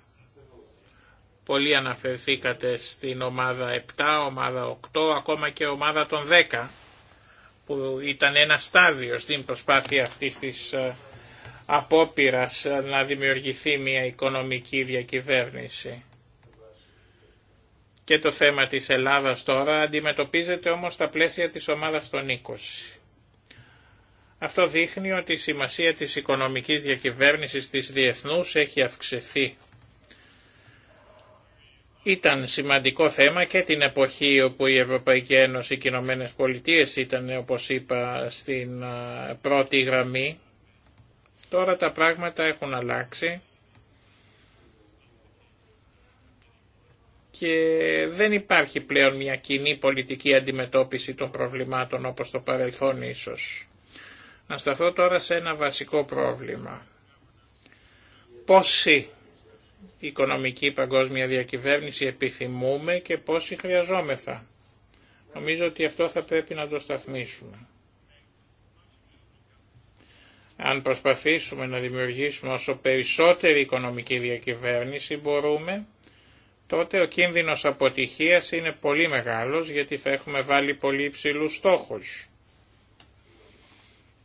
Πολλοί αναφερθήκατε στην ομάδα 7, ομάδα 8, ακόμα και ομάδα των 10 που ήταν ένα στάδιο στην προσπάθεια αυτή της ε, απόπειρας ε, να δημιουργηθεί μια οικονομική διακυβέρνηση. Και το θέμα της Ελλάδας τώρα αντιμετωπίζεται όμως στα πλαίσια της ομάδας των 20. Αυτό δείχνει ότι η σημασία της οικονομικής διακυβέρνησης της διεθνούς έχει αυξηθεί ήταν σημαντικό θέμα και την εποχή όπου η Ευρωπαϊκή Ένωση και οι Πολιτείε ήταν, όπως είπα, στην πρώτη γραμμή. Τώρα τα πράγματα έχουν αλλάξει και δεν υπάρχει πλέον μια κοινή πολιτική αντιμετώπιση των προβλημάτων όπως το παρελθόν ίσως. Να σταθώ τώρα σε ένα βασικό πρόβλημα. Πόσοι οικονομική παγκόσμια διακυβέρνηση επιθυμούμε και πόσοι χρειαζόμεθα. Νομίζω ότι αυτό θα πρέπει να το σταθμίσουμε. Αν προσπαθήσουμε να δημιουργήσουμε όσο περισσότερη οικονομική διακυβέρνηση μπορούμε, τότε ο κίνδυνος αποτυχίας είναι πολύ μεγάλος γιατί θα έχουμε βάλει πολύ υψηλούς στόχους.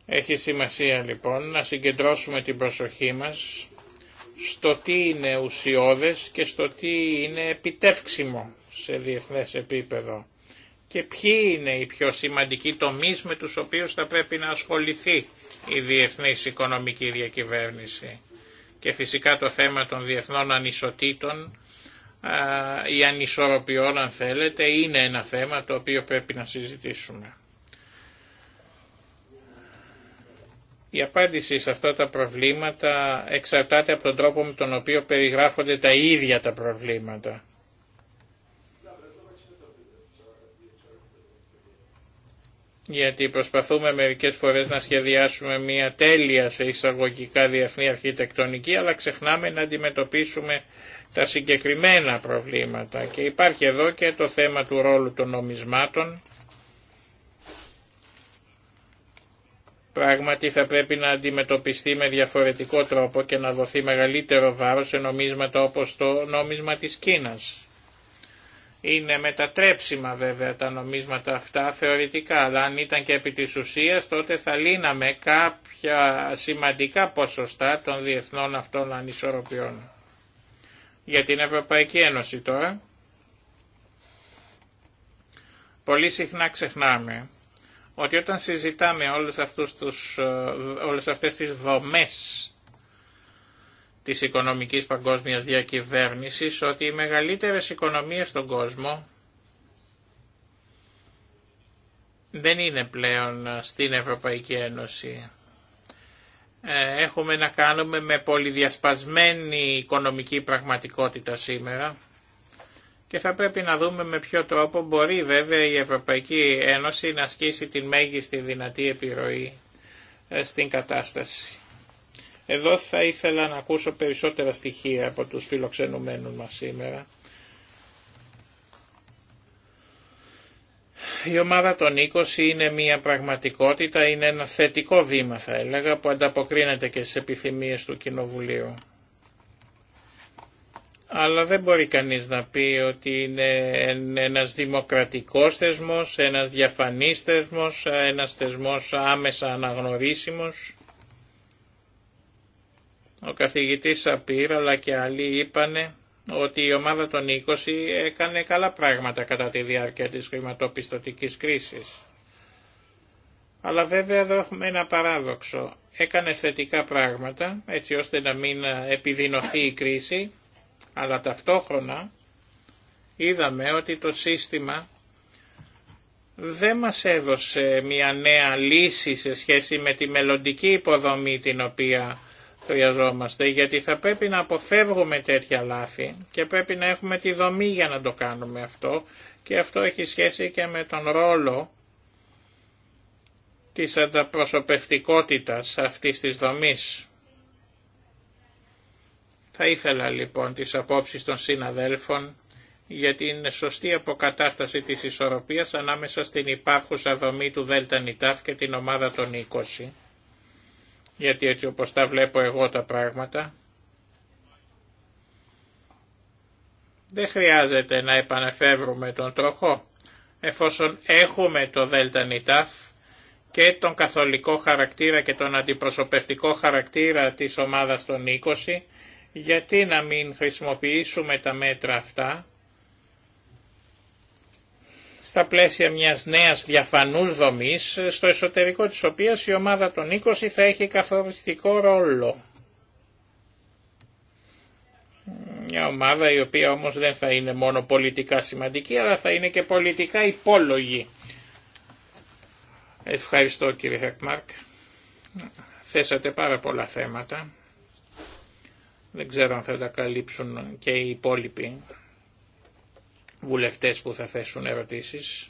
Έχει σημασία λοιπόν να συγκεντρώσουμε την προσοχή μας στο τι είναι ουσιώδες και στο τι είναι επιτεύξιμο σε διεθνές επίπεδο και ποιοι είναι οι πιο σημαντικοί τομείς με τους οποίους θα πρέπει να ασχοληθεί η διεθνής οικονομική διακυβέρνηση. Και φυσικά το θέμα των διεθνών ανισοτήτων ή ανισορροπιών αν θέλετε είναι ένα θέμα το οποίο πρέπει να συζητήσουμε. Η απάντηση σε αυτά τα προβλήματα εξαρτάται από τον τρόπο με τον οποίο περιγράφονται τα ίδια τα προβλήματα. γιατί προσπαθούμε μερικές φορές να σχεδιάσουμε μια τέλεια σε εισαγωγικά διεθνή αρχιτεκτονική, αλλά ξεχνάμε να αντιμετωπίσουμε τα συγκεκριμένα προβλήματα. Και υπάρχει εδώ και το θέμα του ρόλου των νομισμάτων, πράγματι θα πρέπει να αντιμετωπιστεί με διαφορετικό τρόπο και να δοθεί μεγαλύτερο βάρος σε νομίσματα όπως το νόμισμα της Κίνας. Είναι μετατρέψιμα βέβαια τα νομίσματα αυτά θεωρητικά, αλλά αν ήταν και επί της ουσίας τότε θα λύναμε κάποια σημαντικά ποσοστά των διεθνών αυτών ανισορροπιών. Για την Ευρωπαϊκή Ένωση τώρα, πολύ συχνά ξεχνάμε ότι όταν συζητάμε όλες, αυτούς τους, ε, όλες αυτές τις δομές της οικονομικής παγκόσμιας διακυβέρνησης, ότι οι μεγαλύτερες οικονομίες στον κόσμο δεν είναι πλέον στην Ευρωπαϊκή Ένωση. Ε, έχουμε να κάνουμε με πολυδιασπασμένη οικονομική πραγματικότητα σήμερα και θα πρέπει να δούμε με ποιο τρόπο μπορεί βέβαια η Ευρωπαϊκή Ένωση να ασκήσει την μέγιστη δυνατή επιρροή ε, στην κατάσταση. Εδώ θα ήθελα να ακούσω περισσότερα στοιχεία από τους φιλοξενουμένους μας σήμερα. Η ομάδα των 20 είναι μια πραγματικότητα, είναι ένα θετικό βήμα θα έλεγα που ανταποκρίνεται και στις επιθυμίες του Κοινοβουλίου αλλά δεν μπορεί κανείς να πει ότι είναι ένας δημοκρατικός θεσμός, ένας διαφανής θεσμός, ένας θεσμός άμεσα αναγνωρίσιμος. Ο καθηγητής Σαπίρ αλλά και άλλοι είπανε ότι η ομάδα των 20 έκανε καλά πράγματα κατά τη διάρκεια της χρηματοπιστωτικής κρίσης. Αλλά βέβαια εδώ έχουμε ένα παράδοξο. Έκανε θετικά πράγματα έτσι ώστε να μην επιδεινωθεί η κρίση αλλά ταυτόχρονα είδαμε ότι το σύστημα δεν μας έδωσε μια νέα λύση σε σχέση με τη μελλοντική υποδομή την οποία χρειαζόμαστε, γιατί θα πρέπει να αποφεύγουμε τέτοια λάθη και πρέπει να έχουμε τη δομή για να το κάνουμε αυτό και αυτό έχει σχέση και με τον ρόλο της ανταπροσωπευτικότητας αυτής της δομής. Θα ήθελα λοιπόν τις απόψεις των συναδέλφων για την σωστή αποκατάσταση της ισορροπίας ανάμεσα στην υπάρχουσα δομή του ΔΝΤ και την ομάδα των 20. Γιατί έτσι όπως τα βλέπω εγώ τα πράγματα, δεν χρειάζεται να επαναφεύρουμε τον τροχό, εφόσον έχουμε το ΔΝΤ και τον καθολικό χαρακτήρα και τον αντιπροσωπευτικό χαρακτήρα της ομάδας των 20, γιατί να μην χρησιμοποιήσουμε τα μέτρα αυτά στα πλαίσια μιας νέας διαφανούς δομής, στο εσωτερικό της οποίας η ομάδα των 20 θα έχει καθοριστικό ρόλο. Μια ομάδα η οποία όμως δεν θα είναι μόνο πολιτικά σημαντική, αλλά θα είναι και πολιτικά υπόλογη. Ευχαριστώ κύριε Χακμάρκ. Θέσατε πάρα πολλά θέματα. Δεν ξέρω αν θα τα καλύψουν και οι υπόλοιποι βουλευτές που θα θέσουν ερωτήσεις.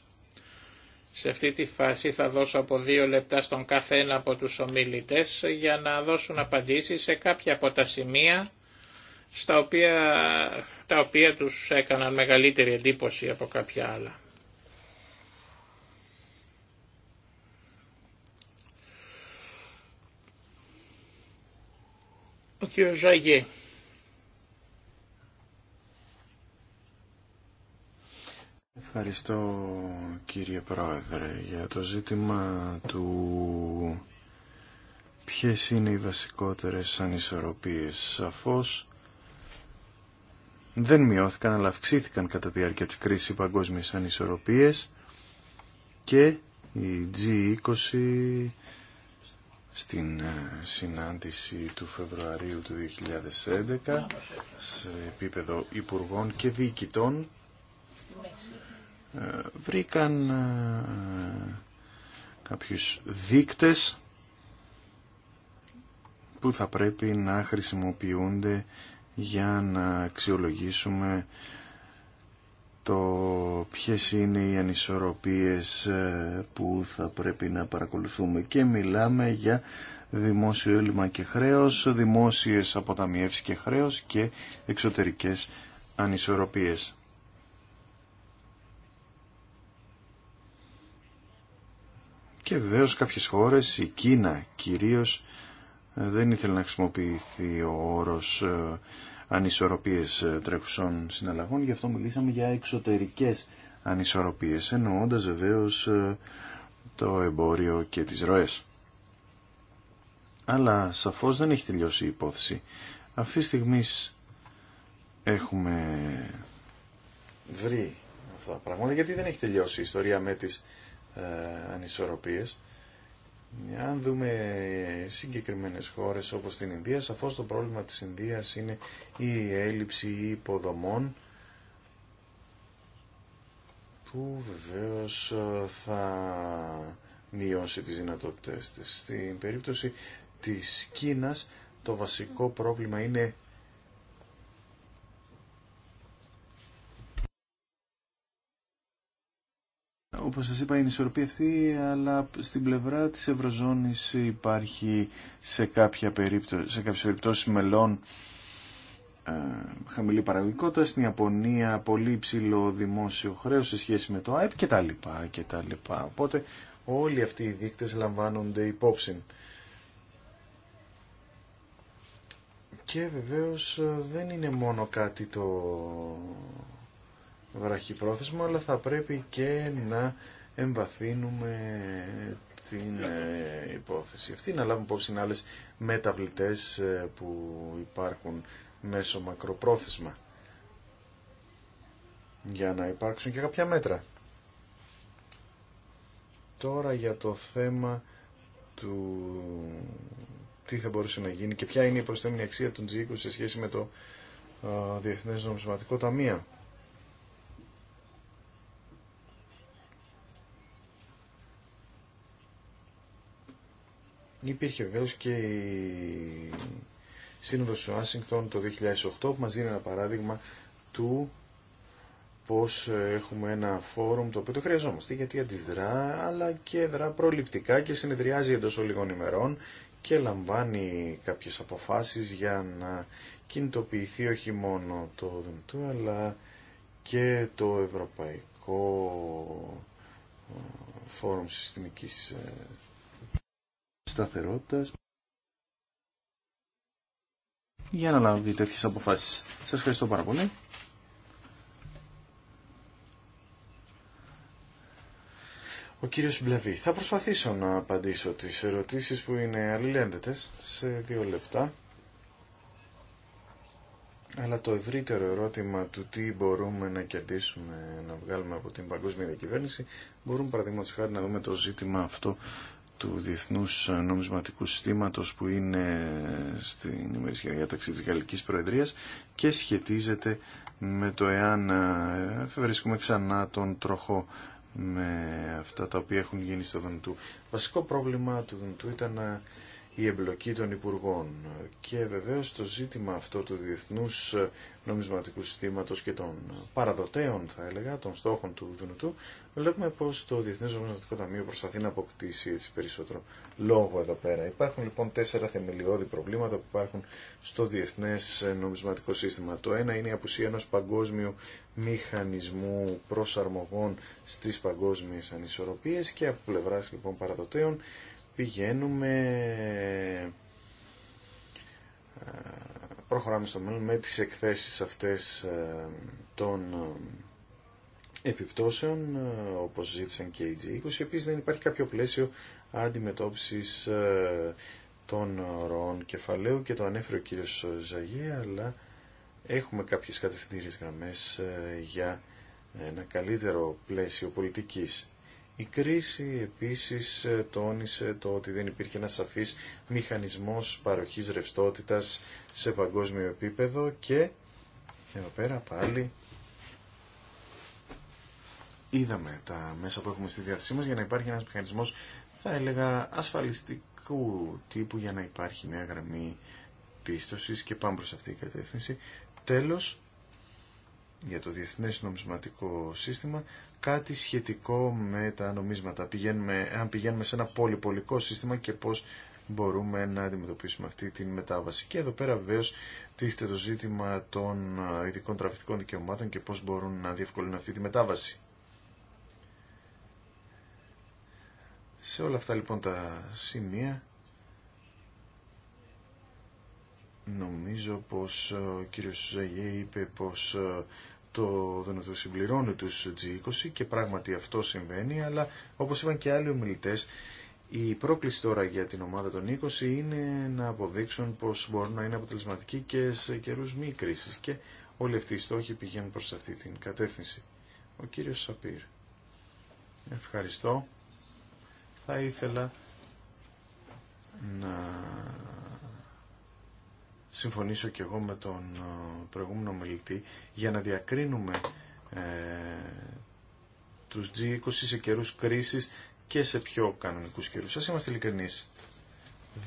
Σε αυτή τη φάση θα δώσω από δύο λεπτά στον κάθε ένα από τους ομιλητές για να δώσουν απαντήσεις σε κάποια από τα σημεία στα οποία, τα οποία τους έκαναν μεγαλύτερη εντύπωση από κάποια άλλα. Ο Ευχαριστώ κύριε Πρόεδρε για το ζήτημα του ποιες είναι οι βασικότερες ανισορροπίες. Σαφώς δεν μειώθηκαν αλλά αυξήθηκαν κατά τη διάρκεια της κρίσης οι παγκόσμιες ανισορροπίες και η G20 στην ε, συνάντηση του Φεβρουαρίου του 2011 σε επίπεδο υπουργών και διοικητών ε, βρήκαν ε, κάποιους δίκτες που θα πρέπει να χρησιμοποιούνται για να αξιολογήσουμε το ποιες είναι οι ανισορροπίες ε, που θα πρέπει να παρακολουθούμε και μιλάμε για δημόσιο έλλειμμα και χρέος, δημόσιες αποταμιεύσεις και χρέος και εξωτερικές ανισορροπίες. Και βεβαίως κάποιες χώρες, η Κίνα κυρίως, ε, δεν ήθελε να χρησιμοποιηθεί ο όρος ε, ανισορροπίες ε, τρέχουσων συναλλαγών, γι' αυτό μιλήσαμε για εξωτερικές ανισορροπίες, εννοώντας βεβαίως ε, το εμπόριο και τις ροές. Αλλά σαφώς δεν έχει τελειώσει η υπόθεση. Αυτή τη στιγμή έχουμε βρει αυτά τα πράγματα, γιατί δεν έχει τελειώσει η ιστορία με τις ε, ανισορροπίες. Ε, αν δούμε συγκεκριμένες χώρες όπως την Ινδία, σαφώς το πρόβλημα της Ινδίας είναι η έλλειψη υποδομών που βεβαίως ε, θα μειώσει τις δυνατότητες της. Στην περίπτωση της Κίνας το βασικό πρόβλημα είναι όπως σας είπα, η ισορροπία αυτή, αλλά στην πλευρά της Ευρωζώνης υπάρχει σε, κάποια περίπτωση, σε κάποιες περιπτώσεις μελών ε, χαμηλή παραγωγικότητα, στην Ιαπωνία πολύ υψηλό δημόσιο χρέος σε σχέση με το ΑΕΠ τα λοιπά. Οπότε όλοι αυτοί οι δείκτες λαμβάνονται υπόψη. Και βεβαίως ε, δεν είναι μόνο κάτι το βραχυπρόθεσμο, αλλά θα πρέπει και να εμβαθύνουμε την ε, υπόθεση αυτή, να λάβουμε υπόψη είναι άλλες μεταβλητές ε, που υπάρχουν μέσω μακροπρόθεσμα για να υπάρξουν και κάποια μέτρα. Τώρα για το θέμα του τι θα μπορούσε να γίνει και ποια είναι η προσθέμενη αξία των g σε σχέση με το ε, Διεθνές Νομισματικό Ταμείο. Υπήρχε βεβαίω και η Σύνοδος του Άσιγκτον το 2008 που μας δίνει ένα παράδειγμα του πώς έχουμε ένα φόρουμ το οποίο το χρειαζόμαστε γιατί αντιδρά αλλά και δρά προληπτικά και συνεδριάζει εντός λίγων ημερών και λαμβάνει κάποιες αποφάσεις για να κινητοποιηθεί όχι μόνο το ΔΝΤ αλλά και το Ευρωπαϊκό ε, Φόρουμ Συστημικής ε, σταθερότητα για να λάβει τέτοιε αποφάσει. Σας ευχαριστώ πάρα πολύ. Ο κύριος Μπλεβί. Θα προσπαθήσω να απαντήσω τις ερωτήσεις που είναι αλληλένδετες σε δύο λεπτά. Αλλά το ευρύτερο ερώτημα του τι μπορούμε να κερδίσουμε, να βγάλουμε από την παγκόσμια διακυβέρνηση, μπορούμε παραδείγματος χάρη να δούμε το ζήτημα αυτό του Διεθνούς Νομισματικού Συστήματος που είναι στην ημερήσια διάταξη της Γαλλικής Προεδρίας και σχετίζεται με το εάν ε, βρίσκουμε ξανά τον τροχό με αυτά τα οποία έχουν γίνει στο Δονητού. Βασικό πρόβλημα του Δονητού ήταν η εμπλοκή των Υπουργών. Και βεβαίως το ζήτημα αυτό του Διεθνούς Νομισματικού Συστήματος και των παραδοτέων, θα έλεγα, των στόχων του Δουνουτού, βλέπουμε πως το Διεθνές Νομισματικό Ταμείο προσπαθεί να αποκτήσει έτσι περισσότερο λόγο εδώ πέρα. Υπάρχουν λοιπόν τέσσερα θεμελιώδη προβλήματα που υπάρχουν στο Διεθνές Νομισματικό Σύστημα. Το ένα είναι η απουσία ενός παγκόσμιου μηχανισμού προσαρμογών στις παγκόσμιες ανισορροπίες και από πλευράς λοιπόν παραδοτέων πηγαίνουμε, ε, προχωράμε στο μέλλον με τις εκθέσεις αυτές ε, των ε, επιπτώσεων, όπως ζήτησαν και οι G20. Επίσης δεν υπάρχει κάποιο πλαίσιο αντιμετώπισης των ροών κεφαλαίου και το ανέφερε ο κύριος Ζαγέ, αλλά έχουμε κάποιες κατευθυντήριες γραμμές για ένα καλύτερο πλαίσιο πολιτικής. Η κρίση επίσης ε, τόνισε το ότι δεν υπήρχε ένα σαφής μηχανισμός παροχής ρευστότητας σε παγκόσμιο επίπεδο και εδώ πέρα πάλι είδαμε τα μέσα που έχουμε στη διάθεσή μας για να υπάρχει ένας μηχανισμός θα έλεγα ασφαλιστικού τύπου για να υπάρχει μια γραμμή πίστοσης και πάμε προς αυτή η κατεύθυνση. Τέλος, για το Διεθνές Νομισματικό Σύστημα κάτι σχετικό με τα νομίσματα. Πηγαίνουμε, αν πηγαίνουμε σε ένα πολυπολικό σύστημα και πώς μπορούμε να αντιμετωπίσουμε αυτή τη μετάβαση. Και εδώ πέρα βεβαίω τίθεται το ζήτημα των ειδικών τραφικών δικαιωμάτων και πώς μπορούν να διευκολύνουν αυτή τη μετάβαση. Σε όλα αυτά λοιπόν τα σημεία νομίζω πως ο κύριος Ζαγιέ είπε πως το το συμπληρώνει τους G20 και πράγματι αυτό συμβαίνει, αλλά όπως είπαν και άλλοι ομιλητές, η πρόκληση τώρα για την ομάδα των 20 είναι να αποδείξουν πως μπορούν να είναι αποτελεσματικοί και σε καιρούς μη κρίσης και όλοι αυτοί οι στόχοι πηγαίνουν προς αυτή την κατεύθυνση. Ο κύριος Σαπίρ. Ευχαριστώ. Θα ήθελα να συμφωνήσω και εγώ με τον ε, προηγούμενο μελητή για να διακρίνουμε ε, τους G20 σε καιρούς κρίσης και σε πιο κανονικούς καιρούς. Σας είμαστε ειλικρινείς.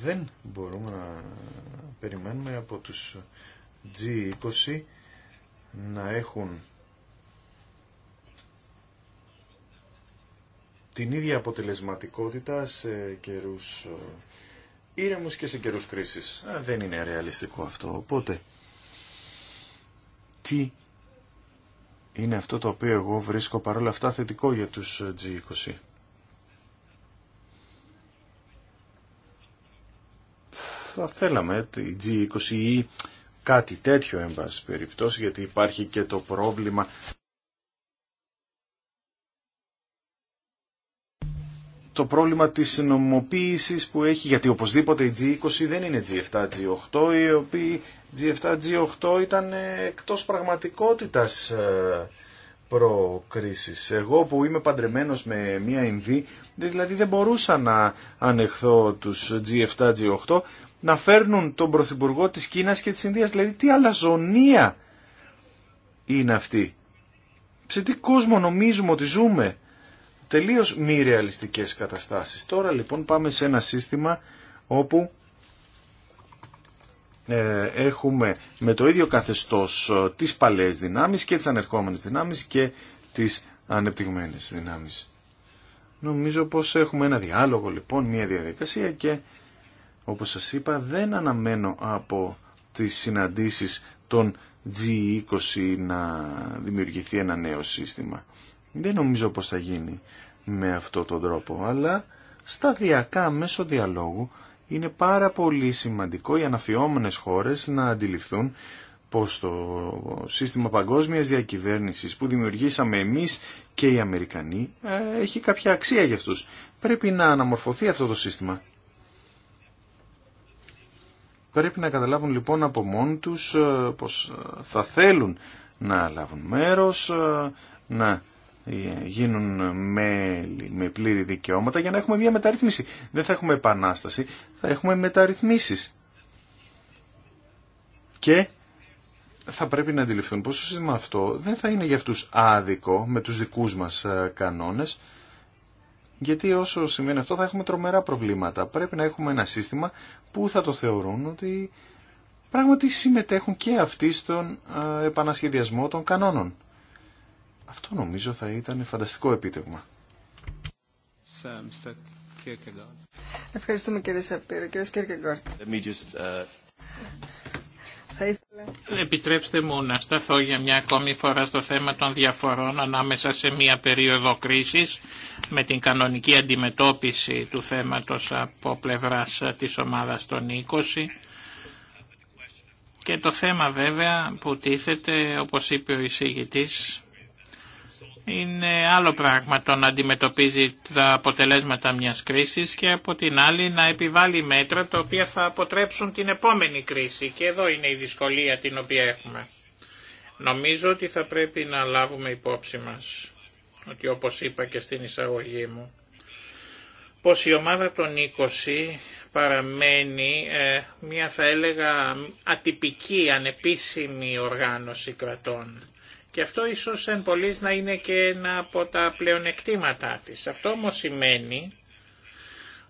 Δεν μπορούμε να περιμένουμε από τους G20 να έχουν την ίδια αποτελεσματικότητα σε καιρούς ε, ήρεμους και σε καιρούς κρίσης. δεν είναι ρεαλιστικό αυτό. Οπότε, τι είναι αυτό το οποίο εγώ βρίσκω παρόλα αυτά θετικό για τους G20. Θα θέλαμε οι G20 ή κάτι τέτοιο, εν πάση περιπτώσει, γιατί υπάρχει και το πρόβλημα το πρόβλημα της συνομοποίησης που έχει, γιατί οπωσδήποτε η G20 δεν είναι G7, G8, οι οποίοι G7, G8 ήταν ηταν ε, εκτο πραγματικότητας ε, προκρίση. Εγώ που είμαι παντρεμένο με μία ινδί, δηλαδή δεν μπορούσα να ανεχθώ τους G7, G8, να φέρνουν τον Πρωθυπουργό της Κίνας και της Ινδίας. Δηλαδή τι αλαζονία είναι αυτή. Σε τι κόσμο νομίζουμε ότι ζούμε τελείως μη ρεαλιστικέ καταστάσεις. Τώρα λοιπόν πάμε σε ένα σύστημα όπου ε, έχουμε με το ίδιο καθεστώς ε, τις παλές δυνάμεις και τις ανερχόμενες δυνάμεις και τις ανεπτυγμένες δυνάμεις. Νομίζω πως έχουμε ένα διάλογο λοιπόν, μια διαδικασία και όπως σας είπα δεν αναμένω από τις συναντήσεις των G20 να δημιουργηθεί ένα νέο σύστημα. Δεν νομίζω πως θα γίνει με αυτό τον τρόπο, αλλά σταδιακά μέσω διαλόγου είναι πάρα πολύ σημαντικό οι αναφιόμενες χώρες να αντιληφθούν πως το σύστημα παγκόσμιας διακυβέρνησης που δημιουργήσαμε εμείς και οι Αμερικανοί ε, έχει κάποια αξία για αυτούς. Πρέπει να αναμορφωθεί αυτό το σύστημα. Πρέπει να καταλάβουν λοιπόν από μόνοι τους ε, πως ε, θα θέλουν να λάβουν μέρος, να ε, γίνουν μέλη με πλήρη δικαιώματα για να έχουμε μια μεταρρύθμιση. Δεν θα έχουμε επανάσταση, θα έχουμε μεταρρυθμίσεις. Και θα πρέπει να αντιληφθούν πως το σύστημα αυτό δεν θα είναι για αυτούς άδικο με τους δικούς μας ε, κανόνες, γιατί όσο σημαίνει αυτό θα έχουμε τρομερά προβλήματα. Πρέπει να έχουμε ένα σύστημα που θα το θεωρούν ότι πράγματι συμμετέχουν και αυτοί στον ε, επανασχεδιασμό των κανόνων. Αυτό νομίζω θα ήταν φανταστικό επίτευγμα. Ευχαριστούμε κύριε Σαπίρο. Κύριε uh, Επιτρέψτε μου να σταθώ για μια ακόμη φορά στο θέμα των διαφορών ανάμεσα σε μια περίοδο κρίσης με την κανονική αντιμετώπιση του θέματος από πλευράς της ομάδας των 20 και το θέμα βέβαια που τίθεται όπως είπε ο εισηγητής είναι άλλο πράγμα το να αντιμετωπίζει τα αποτελέσματα μιας κρίσης και από την άλλη να επιβάλλει μέτρα τα οποία θα αποτρέψουν την επόμενη κρίση και εδώ είναι η δυσκολία την οποία έχουμε. Νομίζω ότι θα πρέπει να λάβουμε υπόψη μας ότι όπως είπα και στην εισαγωγή μου πως η ομάδα των 20 παραμένει ε, μια θα έλεγα ατυπική, ανεπίσημη οργάνωση κρατών και αυτό ίσως εν πολλής να είναι και ένα από τα πλεονεκτήματά της. Αυτό όμως σημαίνει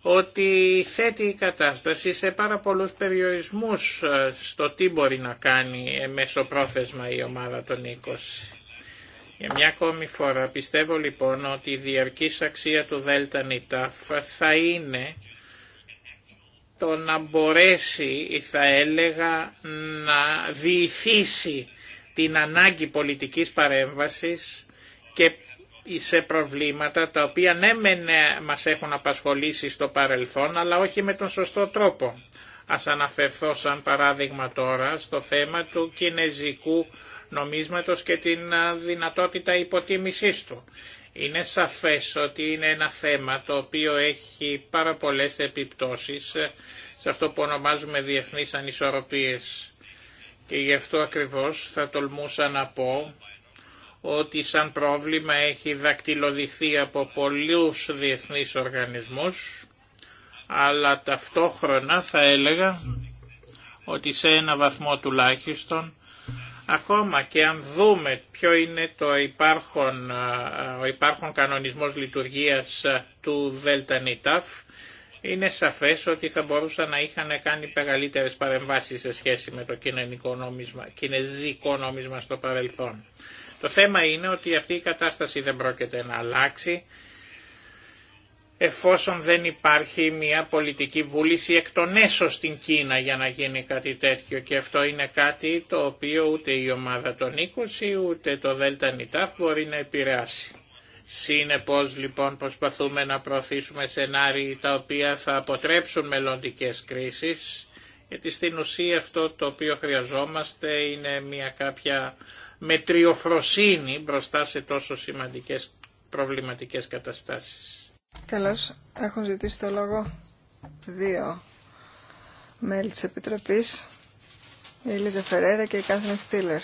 ότι θέτει η κατάσταση σε πάρα πολλούς περιορισμούς ε, στο τι μπορεί να κάνει ε, μεσοπρόθεσμα η ομάδα των 20. Για μια ακόμη φορά πιστεύω λοιπόν ότι η διαρκής αξία του Δέλτα Νιτάφ θα είναι το να μπορέσει, ή θα έλεγα, να διηθήσει την ανάγκη πολιτικής παρέμβασης και σε προβλήματα τα οποία ναι μεν ε, μας έχουν απασχολήσει στο παρελθόν αλλά όχι με τον σωστό τρόπο. Ας αναφερθώ σαν παράδειγμα τώρα στο θέμα του κινέζικου νομίσματος και την ε, δυνατότητα υποτίμησής του. Είναι σαφές ότι είναι ένα θέμα το οποίο έχει πάρα πολλές επιπτώσεις ε, σε αυτό που ονομάζουμε διεθνείς ανισορροπίες. Και γι' αυτό ακριβώς θα τολμούσα να πω ότι σαν πρόβλημα έχει δακτυλοδειχθεί από πολλούς διεθνείς οργανισμούς, αλλά ταυτόχρονα θα έλεγα ότι σε ένα βαθμό τουλάχιστον, ακόμα και αν δούμε ποιο είναι το υπάρχον, ε, ο υπάρχον κανονισμός λειτουργίας ε, του ΔΕΛΤΑ είναι σαφές ότι θα μπορούσαν να είχαν κάνει μεγαλύτερες παρεμβάσεις σε σχέση με το κινέζικο νόμισμα, κινέζικο νόμισμα στο παρελθόν. Το θέμα είναι ότι αυτή η κατάσταση δεν πρόκειται να αλλάξει εφόσον δεν υπάρχει μια πολιτική βούληση εκ των έσω στην Κίνα για να γίνει κάτι τέτοιο και αυτό είναι κάτι το οποίο ούτε η ομάδα των 20 ούτε το ΔΝΤ μπορεί να επηρεάσει. Συνεπώς λοιπόν προσπαθούμε να προωθήσουμε σενάρια τα οποία θα αποτρέψουν μελλοντικές κρίσεις γιατί στην ουσία αυτό το οποίο χρειαζόμαστε είναι μια κάποια μετριοφροσύνη μπροστά σε τόσο σημαντικές προβληματικές καταστάσεις. Καλώς. Έχουν ζητήσει το λόγο δύο μέλη της Επιτροπής, η Ελίζα Φερέρα και η Κάθριν Στήλερ.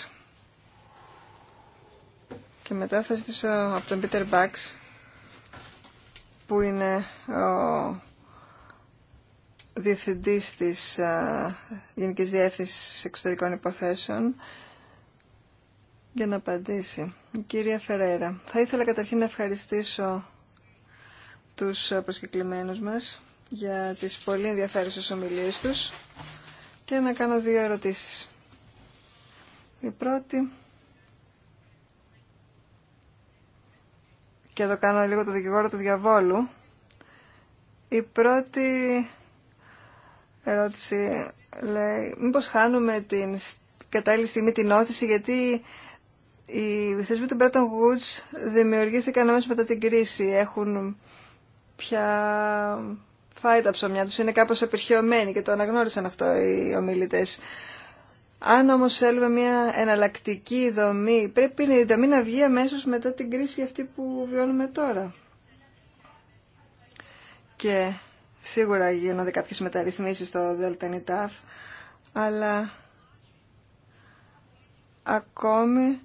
Και μετά θα ζητήσω από τον Πίτερ Μπάξ, που είναι ο διευθυντής της Γενικής Διεύθυνσης Εξωτερικών Υποθέσεων, για να απαντήσει. Η κυρία Φερέρα, θα ήθελα καταρχήν να ευχαριστήσω τους προσκεκλημένους μας για τις πολύ ενδιαφέρουσες ομιλίες τους και να κάνω δύο ερωτήσεις. Η πρώτη και εδώ κάνω λίγο το δικηγόρο του διαβόλου, η πρώτη ερώτηση λέει μήπως χάνουμε την κατάλληλη στιγμή την όθηση γιατί οι θεσμοί του Bretton Woods δημιουργήθηκαν αμέσως μετά την κρίση. Έχουν πια φάει τα ψωμιά τους, είναι κάπως απερχαιωμένοι και το αναγνώρισαν αυτό οι ομιλητές. Αν όμω θέλουμε μια εναλλακτική δομή, πρέπει η δομή να βγει αμέσω μετά την κρίση αυτή που βιώνουμε τώρα. Και σίγουρα γίνονται κάποιες μεταρρυθμίσεις στο ΔΕΛΤΑΝΙΤΑΦ, αλλά ακόμη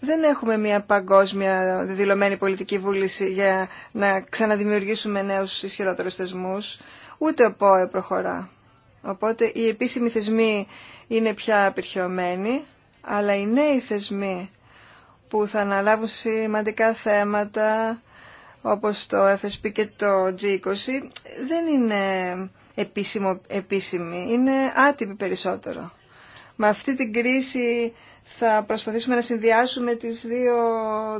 δεν έχουμε μια παγκόσμια δηλωμένη πολιτική βούληση για να ξαναδημιουργήσουμε νέους ισχυρότερους θεσμούς, ούτε ο ΠΟΕ προχωρά. Οπότε οι επίσημοι θεσμοί είναι πια απειρχιωμένη, αλλά οι νέοι θεσμοί που θα αναλάβουν σημαντικά θέματα όπως το FSP και το G20 δεν είναι επίσημο, επίσημη, είναι άτυπη περισσότερο. Με αυτή την κρίση θα προσπαθήσουμε να συνδυάσουμε τις δύο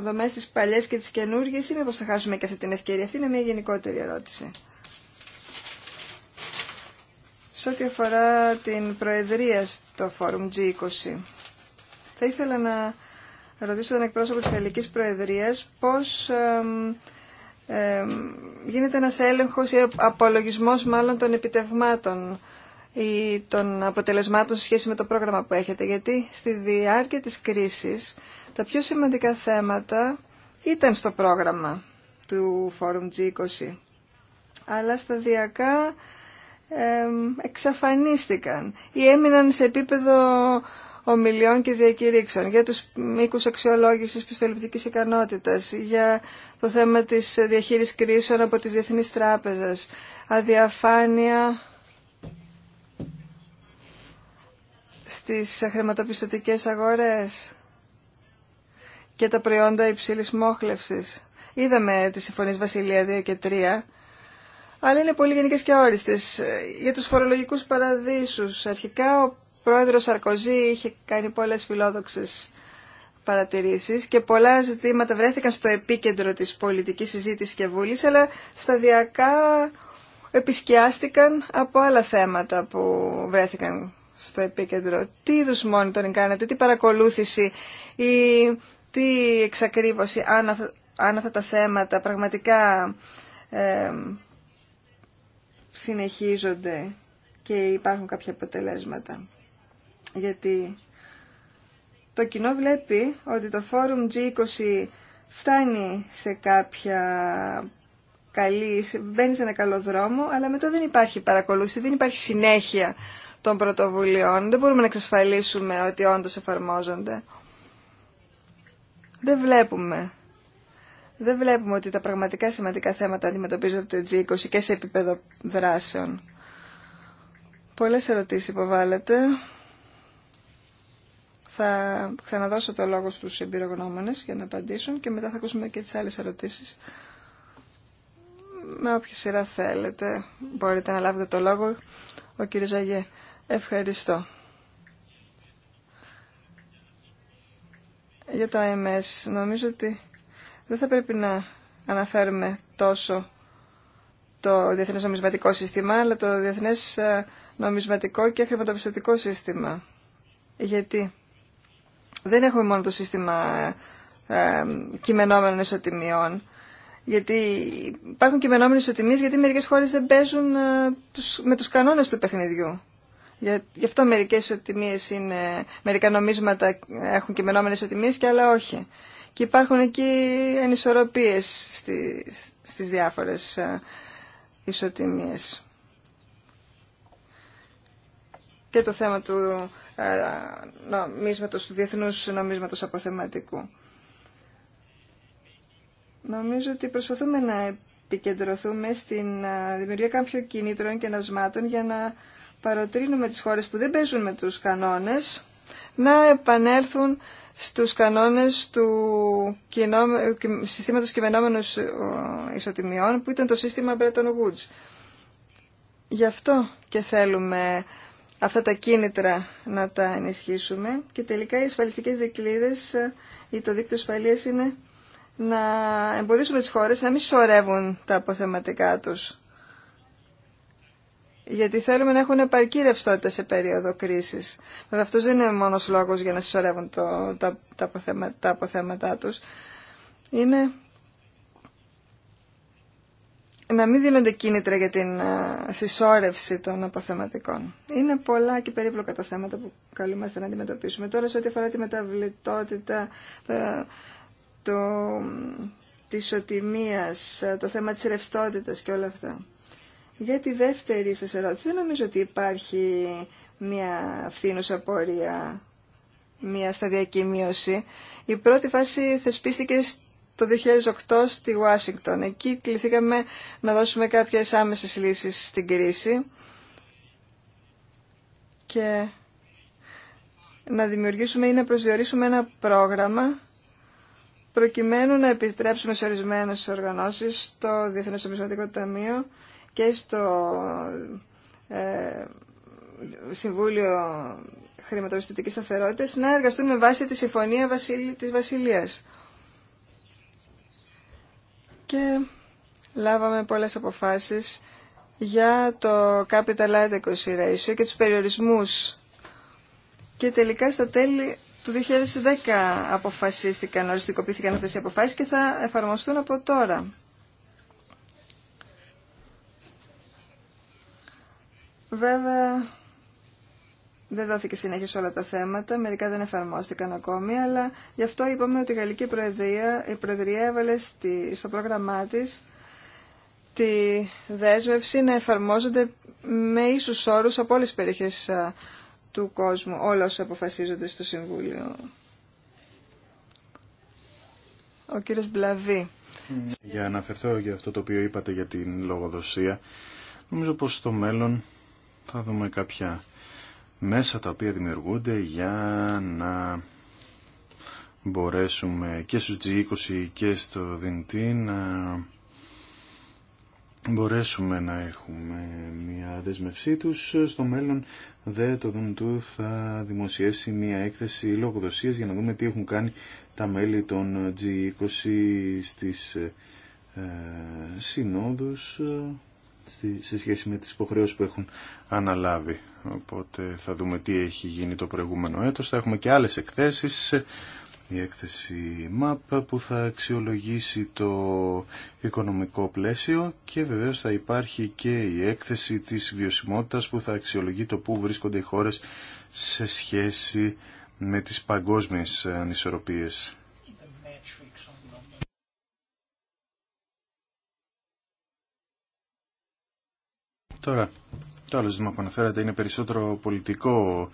δομές, τις παλιές και τις καινούργιες ή μήπως θα χάσουμε και αυτή την ευκαιρία. Αυτή είναι μια γενικότερη ερώτηση. Σε ό,τι αφορά την Προεδρία στο Φόρουμ G20, θα ήθελα να ρωτήσω τον εκπρόσωπο της Γαλλικής Προεδρίας πώς ε, ε, γίνεται ένας έλεγχος ή απολογισμός μάλλον των επιτευμάτων ή των αποτελεσμάτων σε σχέση με το πρόγραμμα που έχετε. Γιατί στη διάρκεια της κρίσης τα πιο σημαντικά θέματα ήταν στο πρόγραμμα του φορουμ G20. Αλλά σταδιακά εξαφανίστηκαν ή έμειναν σε επίπεδο ομιλιών και διακηρύξεων, για τους μήκους αξιολόγησης πιστοληπτικής ικανότητας, για το θέμα της διαχείρισης κρίσεων από τις Διεθνείς Τράπεζες, αδιαφάνεια στις χρηματοπιστωτικές αγορές και τα προϊόντα υψηλής μόχλευσης. Είδαμε τις συμφωνίες Βασιλεία 2 και 3 αλλά είναι πολύ γενικέ και όριστε. Ε, για τους φορολογικού παραδείσους, αρχικά ο πρόεδρος Σαρκοζή είχε κάνει πολλές φιλόδοξες παρατηρήσεις και πολλά ζητήματα βρέθηκαν στο επίκεντρο της πολιτικής συζήτησης και βούλης, αλλά σταδιακά επισκιάστηκαν από άλλα θέματα που βρέθηκαν στο επίκεντρο. Τι είδους monitoring κάνατε, τι παρακολούθηση ή τι εξακρίβωση αν, αυτά τα θέματα πραγματικά συνεχίζονται και υπάρχουν κάποια αποτελέσματα. Γιατί το κοινό βλέπει ότι το Forum G20 φτάνει σε κάποια καλή, μπαίνει σε ένα καλό δρόμο, αλλά μετά δεν υπάρχει παρακολούθηση, δεν υπάρχει συνέχεια των πρωτοβουλειών. Δεν μπορούμε να εξασφαλίσουμε ότι όντως εφαρμόζονται. Δεν βλέπουμε δεν βλέπουμε ότι τα πραγματικά σημαντικά θέματα αντιμετωπίζονται από το G20 και σε επίπεδο δράσεων. Πολλές ερωτήσεις υποβάλλεται. Θα ξαναδώσω το λόγο στους εμπειρογνώμονες για να απαντήσουν και μετά θα ακούσουμε και τις άλλες ερωτήσεις. Με όποια σειρά θέλετε μπορείτε να λάβετε το λόγο. Ο κύριος Ζαγέ. ευχαριστώ. Για το IMS, νομίζω ότι δεν θα πρέπει να αναφέρουμε τόσο το Διεθνές Νομισματικό Σύστημα, αλλά το Διεθνές ε, Νομισματικό και Χρηματοπιστωτικό Σύστημα. Γιατί δεν έχουμε μόνο το σύστημα ε, ε, κειμενόμενων ισοτιμιών, γιατί υπάρχουν κειμενόμενες ισοτιμίες γιατί μερικές χώρες δεν παίζουν ε, με τους κανόνες του παιχνιδιού. Γι' αυτό μερικές ισοτιμίες είναι, μερικά νομίσματα έχουν κειμενόμενες ισοτιμίες και άλλα όχι και υπάρχουν εκεί ανισορροπίες στις, στις διάφορες ε, ισοτιμίες. Και το θέμα του ε, νομίσματος, του διεθνούς νομίσματος αποθεματικού. Νομίζω ότι προσπαθούμε να επικεντρωθούμε στην ε, δημιουργία κάποιων κινήτρων και νοσμάτων για να παροτρύνουμε τις χώρες που δεν παίζουν με τους κανόνες να επανέλθουν στους κανόνες του συστήματος κειμενόμενους ε, ισοτιμιών που ήταν το σύστημα Bretton Woods. Γι' αυτό και θέλουμε αυτά τα κίνητρα να τα ενισχύσουμε και τελικά οι ασφαλιστικές δικλείδες ε, ή το δίκτυο ασφαλείας είναι να εμποδίσουμε τις χώρες να μην σωρεύουν τα αποθεματικά τους γιατί θέλουμε να έχουν επαρκή ρευστότητα σε περίοδο κρίση. Βέβαια, αυτό δεν είναι μόνο λόγο για να συσσωρεύουν το, τα, αποθέμα, τα αποθέματά του. Είναι να μην δίνονται κίνητρα για την συσσόρευση των αποθεματικών. Είναι πολλά και περίπλοκα τα θέματα που καλούμαστε να αντιμετωπίσουμε. Τώρα, σε ό,τι αφορά τη μεταβλητότητα, το, το, της οτιμίας, το θέμα τη ρευστότητα και όλα αυτά. Για τη δεύτερη σας ερώτηση, δεν νομίζω ότι υπάρχει μια φθήνουσα πορεία, μια σταδιακή μείωση. Η πρώτη φάση θεσπίστηκε το 2008 στη Ουάσιγκτον. Εκεί κληθήκαμε να δώσουμε κάποιες άμεσες λύσεις στην κρίση και να δημιουργήσουμε ή να προσδιορίσουμε ένα πρόγραμμα προκειμένου να επιτρέψουμε σε ορισμένες οργανώσεις στο Διεθνές Ομισματικό Ταμείο και στο ε, Συμβούλιο Χρηματοπιστωτικής Σταθερότητας να εργαστούν με βάση τη Συμφωνία της Βασιλείας. Και λάβαμε πολλές αποφάσεις για το Capital Adequacy Ratio και τους περιορισμούς. Και τελικά στα τέλη του 2010 αποφασίστηκαν, οριστικοποιήθηκαν αυτές οι αποφάσεις και θα εφαρμοστούν από τώρα. Βέβαια, δεν δόθηκε συνέχεια σε όλα τα θέματα, μερικά δεν εφαρμόστηκαν ακόμη, αλλά γι' αυτό είπαμε ότι η Γαλλική Προεδρία, η Προεδρία έβαλε στο πρόγραμμά της τη δέσμευση να εφαρμόζονται με ίσους όρους από όλες τις περιοχές του κόσμου, όλα όσα αποφασίζονται στο Συμβούλιο. Ο κύριος Μπλαβή. Για να αναφερθώ για αυτό το οποίο είπατε για την λογοδοσία, νομίζω πως στο μέλλον θα δούμε κάποια μέσα τα οποία δημιουργούνται για να μπορέσουμε και στους G20 και στο Δυντή να μπορέσουμε να έχουμε μια δεσμευσή τους. Στο μέλλον δε το Δουντού θα δημοσιεύσει μια έκθεση λογοδοσίας για να δούμε τι έχουν κάνει τα μέλη των G20 στις ε, συνόδους σε σχέση με τις υποχρεώσεις που έχουν αναλάβει. Οπότε θα δούμε τι έχει γίνει το προηγούμενο έτος. Θα έχουμε και άλλες εκθέσεις. Η έκθεση MAP που θα αξιολογήσει το οικονομικό πλαίσιο και βεβαίως θα υπάρχει και η έκθεση της βιωσιμότητας που θα αξιολογεί το πού βρίσκονται οι χώρες σε σχέση με τις παγκόσμιες ανισορροπίες. Τώρα, το άλλο ζήτημα που αναφέρατε είναι περισσότερο πολιτικό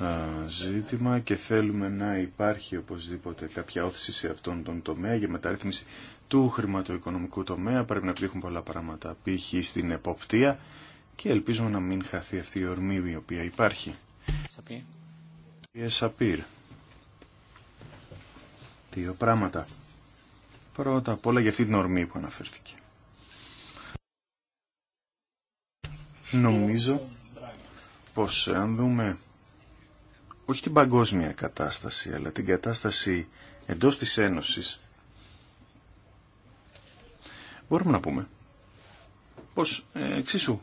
ε, ζήτημα και θέλουμε να υπάρχει οπωσδήποτε κάποια όθηση σε αυτόν τον τομέα για μεταρρύθμιση του χρηματοοικονομικού τομέα. Πρέπει να πετύχουν πολλά πράγματα π.χ. στην εποπτεία και ελπίζουμε να μην χαθεί αυτή η ορμή η οποία υπάρχει. Σαπίρ. Δύο πράγματα. Πρώτα απ' όλα για αυτή την ορμή που αναφέρθηκε. Νομίζω πως αν δούμε όχι την παγκόσμια κατάσταση, αλλά την κατάσταση εντός της Ένωσης, μπορούμε να πούμε πως ε, εξίσου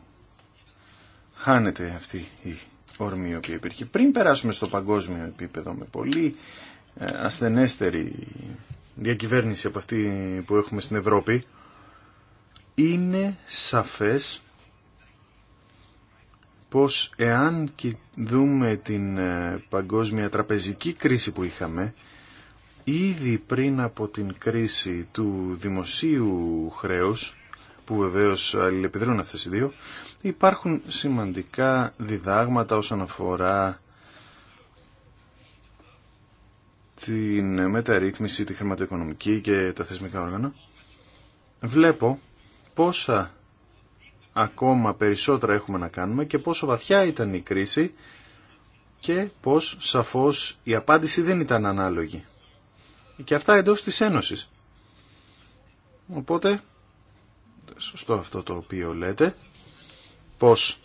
χάνεται αυτή η ορμή η οποία υπήρχε. Πριν περάσουμε στο παγκόσμιο επίπεδο με πολύ ε, ασθενέστερη διακυβέρνηση από αυτή που έχουμε στην Ευρώπη, είναι σαφές πως εάν δούμε την ε, παγκόσμια τραπεζική κρίση που είχαμε, ήδη πριν από την κρίση του δημοσίου χρέους, που βεβαίως αλληλεπιδρούν αυτές οι δύο, υπάρχουν σημαντικά διδάγματα όσον αφορά την μεταρρύθμιση, τη χρηματοοικονομική και τα θεσμικά όργανα. Βλέπω πόσα ακόμα περισσότερα έχουμε να κάνουμε και πόσο βαθιά ήταν η κρίση και πως σαφώς η απάντηση δεν ήταν ανάλογη. Και αυτά εντός της Ένωσης. Οπότε, σωστό αυτό το οποίο λέτε, πως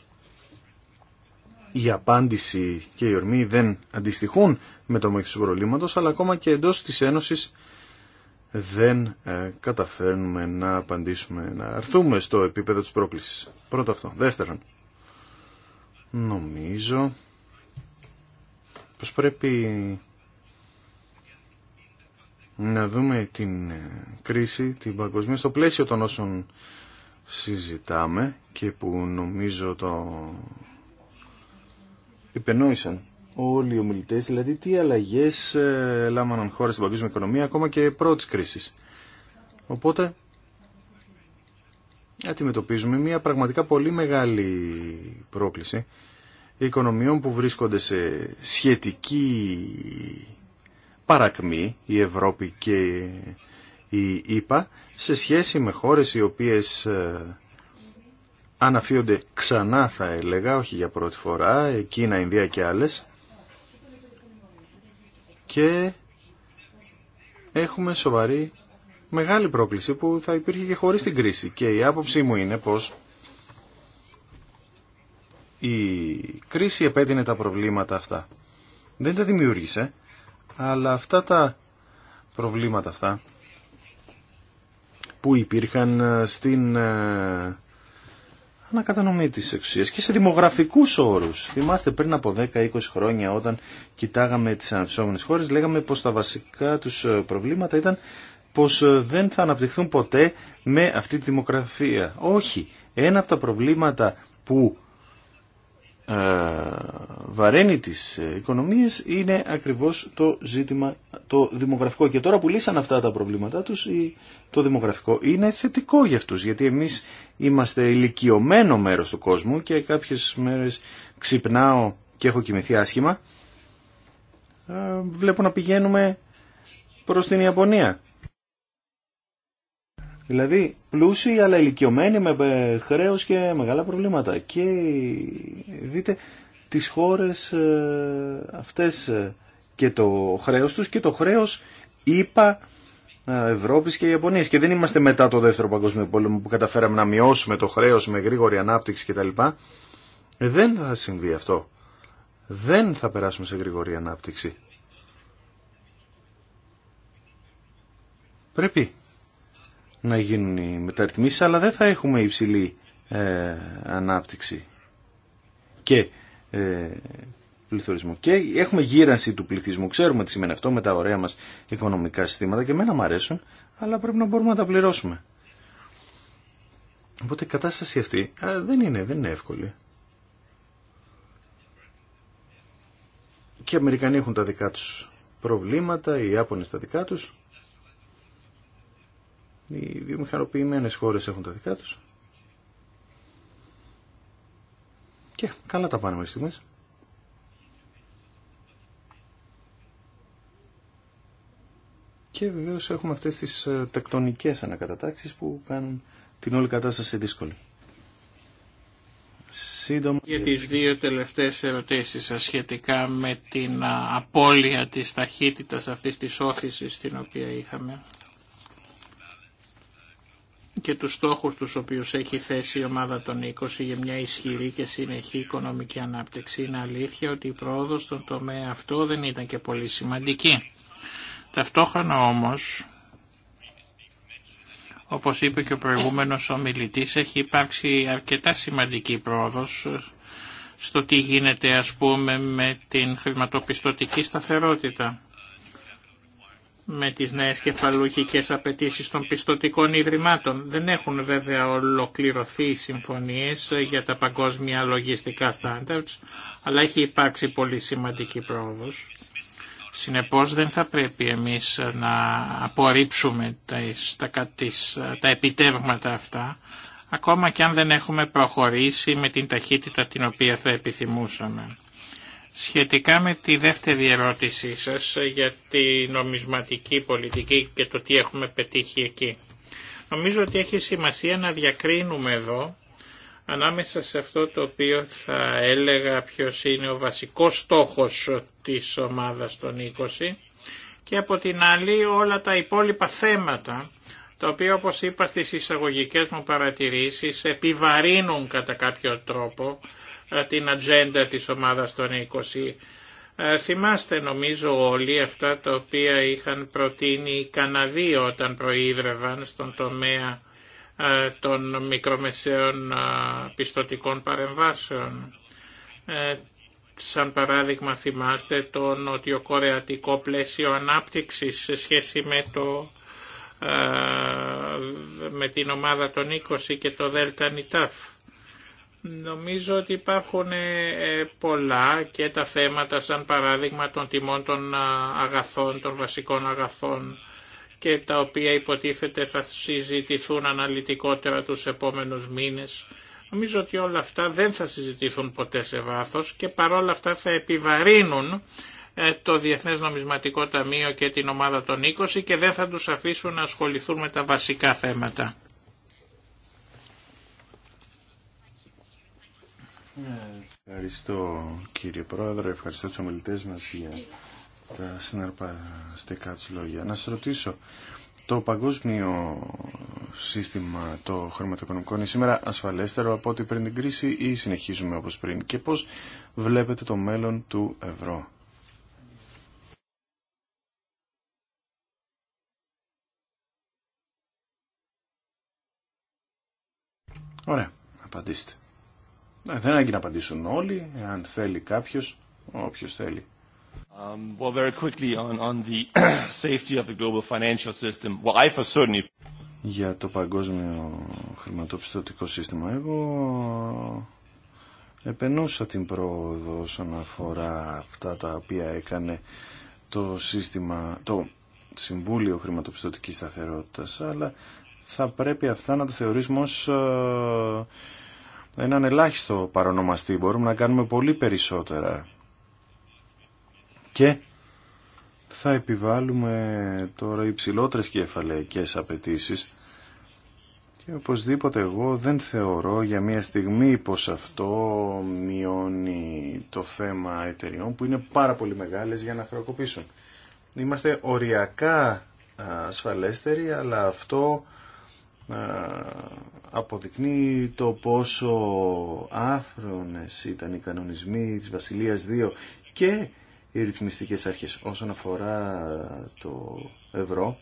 η απάντηση και η ορμή δεν αντιστοιχούν με το μέγεθος του προβλήματος, αλλά ακόμα και εντός της Ένωσης δεν ε, καταφέρνουμε να απαντήσουμε, να αρθούμε στο επίπεδο της πρόκλησης. Πρώτο αυτό. Δεύτερον, νομίζω πως πρέπει να δούμε την ε, κρίση, την παγκοσμία, στο πλαίσιο των όσων συζητάμε και που νομίζω το υπενόησαν όλοι οι ομιλητέ, δηλαδή τι αλλαγές ε, λάμβαναν χώρες στην παγκόσμια οικονομία ακόμα και πρώτη κρίση. Οπότε αντιμετωπίζουμε μια πραγματικά πολύ μεγάλη πρόκληση οικονομιών που βρίσκονται σε σχετική παρακμή η Ευρώπη και η ΕΠΑ σε σχέση με χώρες οι οποίες ε, αναφύονται ξανά θα έλεγα, όχι για πρώτη φορά, Κίνα, Ινδία και άλλες και έχουμε σοβαρή μεγάλη πρόκληση που θα υπήρχε και χωρίς την κρίση. Και η άποψή μου είναι πως η κρίση επέτεινε τα προβλήματα αυτά. Δεν τα δημιούργησε, αλλά αυτά τα προβλήματα αυτά που υπήρχαν ε, στην ε, ανακατανομή της εξουσίας και σε δημογραφικούς όρους. Θυμάστε πριν από 10-20 χρόνια όταν κοιτάγαμε τις αναπτυσσόμενες χώρες λέγαμε πως τα βασικά τους ε, προβλήματα ήταν πως ε, δεν θα αναπτυχθούν ποτέ με αυτή τη δημογραφία. Όχι. Ένα από τα προβλήματα που ε, βαραίνει τι ε, οικονομίε είναι ακριβώς το ζήτημα το δημογραφικό και τώρα που λύσαν αυτά τα προβλήματά τους το δημογραφικό είναι θετικό για αυτούς γιατί εμείς είμαστε ηλικιωμένο μέρος του κόσμου και κάποιες μέρες ξυπνάω και έχω κοιμηθεί άσχημα ε, βλέπω να πηγαίνουμε προς την Ιαπωνία Δηλαδή πλούσιοι αλλά ηλικιωμένοι με χρέος και μεγάλα προβλήματα. Και δείτε τις χώρες ε, αυτές ε, και το χρέος τους και το χρέος είπα ε, Ευρώπης και Ιαπωνίας. Και δεν είμαστε μετά το δεύτερο παγκόσμιο πόλεμο που καταφέραμε να μειώσουμε το χρέος με γρήγορη ανάπτυξη κτλ. Δεν θα συμβεί αυτό. Δεν θα περάσουμε σε γρήγορη ανάπτυξη. Πρέπει να γίνουν οι μεταρρυθμίσεις, αλλά δεν θα έχουμε υψηλή ε, ανάπτυξη και ε, πληθωρισμό. Και έχουμε γύρανση του πληθυσμού. Ξέρουμε τι σημαίνει αυτό με τα ωραία μας οικονομικά συστήματα και εμένα μου αρέσουν, αλλά πρέπει να μπορούμε να τα πληρώσουμε. Οπότε η κατάσταση αυτή ε, δεν, είναι, δεν είναι εύκολη. Και οι Αμερικανοί έχουν τα δικά τους προβλήματα, οι Ιάπωνες τα δικά τους. Οι βιομηχανοποιημένε χώρε έχουν τα δικά τους. Και καλά τα πάνε μέχρι Και βεβαίω έχουμε αυτές τις ε, τεκτονικές ανακατατάξεις που κάνουν την όλη κατάσταση δύσκολη. Σύντομα... Για τις δύο τελευταίες ερωτήσεις σας σχετικά με την απώλεια της ταχύτητας αυτής της όθησης την οποία είχαμε και τους στόχους τους οποίους έχει θέσει η ομάδα των 20 για μια ισχυρή και συνεχή οικονομική ανάπτυξη. Είναι αλήθεια ότι η πρόοδος στον τομέα αυτό δεν ήταν και πολύ σημαντική. Ταυτόχρονα όμως, όπως είπε και ο προηγούμενος ομιλητής, έχει υπάρξει αρκετά σημαντική πρόοδος στο τι γίνεται ας πούμε με την χρηματοπιστωτική σταθερότητα με τις νέες κεφαλουχικές απαιτήσεις των πιστοτικών ιδρυμάτων. Δεν έχουν βέβαια ολοκληρωθεί οι συμφωνίες για τα παγκόσμια λογιστικά standards, αλλά έχει υπάρξει πολύ σημαντική πρόοδος. Συνεπώς δεν θα πρέπει εμείς να απορρίψουμε τα επιτεύγματα αυτά, ακόμα και αν δεν έχουμε προχωρήσει με την ταχύτητα την οποία θα επιθυμούσαμε. Σχετικά με τη δεύτερη ερώτησή σας για τη νομισματική πολιτική και το τι έχουμε πετύχει εκεί. Νομίζω ότι έχει σημασία να διακρίνουμε εδώ ανάμεσα σε αυτό το οποίο θα έλεγα ποιος είναι ο βασικός στόχος της ομάδας των 20 και από την άλλη όλα τα υπόλοιπα θέματα τα οποία όπως είπα στις εισαγωγικές μου παρατηρήσεις επιβαρύνουν κατά κάποιο τρόπο ε, την ατζέντα της ομάδας των 20. Ε, θυμάστε νομίζω όλοι αυτά τα οποία είχαν προτείνει οι Καναδοί όταν προείδρευαν στον τομέα ε, των μικρομεσαίων πιστοτικών παρεμβάσεων. Σαν παράδειγμα θυμάστε το νοτιοκορεατικό πλαίσιο ανάπτυξης σε σχέση με, το, με την ομάδα των 20 και το ΔΕΛΤΑ Νομίζω ότι υπάρχουν ε, ε, πολλά και τα θέματα σαν παράδειγμα των τιμών των αγαθών, των βασικών αγαθών και τα οποία υποτίθεται θα συζητηθούν αναλυτικότερα τους επόμενους μήνες. Νομίζω ότι όλα αυτά δεν θα συζητηθούν ποτέ σε βάθος και παρόλα αυτά θα επιβαρύνουν ε, το Διεθνές Νομισματικό Ταμείο και την Ομάδα των 20 και δεν θα τους αφήσουν να ασχοληθούν με τα βασικά θέματα. Ευχαριστώ κύριε Πρόεδρε, ευχαριστώ τους ομιλητές μας για τα συναρπαστικά τους λόγια. Να σας ρωτήσω, το παγκόσμιο σύστημα το χρηματοοικονομικό είναι σήμερα ασφαλέστερο από ό,τι πριν την κρίση ή συνεχίζουμε όπως πριν και πώς βλέπετε το μέλλον του ευρώ. Ωραία, απαντήστε. Ε, δεν άγγει να απαντήσουν όλοι, αν θέλει κάποιος, όποιος θέλει. Um, well, very quickly on, on the safety of the global financial system. Well, I for certainly... Για το παγκόσμιο χρηματοπιστωτικό σύστημα, εγώ επενούσα την πρόοδο όσον αφορά αυτά τα οποία έκανε το σύστημα, το Συμβούλιο Χρηματοπιστωτικής Σταθερότητας, αλλά θα πρέπει αυτά να τα θεωρήσουμε ως ε, έναν ελάχιστο παρονομαστή. Μπορούμε να κάνουμε πολύ περισσότερα. Και θα επιβάλλουμε τώρα υψηλότερες κεφαλαϊκές απαιτήσεις και οπωσδήποτε εγώ δεν θεωρώ για μια στιγμή πως αυτό μειώνει το θέμα εταιριών που είναι πάρα πολύ μεγάλες για να χρεοκοπήσουν. Είμαστε οριακά ασφαλέστεροι αλλά αυτό αποδεικνύει το πόσο άφρονες ήταν οι κανονισμοί της Βασιλείας 2 και οι ρυθμιστικές αρχές όσον αφορά το ευρώ.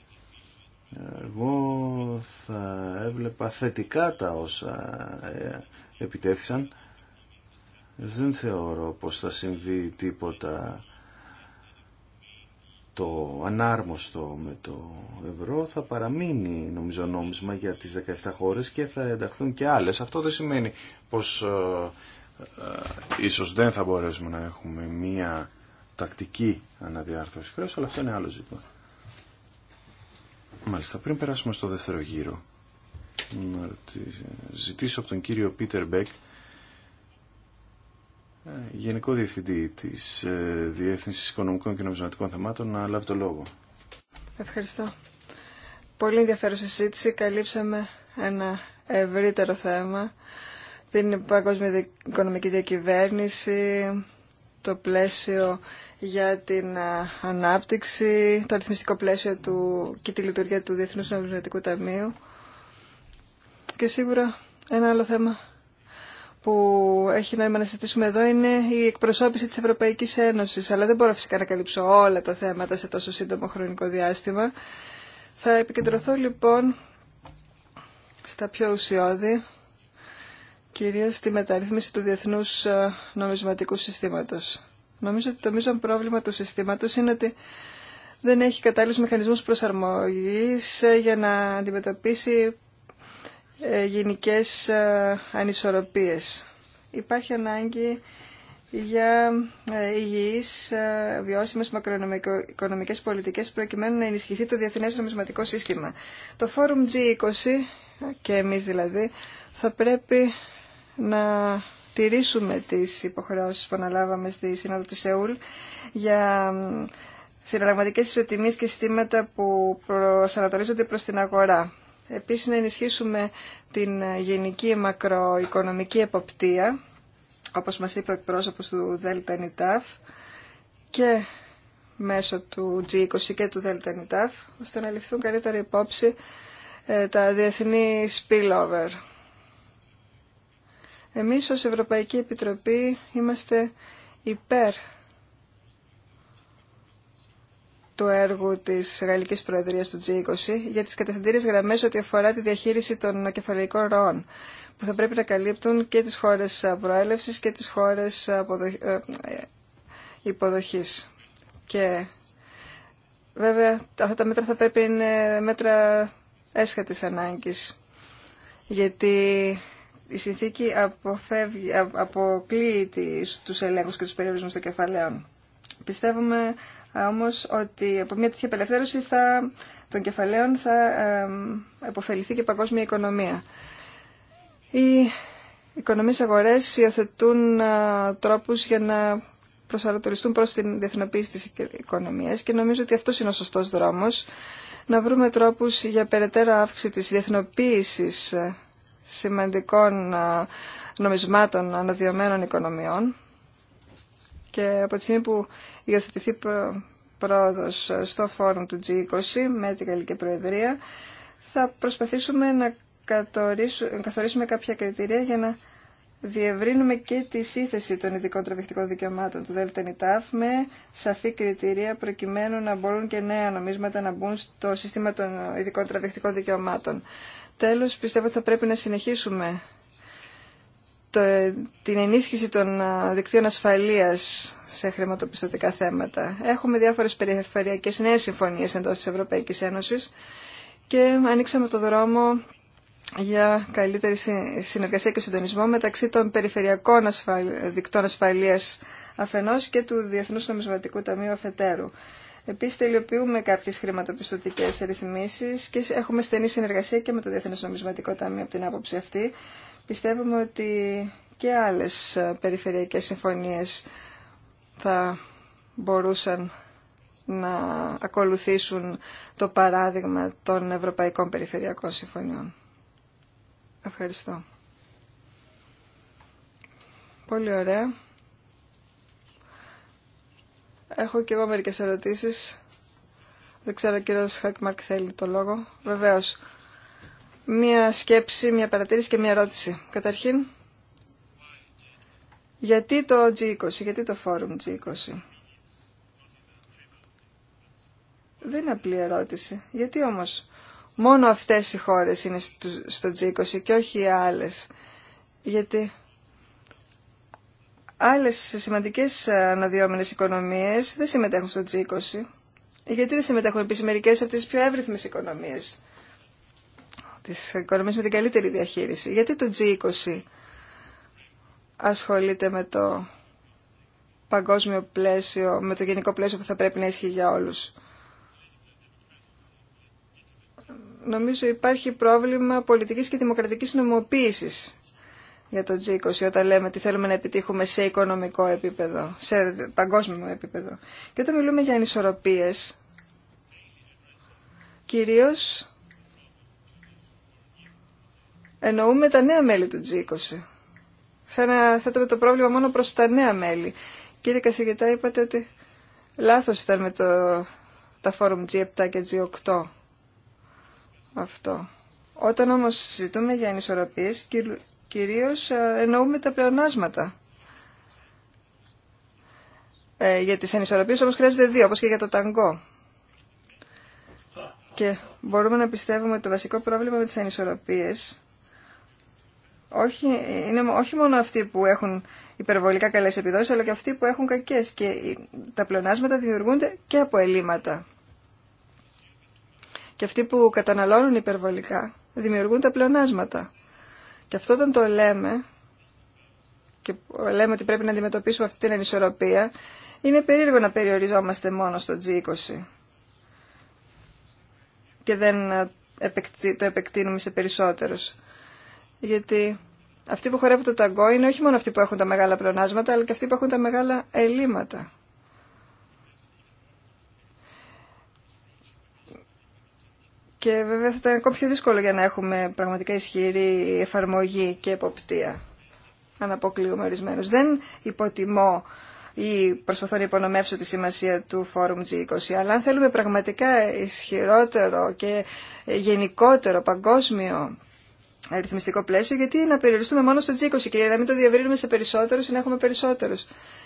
Εγώ θα έβλεπα θετικά τα όσα ε, επιτέθησαν. Δεν θεωρώ πως θα συμβεί τίποτα το ανάρμοστο με το ευρώ θα παραμείνει νομίζω νόμισμα για τις 17 χώρες και θα ενταχθούν και άλλες. Αυτό δεν σημαίνει πως ε, ε, ίσως δεν θα μπορέσουμε να έχουμε μία τακτική αναδιάρθρωση χρέους, αλλά αυτό είναι άλλο ζήτημα. Μάλιστα, πριν περάσουμε στο δεύτερο γύρο, να ζητήσω από τον κύριο Πίτερ Μπέκ ε, Γενικό Διευθυντή της ε, Διεύθυνσης Οικονομικών και Νομισματικών Θεμάτων να λάβει το λόγο. Ευχαριστώ. Πολύ ενδιαφέρουσα συζήτηση. Καλύψαμε ένα ευρύτερο θέμα. Την παγκόσμια οικονομική διακυβέρνηση, το πλαίσιο για την ε, ανάπτυξη, το αριθμιστικό πλαίσιο του και τη λειτουργία του Διεθνούς Νομισματικού Ταμείου. Και σίγουρα ένα άλλο θέμα που έχει νόημα να συζητήσουμε εδώ είναι η εκπροσώπηση της Ευρωπαϊκής Ένωσης, αλλά δεν μπορώ φυσικά να καλύψω όλα τα θέματα σε τόσο σύντομο χρονικό διάστημα. Θα επικεντρωθώ λοιπόν στα πιο ουσιώδη, κυρίως στη μεταρρύθμιση του Διεθνούς ε, Νομισματικού Συστήματος. Νομίζω ότι το μείζον πρόβλημα του συστήματος είναι ότι δεν έχει κατάλληλους μηχανισμούς προσαρμογής ε, για να αντιμετωπίσει ε, γενικές ε, ανισορροπίες. Υπάρχει ανάγκη για ε, υγιείς, βιώσιμες μακροοικονομικές πολιτικές προκειμένου να ενισχυθεί το διεθνές νομισματικό σύστημα. Το Φόρουμ G20, και εμείς δηλαδή, θα πρέπει να τηρήσουμε τις υποχρεώσεις που αναλάβαμε στη Σύνοδο της Σεούλ για συναλλαγματικές ισοτιμίες και συστήματα που προσανατολίζονται προς την αγορά. Επίσης να ενισχύσουμε την γενική μακροοικονομική εποπτεία, όπως μας είπε ο εκπρόσωπος του ΔΕΛΤΑ και μέσω του G20 και του ΔΕΛΤΑ ώστε να ληφθούν καλύτερα υπόψη ε, τα διεθνή spillover. Εμείς ως Ευρωπαϊκή Επιτροπή είμαστε υπέρ του έργου της Γαλλικής Προεδρίας του G20 για τις κατευθυντήριε γραμμές ό,τι αφορά τη διαχείριση των κεφαλαϊκών ροών που θα πρέπει να καλύπτουν και τις χώρες προέλευση και τις χώρες ε, ε, υποδοχής. Και βέβαια αυτά τα μέτρα θα πρέπει να είναι μέτρα έσχατης ανάγκης γιατί η συνθήκη αποφεύγει, αποκλείει τους ελέγχους και τους περιορισμούς των κεφαλαίων. Πιστεύουμε όμως ότι από μια τέτοια απελευθέρωση θα, των κεφαλαίων θα επωφεληθεί και η παγκόσμια οικονομία. Οι οικονομίες αγορές υιοθετούν τρόπους για να προσαρτοριστούν προς την διεθνοποίηση της οικονομίας και νομίζω ότι αυτός είναι ο σωστός δρόμος να βρούμε τρόπους για περαιτέρω αύξηση της διεθνοποίησης ε, σημαντικών νομισμάτων αναδειωμένων οικονομιών και από τη στιγμή που υιοθετηθεί πρόοδος στο φόρουμ του G20 με την Γαλλική Προεδρία, θα προσπαθήσουμε να καθορίσουμε κάποια κριτήρια για να διευρύνουμε και τη σύνθεση των ειδικών τραβηχτικών δικαιωμάτων του ΔΕΛΤΕΝΙΤΑΦ με σαφή κριτήρια προκειμένου να μπορούν και νέα νομίσματα να μπουν στο σύστημα των ειδικών τραβηχτικών δικαιωμάτων. Τέλος, πιστεύω ότι θα πρέπει να συνεχίσουμε την ενίσχυση των δικτύων ασφαλείας σε χρηματοπιστωτικά θέματα. Έχουμε διάφορες περιφερειακές νέες συμφωνίες εντός της Ευρωπαϊκής Ένωσης και ανοίξαμε το δρόμο για καλύτερη συνεργασία και συντονισμό μεταξύ των περιφερειακών δικτών ασφαλείας αφενός και του Διεθνούς Νομισματικού Ταμείου αφετέρου. Επίσης τελειοποιούμε κάποιες χρηματοπιστωτικές ρυθμίσεις και έχουμε στενή συνεργασία και με το Διεθνές Νομισματικό Ταμείο από την άποψη αυτή πιστεύουμε ότι και άλλες περιφερειακές συμφωνίες θα μπορούσαν να ακολουθήσουν το παράδειγμα των Ευρωπαϊκών Περιφερειακών Συμφωνιών. Ευχαριστώ. Πολύ ωραία. Έχω και εγώ μερικές ερωτήσεις. Δεν ξέρω ο κύριος Χακμαρκ θέλει το λόγο. Βεβαίως μία σκέψη, μία παρατήρηση και μία ερώτηση. Καταρχήν, γιατί το G20, γιατί το φόρουμ G20. Δεν είναι απλή ερώτηση. Γιατί όμως μόνο αυτές οι χώρες είναι στο G20 και όχι οι άλλες. Γιατί άλλες σημαντικές αναδυόμενες οικονομίες δεν συμμετέχουν στο G20. Γιατί δεν συμμετέχουν επίσης μερικές από τις πιο εύρυθμες οικονομίες τις οικονομίες με την καλύτερη διαχείριση. Γιατί το G20 ασχολείται με το παγκόσμιο πλαίσιο, με το γενικό πλαίσιο που θα πρέπει να ισχύει για όλους. Νομίζω υπάρχει πρόβλημα πολιτικής και δημοκρατικής νομοποίησης για το G20 όταν λέμε τι θέλουμε να επιτύχουμε σε οικονομικό επίπεδο, σε παγκόσμιο επίπεδο. Και όταν μιλούμε για ανισορροπίες, κυρίως εννοούμε τα νέα μέλη του G20. Σαν να το πρόβλημα μόνο προς τα νέα μέλη. Κύριε καθηγητά, είπατε ότι λάθος ήταν με το, τα φόρουμ G7 και G8. Αυτό. Όταν όμως συζητούμε για ενισορροπίες, κυρίως ε, εννοούμε τα πλεονάσματα. Ε, για τις ενισορροπίες όμως χρειάζονται δύο, όπως και για το ταγκό. Και μπορούμε να πιστεύουμε ότι το βασικό πρόβλημα με τις ανισορροπίες όχι, είναι όχι μόνο αυτοί που έχουν υπερβολικά καλές επιδόσεις, αλλά και αυτοί που έχουν κακές και τα πλεονάσματα δημιουργούνται και από ελλείμματα. Και αυτοί που καταναλώνουν υπερβολικά δημιουργούν τα πλεονάσματα. Και αυτό όταν το λέμε και λέμε ότι πρέπει να αντιμετωπίσουμε αυτή την ανισορροπία, είναι περίεργο να περιοριζόμαστε μόνο στο G20 και δεν ε, το επεκτείνουμε σε περισσότερους γιατί αυτοί που χορεύουν το ταγκό είναι όχι μόνο αυτοί που έχουν τα μεγάλα πλεονάσματα, αλλά και αυτοί που έχουν τα μεγάλα ελλείμματα. Και βέβαια θα ήταν ακόμη πιο δύσκολο για να έχουμε πραγματικά ισχυρή εφαρμογή και εποπτεία. Αν αποκλείουμε ορισμένου. Δεν υποτιμώ ή προσπαθώ να υπονομεύσω τη σημασία του Forum g G20, αλλά αν θέλουμε πραγματικά ισχυρότερο και γενικότερο παγκόσμιο αριθμιστικό πλαίσιο, γιατί να περιοριστούμε μόνο στο G20 και να μην το διαβρύνουμε σε περισσότερου ή να έχουμε περισσότερου.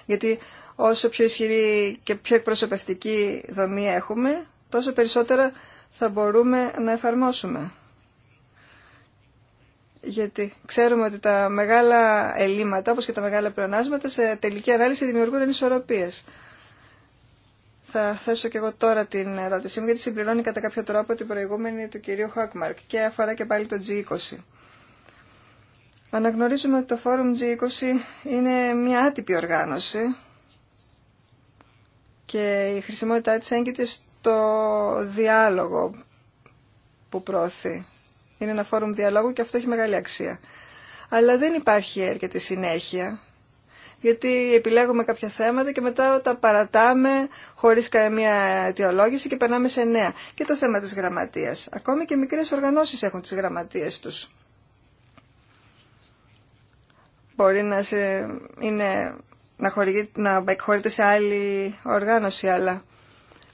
Γιατί όσο πιο ισχυρή και πιο εκπροσωπευτική δομή έχουμε, τόσο περισσότερα θα μπορούμε να εφαρμόσουμε. Γιατί ξέρουμε ότι τα μεγάλα ελλείμματα, όπως και τα μεγάλα πλεονάσματα, σε τελική ανάλυση δημιουργούν ανισορροπίες. Θα θέσω και εγώ τώρα την ερώτησή μου, γιατί συμπληρώνει κατά κάποιο τρόπο την προηγούμενη του κυρίου Χόκμαρκ και αφορά και πάλι το G20. Αναγνωρίζουμε ότι το Φόρουμ G20 είναι μια άτυπη οργάνωση και η χρησιμότητά της έγκυται στο διάλογο που προωθεί. Είναι ένα φόρουμ διαλόγου και αυτό έχει μεγάλη αξία. Αλλά δεν υπάρχει έρχεται συνέχεια, γιατί επιλέγουμε κάποια θέματα και μετά τα παρατάμε χωρίς καμία αιτιολόγηση και περνάμε σε νέα. Και το θέμα της γραμματείας. Ακόμη και μικρές οργανώσεις έχουν τις γραμματείες τους μπορεί να, σε, είναι, να, χορηγεί, να εκχωρείται σε άλλη οργάνωση, αλλά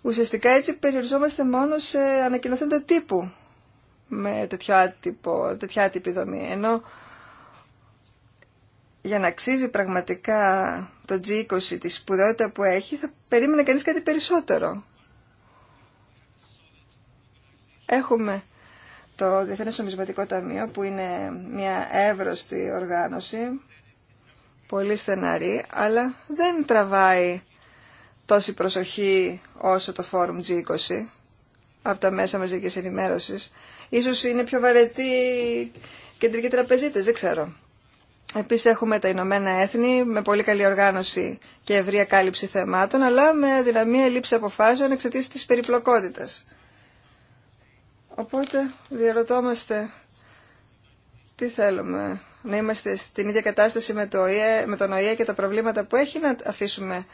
ουσιαστικά έτσι περιοριζόμαστε μόνο σε ανακοινωθέντα τύπου με τέτοιο άτυπο, τέτοια άτυπη δομή. Ενώ για να αξίζει πραγματικά το G20 τη σπουδαιότητα που έχει, θα περίμενε κανείς κάτι περισσότερο. Έχουμε το Διεθνές Ομισματικό Ταμείο, που είναι μια εύρωστη οργάνωση, πολύ στεναρή, αλλά δεν τραβάει τόση προσοχή όσο το Φόρουμ G20 από τα μέσα μαζικής ενημέρωσης. Ίσως είναι πιο βαρετή κεντρική τραπεζίτες, δεν ξέρω. Επίσης έχουμε τα Ηνωμένα Έθνη με πολύ καλή οργάνωση και ευρία κάλυψη θεμάτων, αλλά με αδυναμία λήψη αποφάσεων εξαιτίας της περιπλοκότητας. Οπότε διαρωτόμαστε τι θέλουμε να είμαστε στην ίδια κατάσταση με, το ΟΗΕ, με τον ΟΗΕ και τα προβλήματα που έχει να αφήσουμε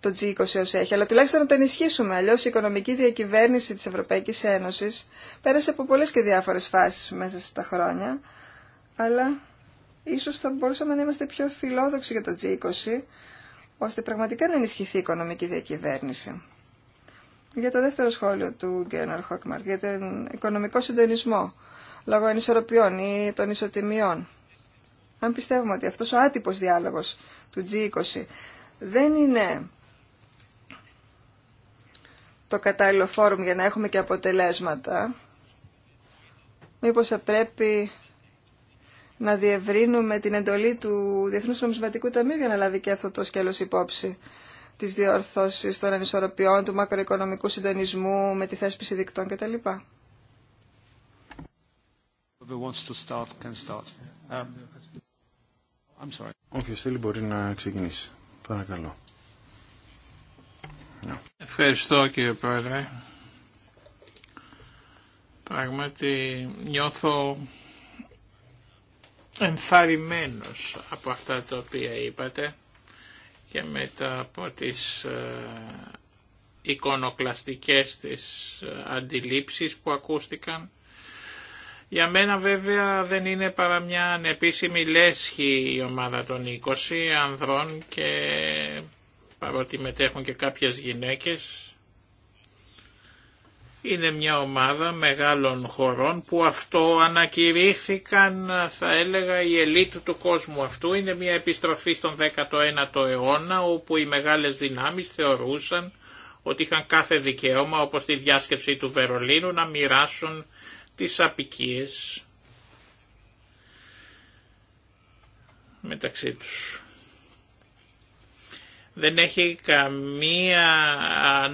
το G20 ως έχει, αλλά τουλάχιστον να το ενισχύσουμε. Αλλιώς η οικονομική διακυβέρνηση της Ευρωπαϊκής Ένωσης πέρασε από πολλές και διάφορες φάσεις μέσα στα χρόνια, αλλά ίσως θα μπορούσαμε να είμαστε πιο φιλόδοξοι για το G20, ώστε πραγματικά να ενισχυθεί η οικονομική διακυβέρνηση. Για το δεύτερο σχόλιο του Γκένερ Χόκμαρτ για τον οικονομικό συντονισμό λόγω ανισορροπιών ή των ισοτιμιών. Αν πιστεύουμε ότι αυτός ο άτυπος διάλογος του G20 δεν είναι το κατάλληλο φόρουμ για να έχουμε και αποτελέσματα, μήπως θα πρέπει να διευρύνουμε την εντολή του Διεθνούς Νομισματικού Ταμείου για να λάβει και αυτό το σκέλος υπόψη της διορθώσης των ανισορροπιών, του μακροοικονομικού συντονισμού με τη θέσπιση δικτών κτλ. Um, Όποιος θέλει μπορεί να ξεκινήσει. Παρακαλώ. Ευχαριστώ κύριε Πρόεδρε. Πράγματι νιώθω ενθαρρυμένος από αυτά τα οποία είπατε και μετά από τις ε, εικονοκλαστικές της ε, αντιλήψεις που ακούστηκαν για μένα βέβαια δεν είναι παρά μια ανεπίσημη λέσχη η ομάδα των 20 ανδρών και παρότι μετέχουν και κάποιες γυναίκες είναι μια ομάδα μεγάλων χωρών που αυτό ανακηρύχθηκαν θα έλεγα η ελίτ του κόσμου αυτού. Είναι μια επιστροφή στον 19ο αιώνα όπου οι μεγάλες δυνάμεις θεωρούσαν ότι είχαν κάθε δικαίωμα όπως τη διάσκεψη του Βερολίνου να μοιράσουν τις απικίες μεταξύ τους. Δεν έχει καμία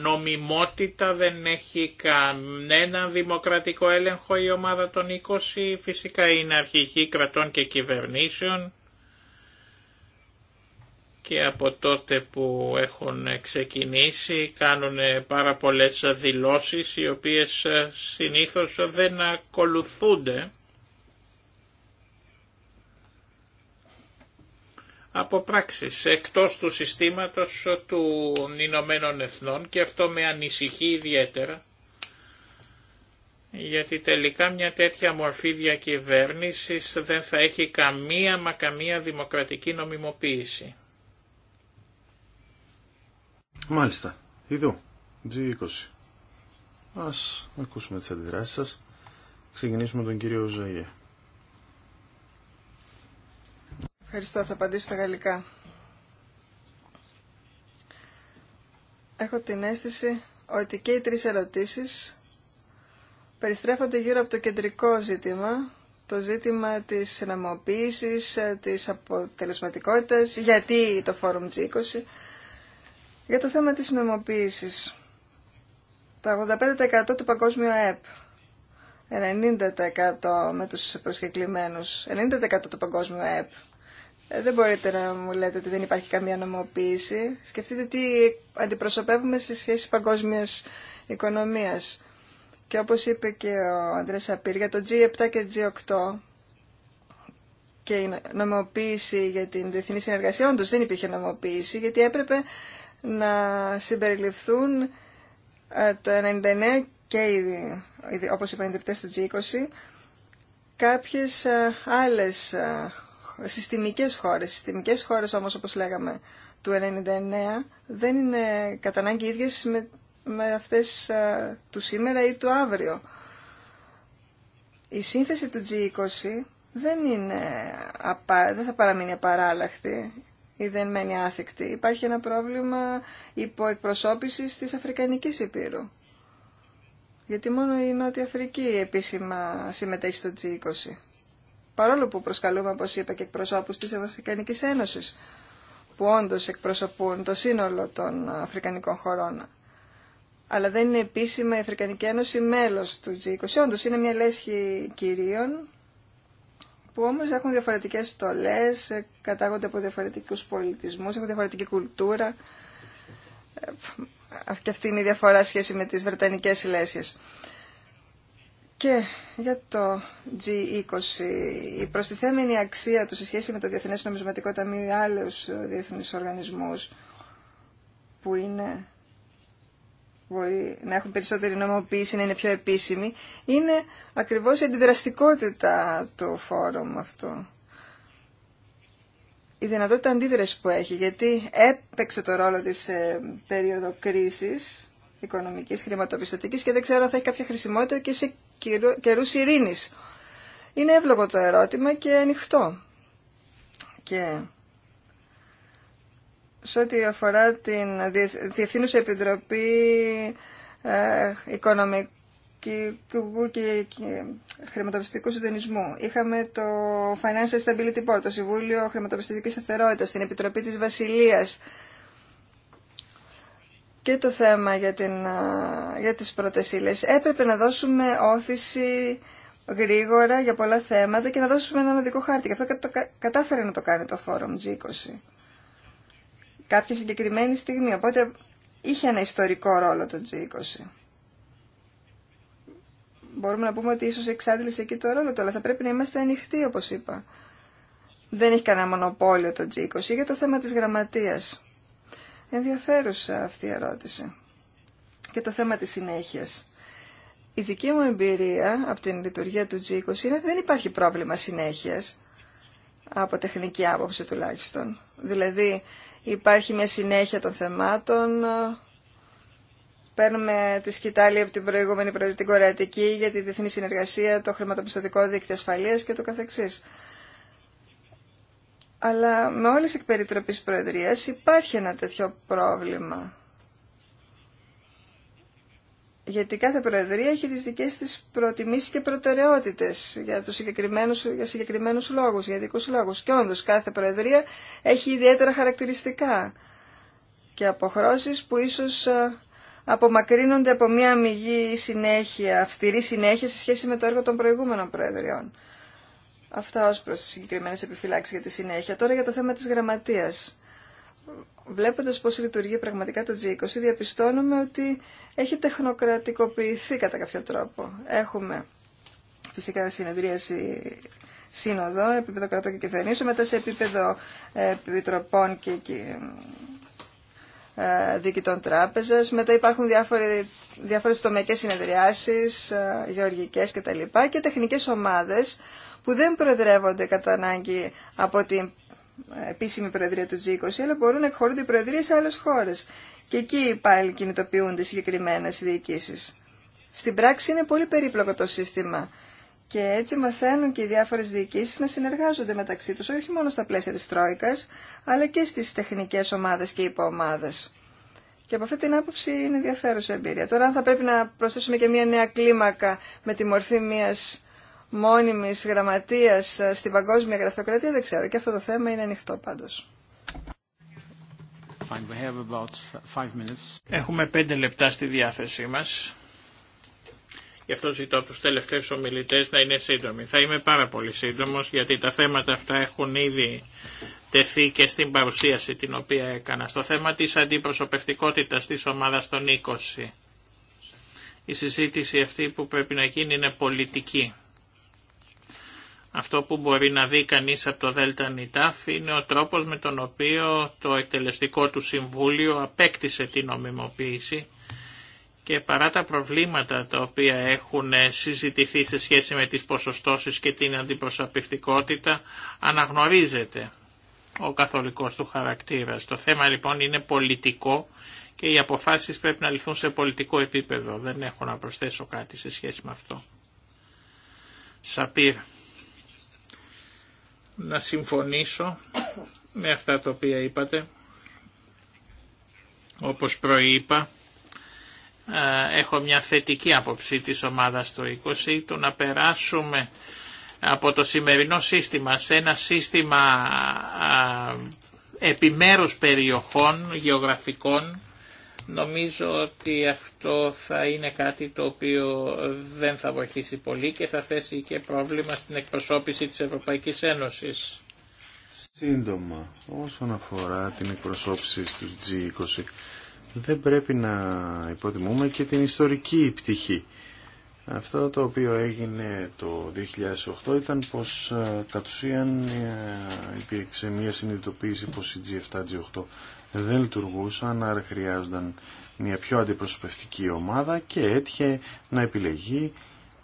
νομιμότητα, δεν έχει κανένα δημοκρατικό έλεγχο η ομάδα των 20, φυσικά είναι αρχηγοί κρατών και κυβερνήσεων και από τότε που έχουν ξεκινήσει κάνουν πάρα πολλές δηλώσεις οι οποίες ε, συνήθως δεν ακολουθούνται από πράξεις εκτός του συστήματος του Ηνωμένων Εθνών και αυτό με ανησυχεί ιδιαίτερα γιατί τελικά μια τέτοια μορφή διακυβέρνησης δεν θα έχει καμία μα καμία δημοκρατική νομιμοποίηση. Μάλιστα. Ιδού. G20. Ας ακούσουμε τις αντιδράσεις σας. Ξεκινήσουμε τον κύριο Ζαϊέ. Ευχαριστώ. Θα απαντήσω στα γαλλικά. Έχω την αίσθηση ότι και οι τρεις ερωτήσεις περιστρέφονται γύρω από το κεντρικό ζήτημα, το ζήτημα της συναμοποίησης, της αποτελεσματικότητας, γιατί το Forum G20. Για το θέμα της νομοποίησης, τα 85% του παγκόσμιου ΑΕΠ, 90% με τους προσκεκλημένους, 90% του παγκόσμιου ΑΕΠ. Ε, δεν μπορείτε να μου λέτε ότι δεν υπάρχει καμία νομοποίηση. Σκεφτείτε τι αντιπροσωπεύουμε σε σχέση παγκόσμιας οικονομίας. Και όπως είπε και ο Ανδρέας Απίρ, για το G7 και G8 και η νομοποίηση για την διεθνή συνεργασία, όντως δεν υπήρχε νομοποίηση, γιατί έπρεπε να συμπεριληφθούν ε, το 99 και ήδη, όπως είπαν οι του G20, κάποιες ε, άλλες ε, συστημικές χώρες. Συστημικές χώρες όμως, όπως λέγαμε, του 99 δεν είναι κατά ανάγκη ίδιες με, με αυτές του σήμερα ή του αύριο. Η σύνθεση του G20 δεν, είναι, δεν θα παραμείνει απαράλλαχτη ή δεν μένει άθικτη. Υπάρχει ένα πρόβλημα υποεκπροσώπησης της Αφρικανικής Υπήρου. Γιατί μόνο η Νότια Αφρική επίσημα συμμετέχει στο G20. Παρόλο που προσκαλούμε, όπως είπα, και εκπροσώπους της Αφρικανικής Ένωσης, που όντως εκπροσωπούν το σύνολο των Αφρικανικών χωρών. Αλλά δεν είναι επίσημα η Αφρικανική Ένωση μέλος του G20. Όντως είναι μια λέσχη κυρίων που όμως έχουν διαφορετικές στολές, ε, κατάγονται από διαφορετικούς πολιτισμούς, έχουν διαφορετική κουλτούρα. Ε, και αυτή είναι η διαφορά σχέση με τις Βρετανικές Συλλέσιες. Και για το G20, η προστιθέμενη αξία του σε σχέση με το Διεθνές Νομισματικό Ταμείο ή άλλους ε, διεθνείς οργανισμούς που είναι μπορεί να έχουν περισσότερη νομοποίηση, να είναι πιο επίσημη, είναι ακριβώς η αντιδραστικότητα του φόρουμ αυτού. Η δυνατότητα αντίδραση που έχει, γιατί έπαιξε το ρόλο της σε περίοδο κρίσης οικονομικής, χρηματοπιστωτικής και δεν ξέρω αν θα έχει κάποια χρησιμότητα και σε καιρού ειρήνης. Είναι εύλογο το ερώτημα και ανοιχτό. Και σε ό,τι αφορά την Διευθύνουσα Επιτροπή ε, Οικονομικού και Χρηματοπιστικού Συντονισμού. Είχαμε το Financial Stability Board, το Συμβούλιο Χρηματοπιστικής Σταθερότητας, την Επιτροπή της Βασιλείας και το θέμα για, την, ε, για τις πρώτες ύλες. Έπρεπε να δώσουμε όθηση γρήγορα για πολλά θέματα και να δώσουμε έναν οδικό χάρτη. Γι' αυτό κατάφερε να το κάνει το Forum G20 κάποια συγκεκριμένη στιγμή. Οπότε είχε ένα ιστορικό ρόλο το G20. Μπορούμε να πούμε ότι ίσως εξάντλησε εκεί το ρόλο του, αλλά θα πρέπει να είμαστε ανοιχτοί όπως είπα. Δεν έχει κανένα μονοπόλιο το G20 για το θέμα της γραμματείας. Ενδιαφέρουσα αυτή η ερώτηση. Και το θέμα της συνέχειας. Η δική μου εμπειρία από την λειτουργία του G20 είναι ότι δεν υπάρχει πρόβλημα συνέχειας, από τεχνική άποψη τουλάχιστον. Δηλαδή, υπάρχει μια συνέχεια των θεμάτων. Παίρνουμε τη σκητάλη από την προηγούμενη πρώτη την Κορεατική για τη διεθνή συνεργασία, το χρηματοπιστωτικό δίκτυο ασφαλεία και το καθεξής. Αλλά με όλες τις εκπεριτροπείς προεδρίας υπάρχει ένα τέτοιο πρόβλημα γιατί κάθε Προεδρία έχει τις δικές της προτιμήσεις και προτεραιότητες για, τους συγκεκριμένους, για συγκεκριμένους λόγους, για δικούς λόγους. Και όντως κάθε Προεδρία έχει ιδιαίτερα χαρακτηριστικά και αποχρώσεις που ίσως ε, απομακρύνονται από μια αμυγή συνέχεια, αυστηρή συνέχεια σε σχέση με το έργο των προηγούμενων Προεδριών. Αυτά ως προς τις συγκεκριμένες επιφυλάξεις για τη συνέχεια. Τώρα για το θέμα της γραμματείας βλέποντας πώς λειτουργεί πραγματικά το G20, διαπιστώνουμε ότι έχει τεχνοκρατικοποιηθεί κατά κάποιο τρόπο. Έχουμε φυσικά συνεδρίαση σύνοδο, επίπεδο κρατών και κυβερνήσεων, μετά σε επίπεδο ε, επιτροπών και ε, διοικητών τράπεζας, μετά υπάρχουν διάφορε διάφορες τομεικές συνεδριάσεις, ε, γεωργικές κτλ. και τεχνικές ομάδες που δεν προεδρεύονται κατά ανάγκη από την επίσημη προεδρία του G20, αλλά μπορούν να εκχωρούνται οι προεδρίες σε άλλες χώρες. Και εκεί πάλι κινητοποιούνται συγκεκριμένες διοικήσεις. Στην πράξη είναι πολύ περίπλοκο το σύστημα. Και έτσι μαθαίνουν και οι διάφορε διοικησει να συνεργάζονται μεταξύ του, όχι μόνο στα πλαίσια τη Τρόικα, αλλά και στι τεχνικέ ομάδε και υποομάδε. Και από αυτή την άποψη είναι ενδιαφέρουσα εμπειρία. Τώρα, αν θα πρέπει να προσθέσουμε και μια νέα κλίμακα με τη μορφή μια μόνιμης γραμματείας ε, στην παγκόσμια γραφειοκρατία δεν ξέρω. Και αυτό το θέμα είναι ανοιχτό πάντως. Έχουμε πέντε λεπτά στη διάθεσή μας. Γι' αυτό ζητώ από τους τελευταίους ομιλητές να είναι σύντομοι. Θα είμαι πάρα πολύ σύντομος γιατί τα θέματα αυτά έχουν ήδη τεθεί και στην παρουσίαση την οποία έκανα. Στο θέμα της αντιπροσωπευτικότητας της ομάδας των 20. Η συζήτηση αυτή που πρέπει να γίνει είναι πολιτική. Αυτό που μπορεί να δει κανείς από το Δέλτα Νιτάφ είναι ο τρόπος με τον οποίο το εκτελεστικό του συμβούλιο απέκτησε την νομιμοποίηση και παρά τα προβλήματα τα οποία έχουν συζητηθεί σε σχέση με τις ποσοστώσεις και την αντιπροσωπευτικότητα αναγνωρίζεται ο καθολικός του χαρακτήρας. Το θέμα λοιπόν είναι πολιτικό και οι αποφάσεις πρέπει να λυθούν σε πολιτικό επίπεδο. Δεν έχω να προσθέσω κάτι σε σχέση με αυτό. Σαπίρ να συμφωνήσω με αυτά τα οποία είπατε. Όπως προείπα, έχω μια θετική άποψη της ομάδας το 20, το να περάσουμε από το σημερινό σύστημα σε ένα σύστημα επιμέρους περιοχών γεωγραφικών Νομίζω ότι αυτό θα είναι κάτι το οποίο δεν θα βοηθήσει πολύ και θα θέσει και πρόβλημα στην εκπροσώπηση της Ευρωπαϊκής Ένωσης. Σύντομα, όσον αφορά την εκπροσώπηση στους G20, δεν πρέπει να υποτιμούμε και την ιστορική πτυχή. Αυτό το οποίο έγινε το 2008 ήταν πως ε, κατ' ουσίαν ε, υπήρξε μια συνειδητοποίηση πως η G7-G8 δεν λειτουργούσαν, άρα χρειάζονταν μια πιο αντιπροσωπευτική ομάδα και έτυχε να επιλεγεί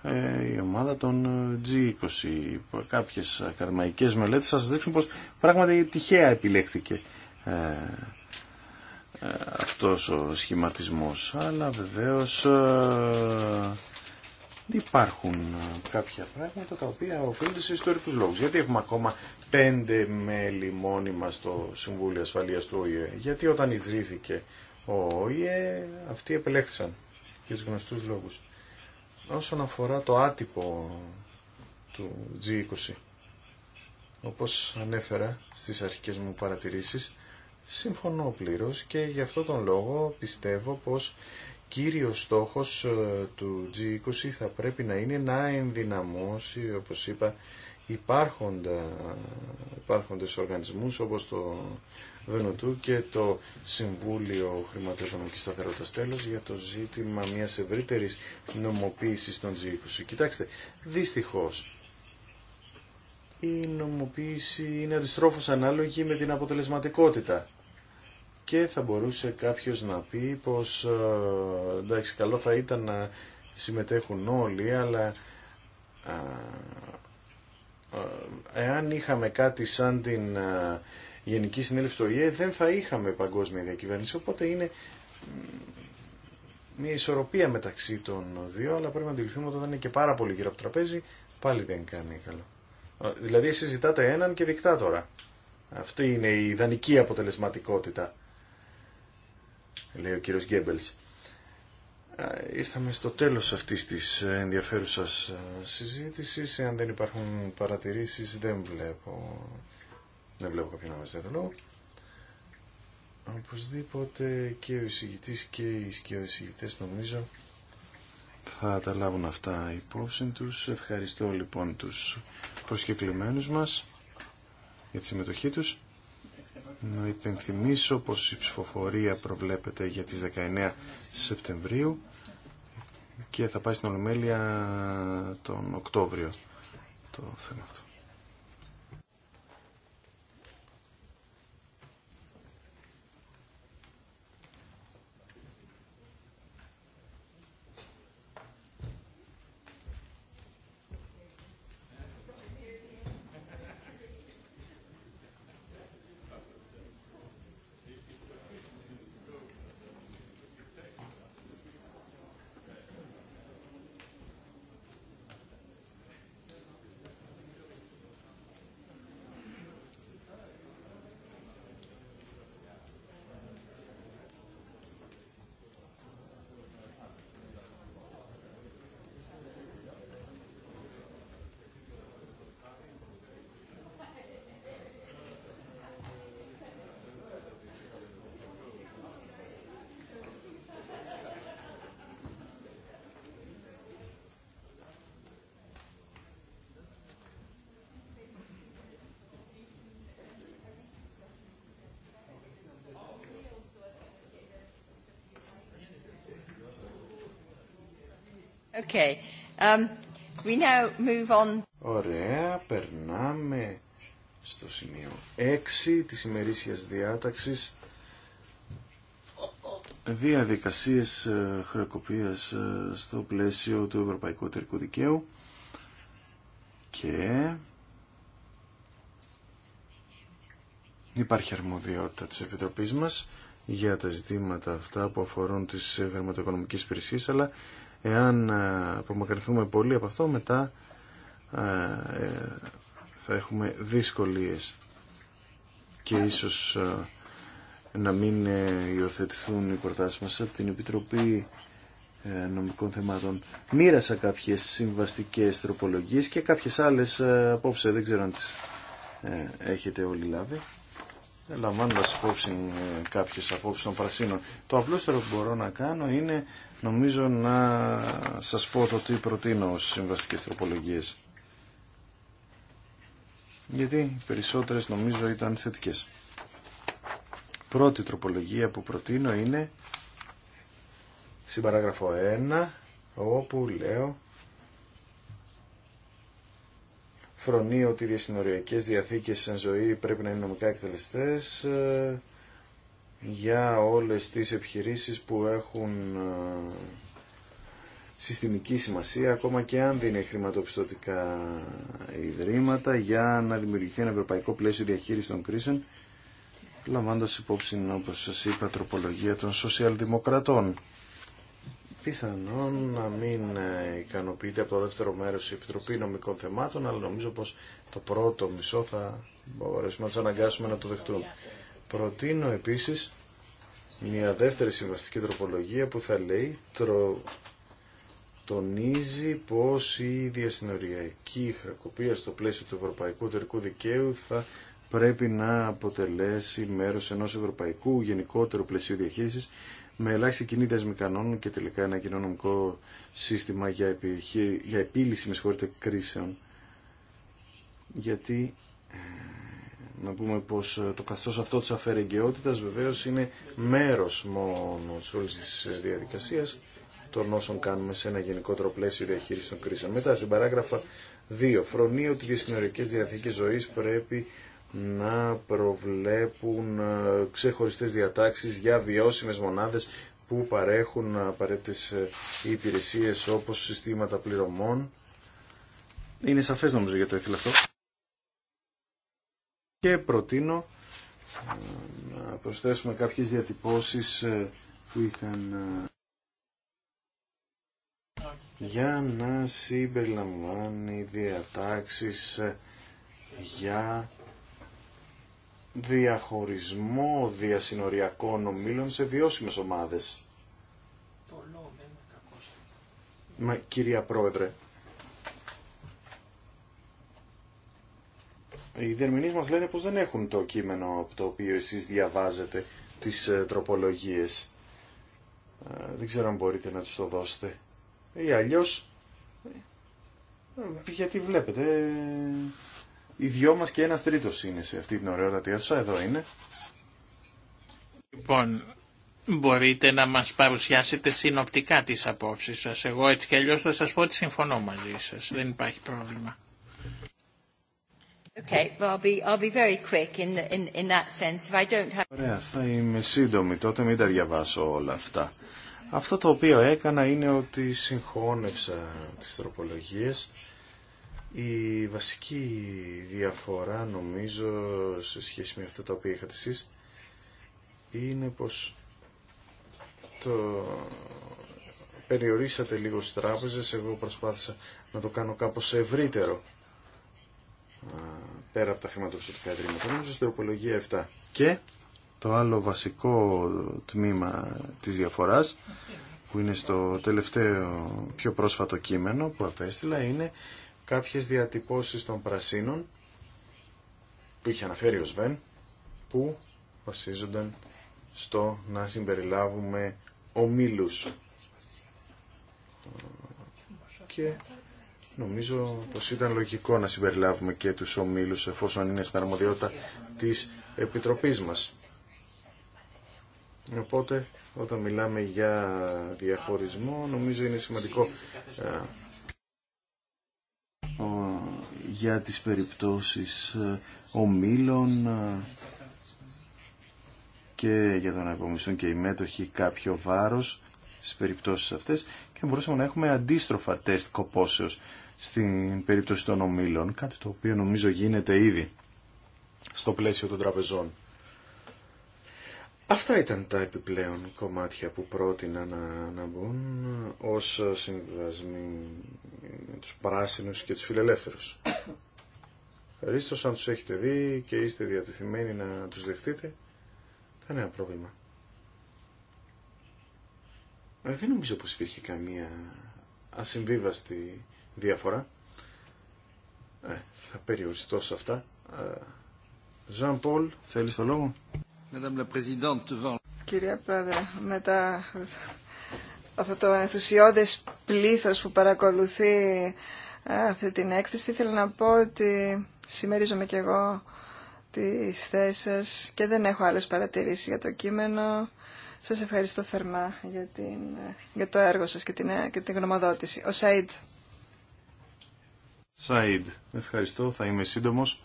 ε, η ομάδα των ε, G20. Κάποιες καρμαϊκές μελέτες θα σας δείξουν πως πράγματι τυχαία επιλέχθηκε ε, αυτός ο σχηματισμός αλλά βεβαίως υπάρχουν ε, κάποια πράγματα τα οποία οφείλονται σε ιστορικού λόγους. Γιατί έχουμε ακόμα πέντε μέλη μόνιμα στο Συμβούλιο Ασφαλείας του ΟΗΕ. Γιατί όταν ιδρύθηκε ο ΟΗΕ αυτοί επελέχθησαν για του γνωστούς λόγους. Όσον αφορά το άτυπο του G20, όπως ανέφερα στις αρχικές μου παρατηρήσεις, συμφωνώ πλήρως και γι' αυτό τον λόγο πιστεύω πως κύριος στόχος ε, του G20 θα πρέπει να είναι να ενδυναμώσει, όπως είπα, υπάρχοντα, υπάρχοντες οργανισμούς όπως το Βενοτού και το Συμβούλιο Χρηματοοικονομικής Σταθερότητας τέλος για το ζήτημα μιας ευρύτερης νομοποίησης των G20. Κοιτάξτε, δυστυχώς η νομοποίηση είναι αντιστρόφως ανάλογη με την αποτελεσματικότητα και θα μπορούσε κάποιος να πει πως ε, εντάξει καλό θα ήταν να συμμετέχουν όλοι αλλά ε, ε, εάν είχαμε κάτι σαν την Γενική Συνέλευση του ΙΕ δεν θα είχαμε παγκόσμια διακυβέρνηση οπότε είναι μια ισορροπία μεταξύ των δύο αλλά πρέπει να αντιληφθούμε ότι όταν είναι και πάρα πολύ γύρω από το τραπέζι πάλι δεν κάνει καλό. Δηλαδή συζητάτε έναν και δικτάτορα. Αυτή είναι η ιδανική αποτελεσματικότητα λέει ο κύριος Γκέμπελς. Ήρθαμε στο τέλος αυτής της ενδιαφέρουσας συζήτησης. Αν δεν υπάρχουν παρατηρήσεις, δεν βλέπω, δεν βλέπω κάποιον να μας δεν λόγο. Οπωσδήποτε και ο εισηγητής και οι σκιοεισηγητές νομίζω θα τα λάβουν αυτά υπόψη τους. Ευχαριστώ λοιπόν τους προσκεκλημένους μας για τη συμμετοχή τους να υπενθυμίσω πως η ψηφοφορία προβλέπεται για τις 19 Σεπτεμβρίου και θα πάει στην Ολομέλεια τον Οκτώβριο το θέμα αυτό. Okay. Um, we now move on. Ωραία, περνάμε στο σημείο 6 της ημερήσιας διάταξης διαδικασίες ε, χρεοκοπίας ε, στο πλαίσιο του Ευρωπαϊκού Εταιρικού Δικαίου και υπάρχει αρμοδιότητα της Επιτροπής μας για τα ζητήματα αυτά που αφορούν τις χρηματοοικονομικές υπηρεσίες αλλά Εάν ε, απομακρυνθούμε πολύ από αυτό, μετά ε, ε, θα έχουμε δυσκολίες και ίσως να μην υιοθετηθούν οι προτάσεις μας από την Επιτροπή Νομικών Θεμάτων. Μοίρασα κάποιες συμβαστικές τροπολογίες και κάποιες άλλες απόψε, δεν ξέρω αν τις έχετε όλοι λάβει. Ε, λαμβάνοντα υπόψη ε, κάποιες απόψεις των πρασίνων. Το απλούστερο που μπορώ να κάνω είναι νομίζω να σας πω το τι προτείνω στις συμβαστικές τροπολογίες. Γιατί οι περισσότερες νομίζω ήταν θετικές. Πρώτη τροπολογία που προτείνω είναι στην παράγραφο 1 όπου λέω φρονεί ότι οι διασυνοριακές διαθήκες σε ζωή πρέπει να είναι νομικά εκτελεστές ε, για όλες τις επιχειρήσεις που έχουν ε, συστημική σημασία, ακόμα και αν δεν είναι χρηματοπιστωτικά ιδρύματα, για να δημιουργηθεί ένα ευρωπαϊκό πλαίσιο διαχείρισης των κρίσεων, λαμβάνοντας υπόψη, όπως σας είπα, τροπολογία των σοσιαλδημοκρατών πιθανόν να μην ε, ικανοποιείται από το δεύτερο μέρος η Επιτροπή Νομικών Θεμάτων, αλλά νομίζω πως το πρώτο μισό θα μπορέσουμε να του αναγκάσουμε να το δεχτούν. Προτείνω επίση μια δεύτερη συμβαστική τροπολογία που θα λέει τρο... τονίζει πως η διασυνοριακή χρακοπία στο πλαίσιο του Ευρωπαϊκού εταιρικού Δικαίου θα πρέπει να αποτελέσει μέρος ενός ευρωπαϊκού γενικότερου πλαισίου διαχείρισης με ελάχιστη κοινή δέσμη κανόνων και τελικά ένα κοινωνικό σύστημα για, επιχει... για επίλυση με κρίσεων. Γιατί ε, να πούμε πως ε, το καθώς αυτό της αφαιρεγγαιότητας βεβαίως είναι μέρος μόνο της όλης της ε, διαδικασίας των όσων κάνουμε σε ένα γενικότερο πλαίσιο διαχείριση των κρίσεων. Μετά στην παράγραφα 2. Φρονεί ότι οι συνεργικές διαθήκες ζωής πρέπει να προβλέπουν ε, ξεχωριστές διατάξεις για βιώσιμες μονάδες που παρέχουν απαραίτητες ε, υπηρεσίες όπως συστήματα πληρωμών. Είναι σαφές νομίζω για το ήθελα αυτό. Και προτείνω ε, να προσθέσουμε κάποιες διατυπώσεις που είχαν για να συμπεριλαμβάνει διατάξεις για διαχωρισμό διασυνοριακών ομίλων σε βιώσιμες ομάδες. Μα, κυρία Πρόεδρε, οι διερμηνείς μας λένε πως δεν έχουν το κείμενο από το οποίο εσείς διαβάζετε τις ε, τροπολογίες. Ε, δεν ξέρω αν μπορείτε να τους το δώσετε. Ή αλλιώς, ε, γιατί βλέπετε, οι δυο μας και ένας τρίτος είναι σε αυτή την ωραία αίθουσα, εδώ είναι. Λοιπόν, μπορείτε να μας παρουσιάσετε συνοπτικά τις απόψεις σας. Εγώ έτσι κι αλλιώς θα σας πω ότι συμφωνώ μαζί σας. Δεν υπάρχει πρόβλημα. Ωραία, θα είμαι σύντομη, τότε μην τα διαβάσω όλα αυτά. Αυτό το οποίο έκανα είναι ότι συγχώνευσα τις τροπολογίες η βασική διαφορά νομίζω σε σχέση με αυτά τα οποία είχατε εσείς είναι πως το περιορίσατε λίγο στις τράπεζες, εγώ προσπάθησα να το κάνω κάπως ευρύτερο πέρα από τα χρηματοπιστωτικά ιδρύματα, νομίζω στην οπολογία 7. Και το άλλο βασικό τμήμα της διαφοράς που είναι στο τελευταίο πιο πρόσφατο κείμενο που απέστειλα είναι κάποιες διατυπώσεις των πρασίνων που είχε αναφέρει ο Σβέν που βασίζονταν στο να συμπεριλάβουμε ομίλους και νομίζω πως ήταν λογικό να συμπεριλάβουμε και τους ομίλους εφόσον είναι στην αρμοδιότητα της Επιτροπής μας. Οπότε όταν μιλάμε για διαχωρισμό νομίζω είναι σημαντικό ε, για τις περιπτώσεις ε, ομίλων ε, και για τον απομισθούν και οι μέτοχοι κάποιο βάρος στις περιπτώσεις αυτές και μπορούσαμε να έχουμε αντίστροφα τεστ κοπόσεως στην περίπτωση των ομίλων, κάτι το οποίο νομίζω γίνεται ήδη στο πλαίσιο των τραπεζών. Αυτά ήταν τα επιπλέον κομμάτια που πρότεινα να, να μπουν ως συμβιβασμοί με τους πράσινους και τους φιλελεύθερους. Ευχαριστώ αν τους έχετε δει και είστε διατεθειμένοι να τους δεχτείτε. Κανένα πρόβλημα. Ε, δεν νομίζω πως υπήρχε καμία ασυμβίβαστη διαφορά. Ε, θα περιοριστώ σε αυτά. Ε, Ζαν Πολ, θέλεις το λόγο. Κυρία Πρόεδρε, μετά αυτό το ενθουσιώδες πλήθος που παρακολουθεί ε, αυτή την έκθεση, ήθελα να πω ότι συμμερίζομαι και εγώ τις θέσεις σας και δεν έχω άλλες παρατηρήσεις για το κείμενο. Σας ευχαριστώ θερμά για, το έργο σας και την, ε, και την γνωμοδότηση. Ο Σαΐντ. Σαΐντ, ευχαριστώ. Θα είμαι σύντομος.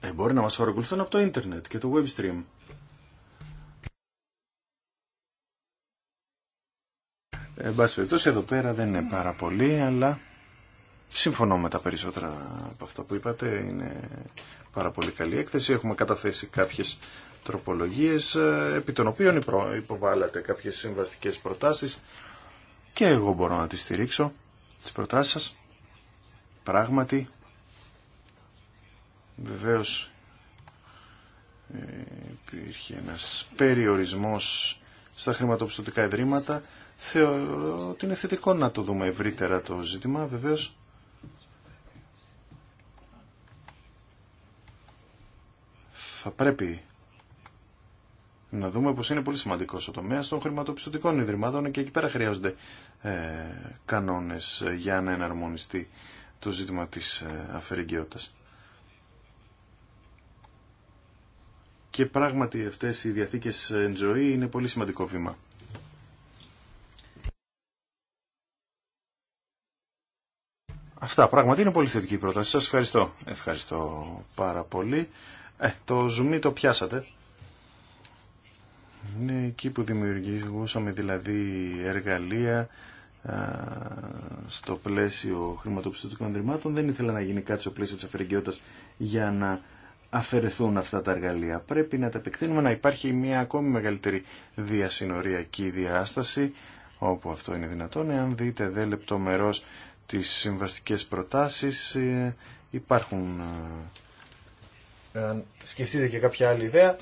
Ε, μπορεί να μας παρακολουθούν από το ίντερνετ και το web stream. Εν πάση εδώ πέρα δεν είναι πάρα πολύ, αλλά συμφωνώ με τα περισσότερα από αυτά που είπατε. Είναι πάρα πολύ καλή έκθεση. Έχουμε καταθέσει κάποιες τροπολογίες, ε, επί των οποίων υποβάλλατε κάποιες συμβαστικές προτάσεις και εγώ μπορώ να τις στηρίξω, τις προτάσεις σας. Πράγματι, Βεβαίως ε, υπήρχε ένας περιορισμός στα χρηματοπιστωτικά ιδρύματα. Θεωρώ ότι είναι θετικό να το δούμε ευρύτερα το ζήτημα. Βεβαίως θα πρέπει να δούμε πως είναι πολύ σημαντικό ο τομέας των χρηματοπιστωτικών ιδρυμάτων και εκεί πέρα χρειάζονται ε, κανόνες για να εναρμονιστεί το ζήτημα της ε, αφαιρεγγιότητας. Και πράγματι αυτές οι διαθήκες εν ζωή είναι πολύ σημαντικό βήμα. Αυτά πράγματι είναι πολύ θετική η πρόταση. Σας ευχαριστώ. Ευχαριστώ πάρα πολύ. Ε, το ζουμί το πιάσατε. Είναι εκεί που δημιουργήσαμε δηλαδή εργαλεία στο πλαίσιο χρηματοπιστωτικών ενδρυμάτων. Δεν ήθελα να γίνει κάτι στο πλαίσιο της αφαιρεγγιότητας για να αφαιρεθούν αυτά τα εργαλεία. Πρέπει να τα επεκτείνουμε να υπάρχει μια ακόμη μεγαλύτερη διασυνοριακή διάσταση, όπου αυτό είναι δυνατόν. Εάν δείτε δε λεπτομερώς τις συμβαστικές προτάσεις, ε, υπάρχουν... Ε, αν σκεφτείτε και κάποια άλλη ιδέα,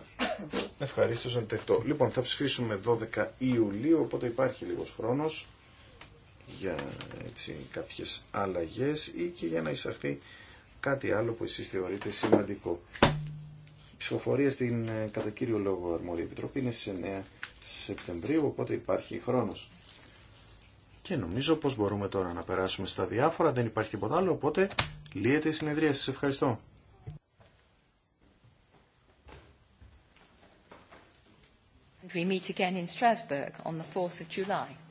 ευχαριστώ να τεχτώ. Λοιπόν, θα ψηφίσουμε 12 Ιουλίου, οπότε υπάρχει λίγος χρόνος για έτσι, κάποιες αλλαγές ή και για να εισαχθεί κάτι άλλο που εσείς θεωρείτε σημαντικό. Η ψηφοφορία στην ε, κατά κύριο λόγο αρμόδια επιτροπή είναι στις 9 Σεπτεμβρίου, οπότε υπάρχει χρόνος. Και νομίζω πως μπορούμε τώρα να περάσουμε στα διάφορα, δεν υπάρχει τίποτα άλλο, οπότε λύεται η συνεδρία. Σας ευχαριστώ. We meet again in Strasbourg on the 4th of July.